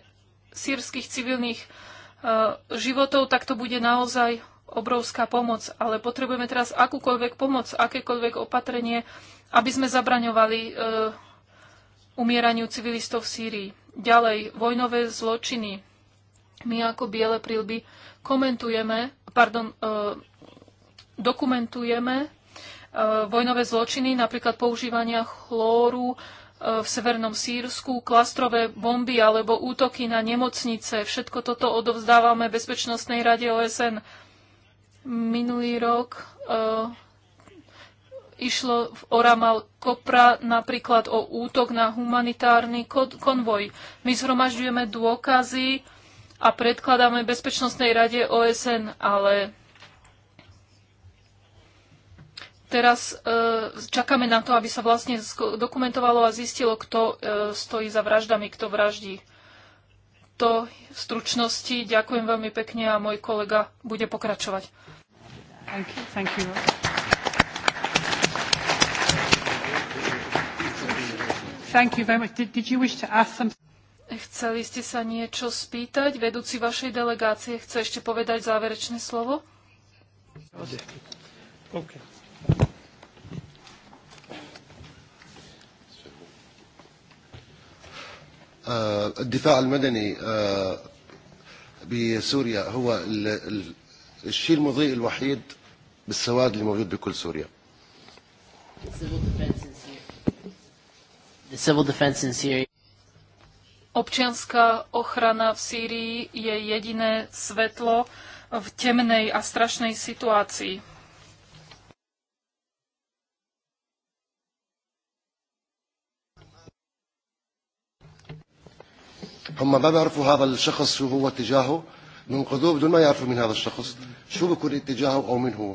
sírskych civilných e, životov, tak to bude naozaj obrovská pomoc, ale potrebujeme teraz akúkoľvek pomoc, akékoľvek opatrenie, aby sme zabraňovali e, umieraniu civilistov v Sýrii. Ďalej, vojnové zločiny. My ako biele prílby komentujeme, pardon, e, dokumentujeme e, vojnové zločiny, napríklad používania chlóru, e, v Severnom Sýrsku, klastrové bomby alebo útoky na nemocnice. Všetko toto odovzdávame Bezpečnostnej rade OSN. Minulý rok e, išlo v Oramal Kopra napríklad o útok na humanitárny konvoj. My zhromažďujeme dôkazy a predkladáme Bezpečnostnej rade OSN, ale teraz e, čakáme na to, aby sa vlastne dokumentovalo a zistilo, kto e, stojí za vraždami, kto vraždí. To v stručnosti. Ďakujem veľmi pekne a môj kolega bude pokračovať. Thank you. Thank you. Thank you very much. Did, did you wish to ask some... Chceli ste sa niečo spýtať? Vedúci vašej delegácie chce ešte povedať záverečné slovo? Okay. Uh, الدفاع المدني uh, بسوريا هو الشيء المضيء الوحيد بالسواد اللي موجود بكل سوريا Občianská ochrana v Sýrii je jediné svetlo v temnej a strašnej situácii. هم ما بيعرفوا هذا الشخص شو هو اتجاهه بينقذوه بدون ما يعرفوا من هذا الشخص شو بكون اتجاهه او من هو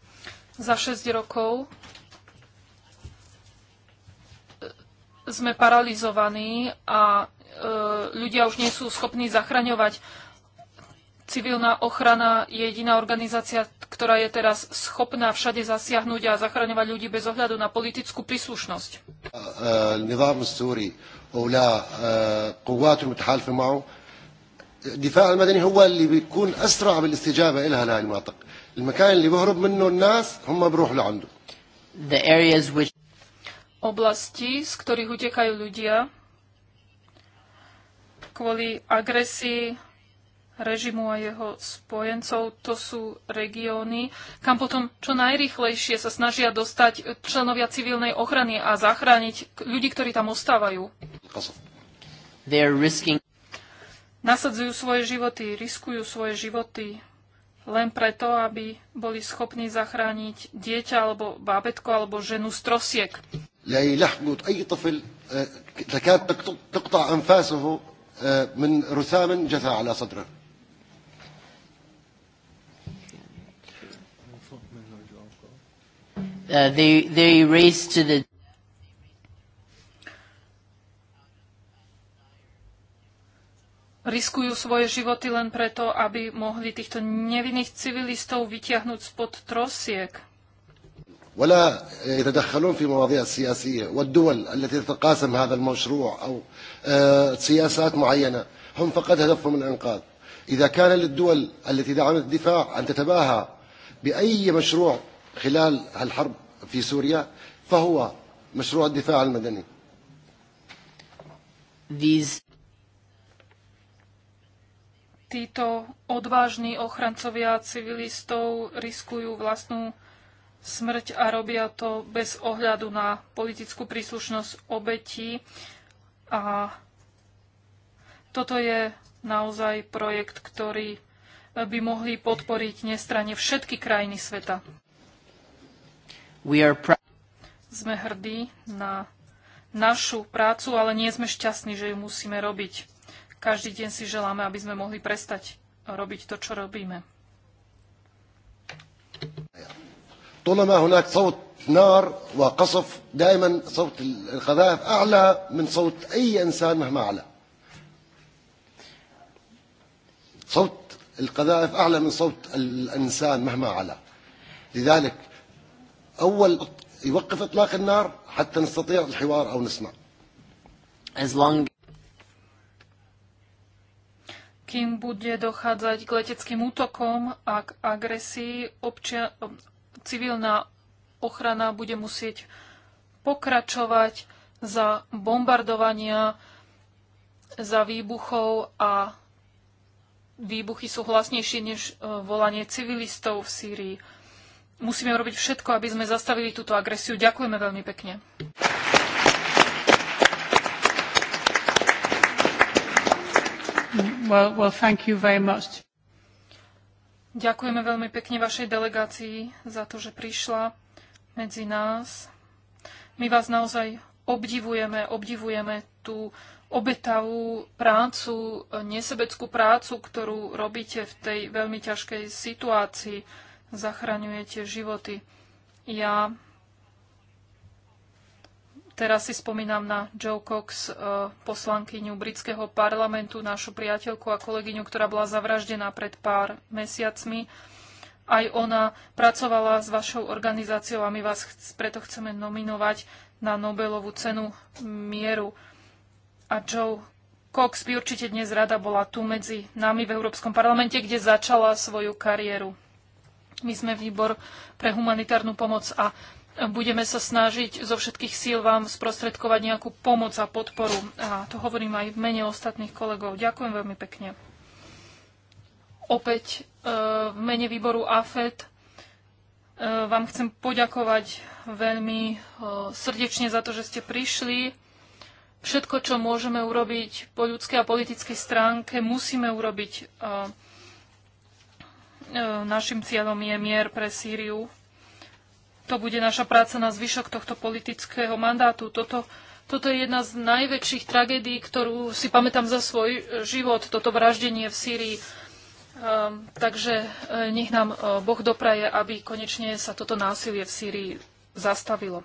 Za 6 rokov sme paralizovaní a e, ľudia už nie sú schopní zachraňovať. Civilná ochrana je jediná organizácia, ktorá je teraz schopná všade zasiahnuť a zachraňovať ľudí bez ohľadu na politickú príslušnosť. النظام السوري ولا قواته المتحالفة معه الدفاع المدني هو اللي بيكون أسرع بالاستجابة لها لهذه المناطق المكان اللي بهرب منه الناس هم بروح لعنده The areas which oblasti, z ktorých utekajú ľudia kvôli agresii režimu a jeho spojencov, to sú regióny, kam potom čo najrychlejšie sa snažia dostať členovia civilnej ochrany a zachrániť ľudí, ktorí tam ostávajú. Risking... Nasadzujú svoje životy, riskujú svoje životy len preto, aby boli schopní zachrániť dieťa alebo bábetko alebo ženu z trosiek. Uh, they, they race to the riskujú svoje životy len preto, aby mohli týchto nevinných civilistov vytiahnuť spod trosiek. ولا يتدخلون في مواضيع السياسية والدول التي تتقاسم هذا المشروع أو سياسات معينة هم فقط هدفهم الإنقاذ إذا كان للدول التي دعمت الدفاع أن تتباهى بأي مشروع خلال الحرب في سوريا فهو مشروع الدفاع المدني These títo odvážni ochrancovia civilistov riskujú vlastnú smrť a robia to bez ohľadu na politickú príslušnosť obetí. A toto je naozaj projekt, ktorý by mohli podporiť nestranne všetky krajiny sveta. sme hrdí na našu prácu, ale nie sme šťastní, že ju musíme robiť. Každý deň si želáme, aby sme mohli prestať robiť to, čo robíme. طالما هناك صوت نار وقصف دائما صوت القذائف أعلى من صوت أي إنسان مهما أعلى صوت القذائف أعلى من صوت الإنسان مهما أعلى لذلك أول يوقف إطلاق النار حتى نستطيع الحوار أو نسمع as long kým bude dochádzať k leteckým útokom a k agresii, občia, civilná ochrana bude musieť pokračovať za bombardovania, za výbuchov a výbuchy sú hlasnejšie než e, volanie civilistov v Sýrii. Musíme robiť všetko, aby sme zastavili túto agresiu. Ďakujeme veľmi pekne. Well, well, thank you very much. Ďakujeme veľmi pekne vašej delegácii za to, že prišla medzi nás. My vás naozaj obdivujeme, obdivujeme tú obetavú prácu, nesebeckú prácu, ktorú robíte v tej veľmi ťažkej situácii. Zachraňujete životy. Ja Teraz si spomínam na Joe Cox, e, poslankyňu britského parlamentu, našu priateľku a kolegyňu, ktorá bola zavraždená pred pár mesiacmi. Aj ona pracovala s vašou organizáciou a my vás preto chceme nominovať na Nobelovú cenu mieru. A Joe Cox by určite dnes rada bola tu medzi nami v Európskom parlamente, kde začala svoju kariéru. My sme výbor pre humanitárnu pomoc a budeme sa snažiť zo všetkých síl vám sprostredkovať nejakú pomoc a podporu. A to hovorím aj v mene ostatných kolegov. Ďakujem veľmi pekne. Opäť e, v mene výboru AFED e, vám chcem poďakovať veľmi e, srdečne za to, že ste prišli. Všetko, čo môžeme urobiť po ľudskej a politickej stránke, musíme urobiť. Našim cieľom je mier pre Sýriu to bude naša práca na zvyšok tohto politického mandátu. Toto, toto je jedna z najväčších tragédií, ktorú si pamätám za svoj e, život, toto vraždenie v Sýrii. Um, takže e, nech nám e, Boh dopraje, aby konečne sa toto násilie v Sýrii zastavilo.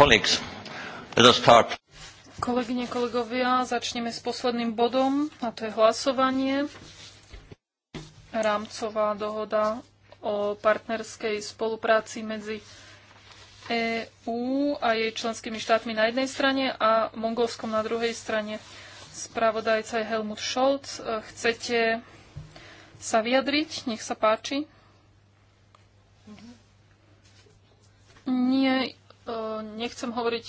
colleagues, let us start. Kolegyne, kolegovia, začneme s posledným bodom, a to je hlasovanie. Rámcová dohoda o partnerskej spolupráci medzi EÚ a jej členskými štátmi na jednej strane a Mongolskom na druhej strane. Spravodajca je Helmut Scholz. Chcete sa vyjadriť? Nech sa páči. Nie, E, nechcem hovoriť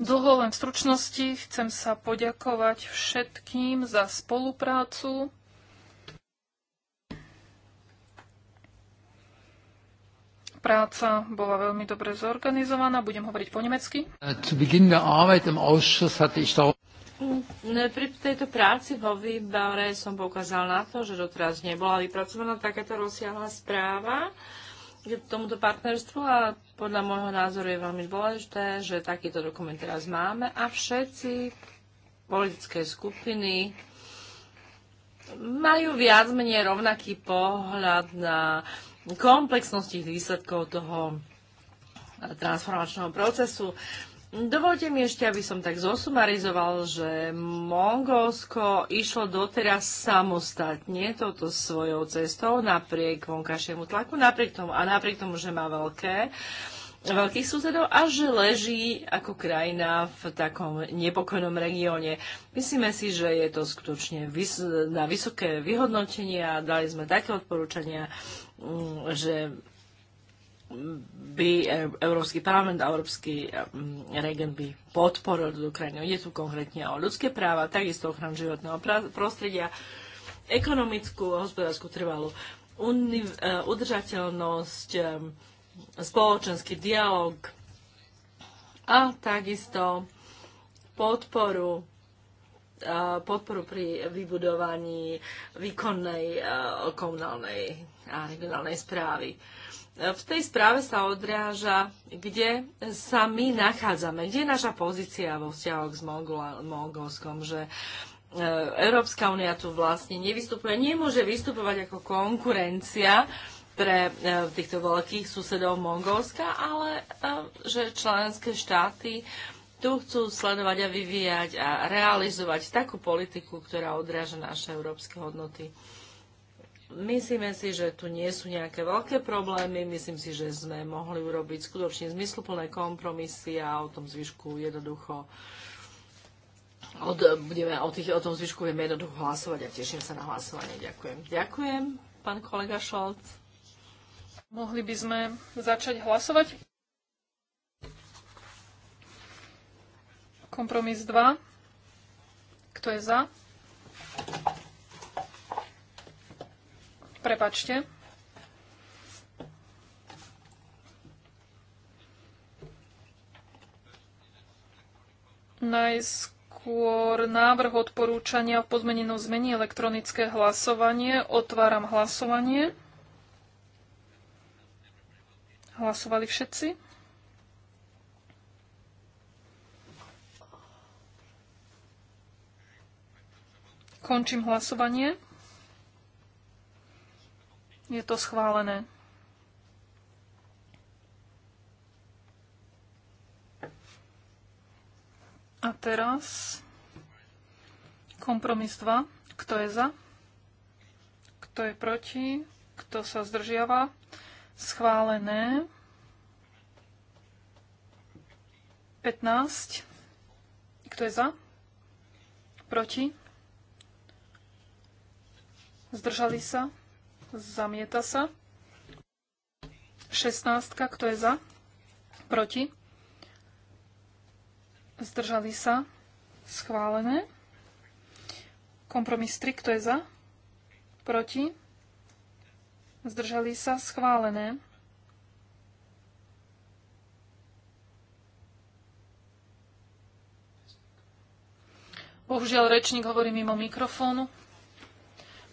dlho, len v stručnosti. Chcem sa poďakovať všetkým za spoluprácu. Práca bola veľmi dobre zorganizovaná, budem hovoriť po nemecky. Äh, pri tejto práci vo výbore som poukázal na to, že doteraz nebola vypracovaná takáto rozsiahla správa k tomuto partnerstvu a podľa môjho názoru je veľmi dôležité, že takýto dokument teraz máme a všetci politické skupiny majú viac menej rovnaký pohľad na komplexnosť tých výsledkov toho transformačného procesu. Dovolte mi ešte, aby som tak zosumarizoval, že Mongolsko išlo doteraz samostatne touto svojou cestou napriek vonkajšiemu tlaku, napriek tomu, a napriek tomu, že má veľké veľkých susedov a že leží ako krajina v takom nepokojnom regióne. Myslíme si, že je to skutočne vys- na vysoké vyhodnotenie a dali sme také odporúčania, mm, že by e, Európsky parlament a Európsky e, region by podporil Ukrajinu. Je tu konkrétne o ľudské práva, takisto ochranu životného prostredia, ekonomickú a hospodárskú trvalú e, udržateľnosť, spoločenský dialog a takisto podporu podporu pri vybudovaní výkonnej komunálnej a regionálnej správy v tej správe sa odráža, kde sa my nachádzame, kde je naša pozícia vo vzťahoch s Mongolskom, že e, Európska únia tu vlastne nevystupuje, nemôže vystupovať ako konkurencia pre e, týchto veľkých susedov Mongolska, ale e, že členské štáty tu chcú sledovať a vyvíjať a realizovať takú politiku, ktorá odráža naše európske hodnoty. Myslíme si, že tu nie sú nejaké veľké problémy. Myslím si, že sme mohli urobiť skutočne zmysluplné kompromisy a o tom zvyšku jednoducho od, budeme, o, tých, o tom zvyšku vieme jednoducho hlasovať a teším sa na hlasovanie. Ďakujem. Ďakujem, pán kolega Šolc. Mohli by sme začať hlasovať? Kompromis 2. Kto je za? Prepačte. Najskôr návrh odporúčania v pozmenenom zmení elektronické hlasovanie. Otváram hlasovanie. Hlasovali všetci? Končím hlasovanie. Je to schválené. A teraz kompromis 2. Kto je za? Kto je proti? Kto sa zdržiava? Schválené. 15. Kto je za? Proti? Zdržali sa? Zamieta sa. 16. Kto je za? Proti? Zdržali sa? Schválené. Kompromis 3. Kto je za? Proti? Zdržali sa? Schválené. Bohužiaľ, rečník hovorí mimo mikrofónu.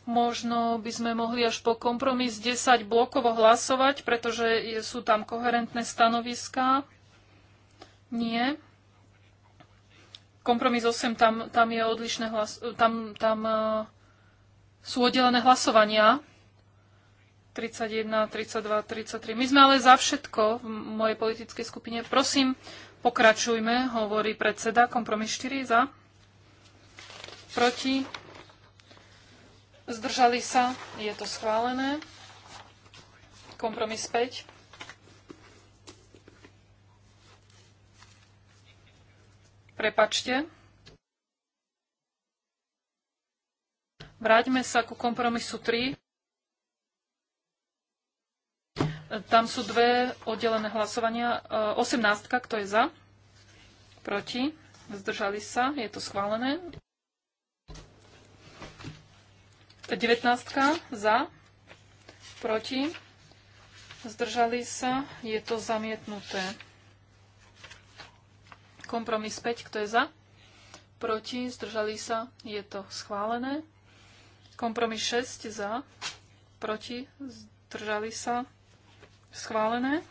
Možno by sme mohli až po kompromis 10 blokovo hlasovať, pretože sú tam koherentné stanoviská. Nie. Kompromis 8, tam, tam je odlišné hlas... Tam, tam uh, sú oddelené hlasovania. 31, 32, 33. My sme ale za všetko v mojej politickej skupine. Prosím, pokračujme, hovorí predseda. Kompromis 4 za. Proti Zdržali sa. Je to schválené. Kompromis 5. Prepačte. Vráťme sa ku kompromisu 3. Tam sú dve oddelené hlasovania. 18. Kto je za? Proti? Zdržali sa? Je to schválené? 19 za, proti, zdržali sa, je to zamietnuté. Kompromis 5, kto je za, proti, zdržali sa, je to schválené. Kompromis 6 za, proti, zdržali sa, schválené.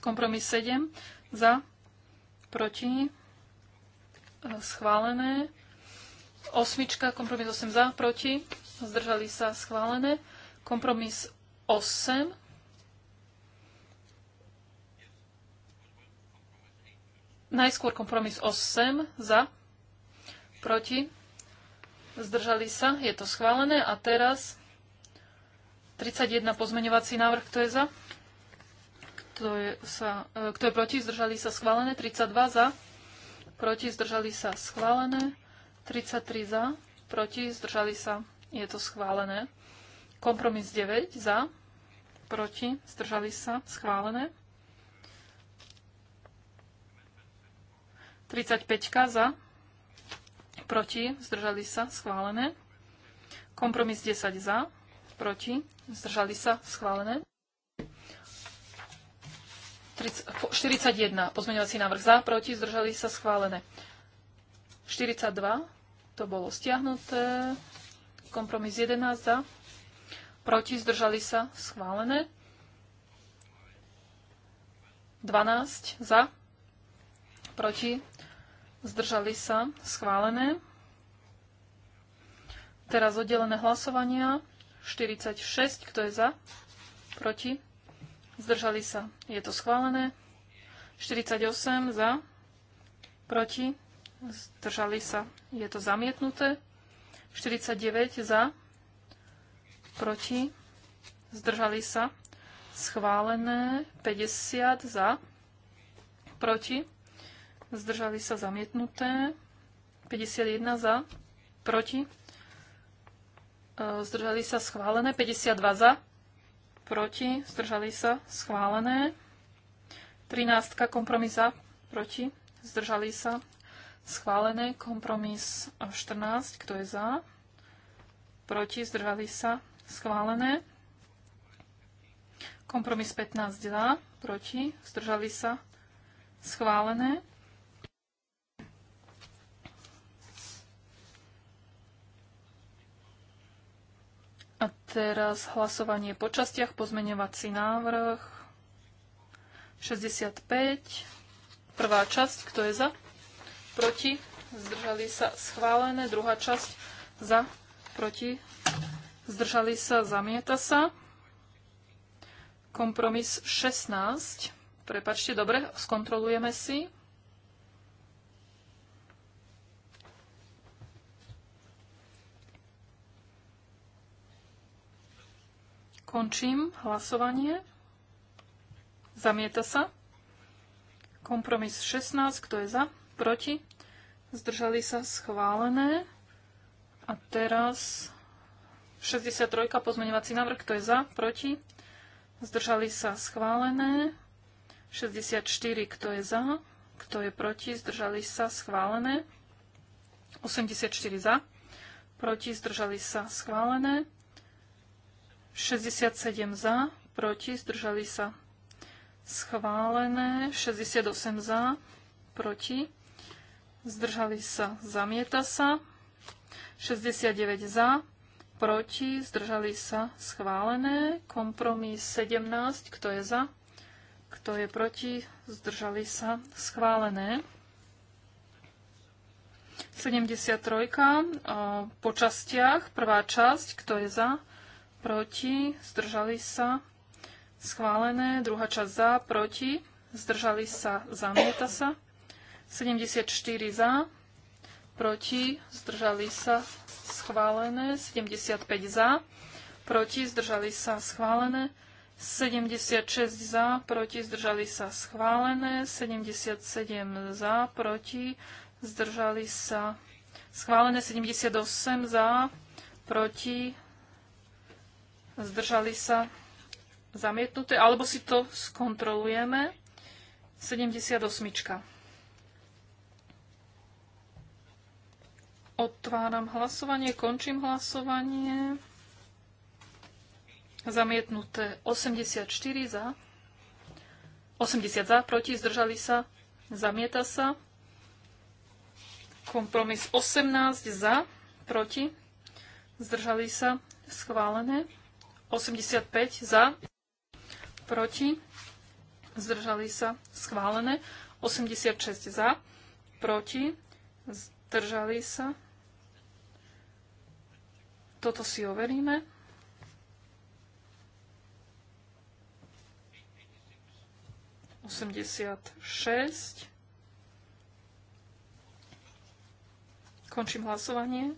Kompromis 7 za, proti, schválené. Osmička, kompromis 8 za, proti, zdržali sa schválené. Kompromis 8. Najskôr kompromis 8 za, proti, zdržali sa, je to schválené. A teraz 31 pozmeňovací návrh, kto je za? Kto je, sa, e, kto je proti, zdržali sa schválené. 32 za, proti, zdržali sa schválené. 33 za, proti, zdržali sa, je to schválené. Kompromis 9 za, proti, zdržali sa, schválené. 35 za, proti, zdržali sa, schválené. Kompromis 10 za, proti, zdržali sa, schválené. 41, pozmeňovací návrh za, proti, zdržali sa, schválené. 42 to bolo stiahnuté. Kompromis 11 za, proti, zdržali sa, schválené. 12 za, proti, zdržali sa, schválené. Teraz oddelené hlasovania. 46, kto je za, proti, zdržali sa, je to schválené. 48 za, proti, zdržali sa. Je to zamietnuté. 49 za, proti, zdržali sa. Schválené 50 za, proti, zdržali sa zamietnuté. 51 e, za, proti, zdržali sa schválené. 52 za, proti, zdržali sa schválené. 13 kompromisa proti, zdržali sa Schválené. Kompromis 14. Kto je za? Proti. Zdržali sa. Schválené. Kompromis 15 za. Proti. Zdržali sa. Schválené. A teraz hlasovanie po častiach, pozmeňovací návrh 65, prvá časť, kto je za? proti, zdržali sa schválené, druhá časť za, proti, zdržali sa, zamieta sa. Kompromis 16. Prepačte, dobre, skontrolujeme si. Končím hlasovanie. Zamieta sa. Kompromis 16. Kto je za? proti, zdržali sa schválené. A teraz 63. pozmeňovací návrh, kto je za, proti, zdržali sa schválené. 64, kto je za, kto je proti, zdržali sa schválené. 84 za, proti, zdržali sa schválené. 67 za, proti, zdržali sa schválené. 68 za, proti, zdržali sa, zamieta sa. 69 za, proti, zdržali sa, schválené. Kompromis 17, kto je za, kto je proti, zdržali sa, schválené. 73 po častiach, prvá časť, kto je za, proti, zdržali sa, schválené. Druhá časť za, proti, zdržali sa, zamieta sa. 74 za, proti, zdržali sa, schválené. 75 za, proti, zdržali sa, schválené. 76 za, proti, zdržali sa, schválené. 77 za, proti, zdržali sa, schválené. 78 za, proti, zdržali sa, zamietnuté. Alebo si to skontrolujeme. 78. Otváram hlasovanie, končím hlasovanie. Zamietnuté 84 za. 80 za, proti, zdržali sa, zamieta sa. Kompromis 18 za, proti, zdržali sa, schválené. 85 za, proti, zdržali sa, schválené. 86 za, proti, zdržali sa, toto si overíme. Osemdesiat šesť. Končím hlasovanie.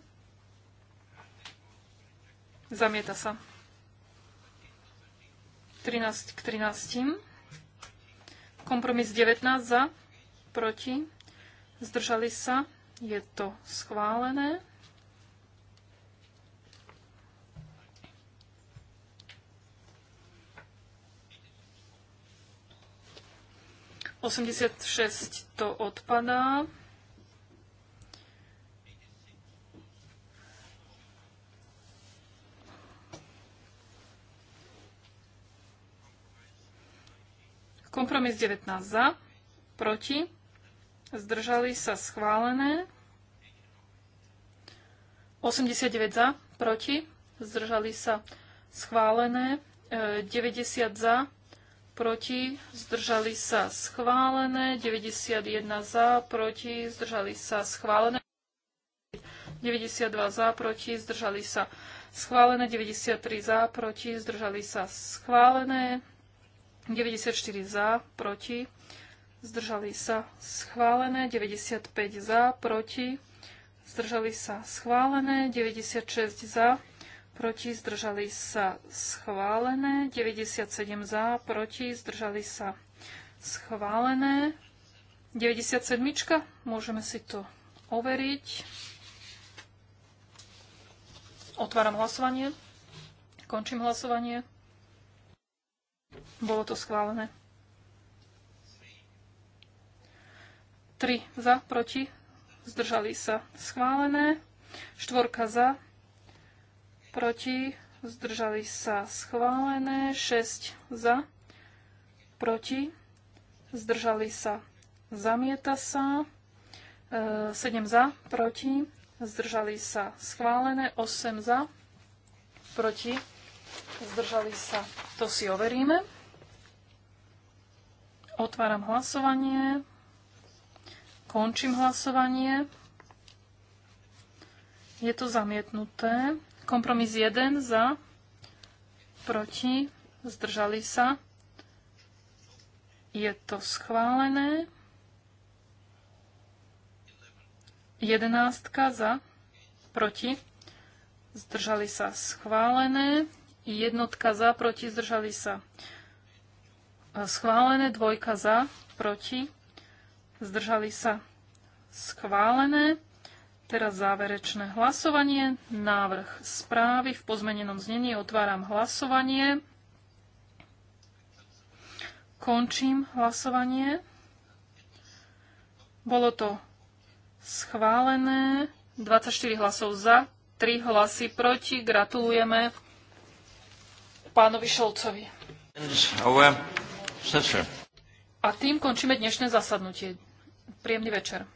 Zamieta sa. 13 k 13. Kompromis 19 za, proti. Zdržali sa. Je to schválené. 86 to odpadá. Kompromis 19 za, proti, zdržali sa schválené. 89 za, proti, zdržali sa schválené. 90 e, za, proti, zdržali sa schválené, 91 za, proti, zdržali sa schválené, 92 za, proti, zdržali sa schválené, 93 za, proti, zdržali sa schválené, 94 za, proti, zdržali sa schválené, 95 za, proti, zdržali sa schválené, 96 za, proti, zdržali sa schválené, 97 za, proti, zdržali sa schválené, 97, môžeme si to overiť. Otváram hlasovanie, končím hlasovanie, bolo to schválené. 3 za, proti, zdržali sa schválené, 4 za, proti, zdržali sa schválené, 6 za, proti, zdržali sa, zamieta sa, 7 e, za, proti, zdržali sa schválené, 8 za, proti, zdržali sa, to si overíme. Otváram hlasovanie. Končím hlasovanie. Je to zamietnuté. Kompromis 1 za, proti, zdržali sa. Je to schválené. 11 za, proti, zdržali sa schválené. Jednotka za, proti, zdržali sa schválené. Dvojka za, proti, zdržali sa schválené. Teraz záverečné hlasovanie. Návrh správy v pozmenenom znení. Otváram hlasovanie. Končím hlasovanie. Bolo to schválené. 24 hlasov za, 3 hlasy proti. Gratulujeme pánovi Šolcovi. A tým končíme dnešné zasadnutie. Príjemný večer.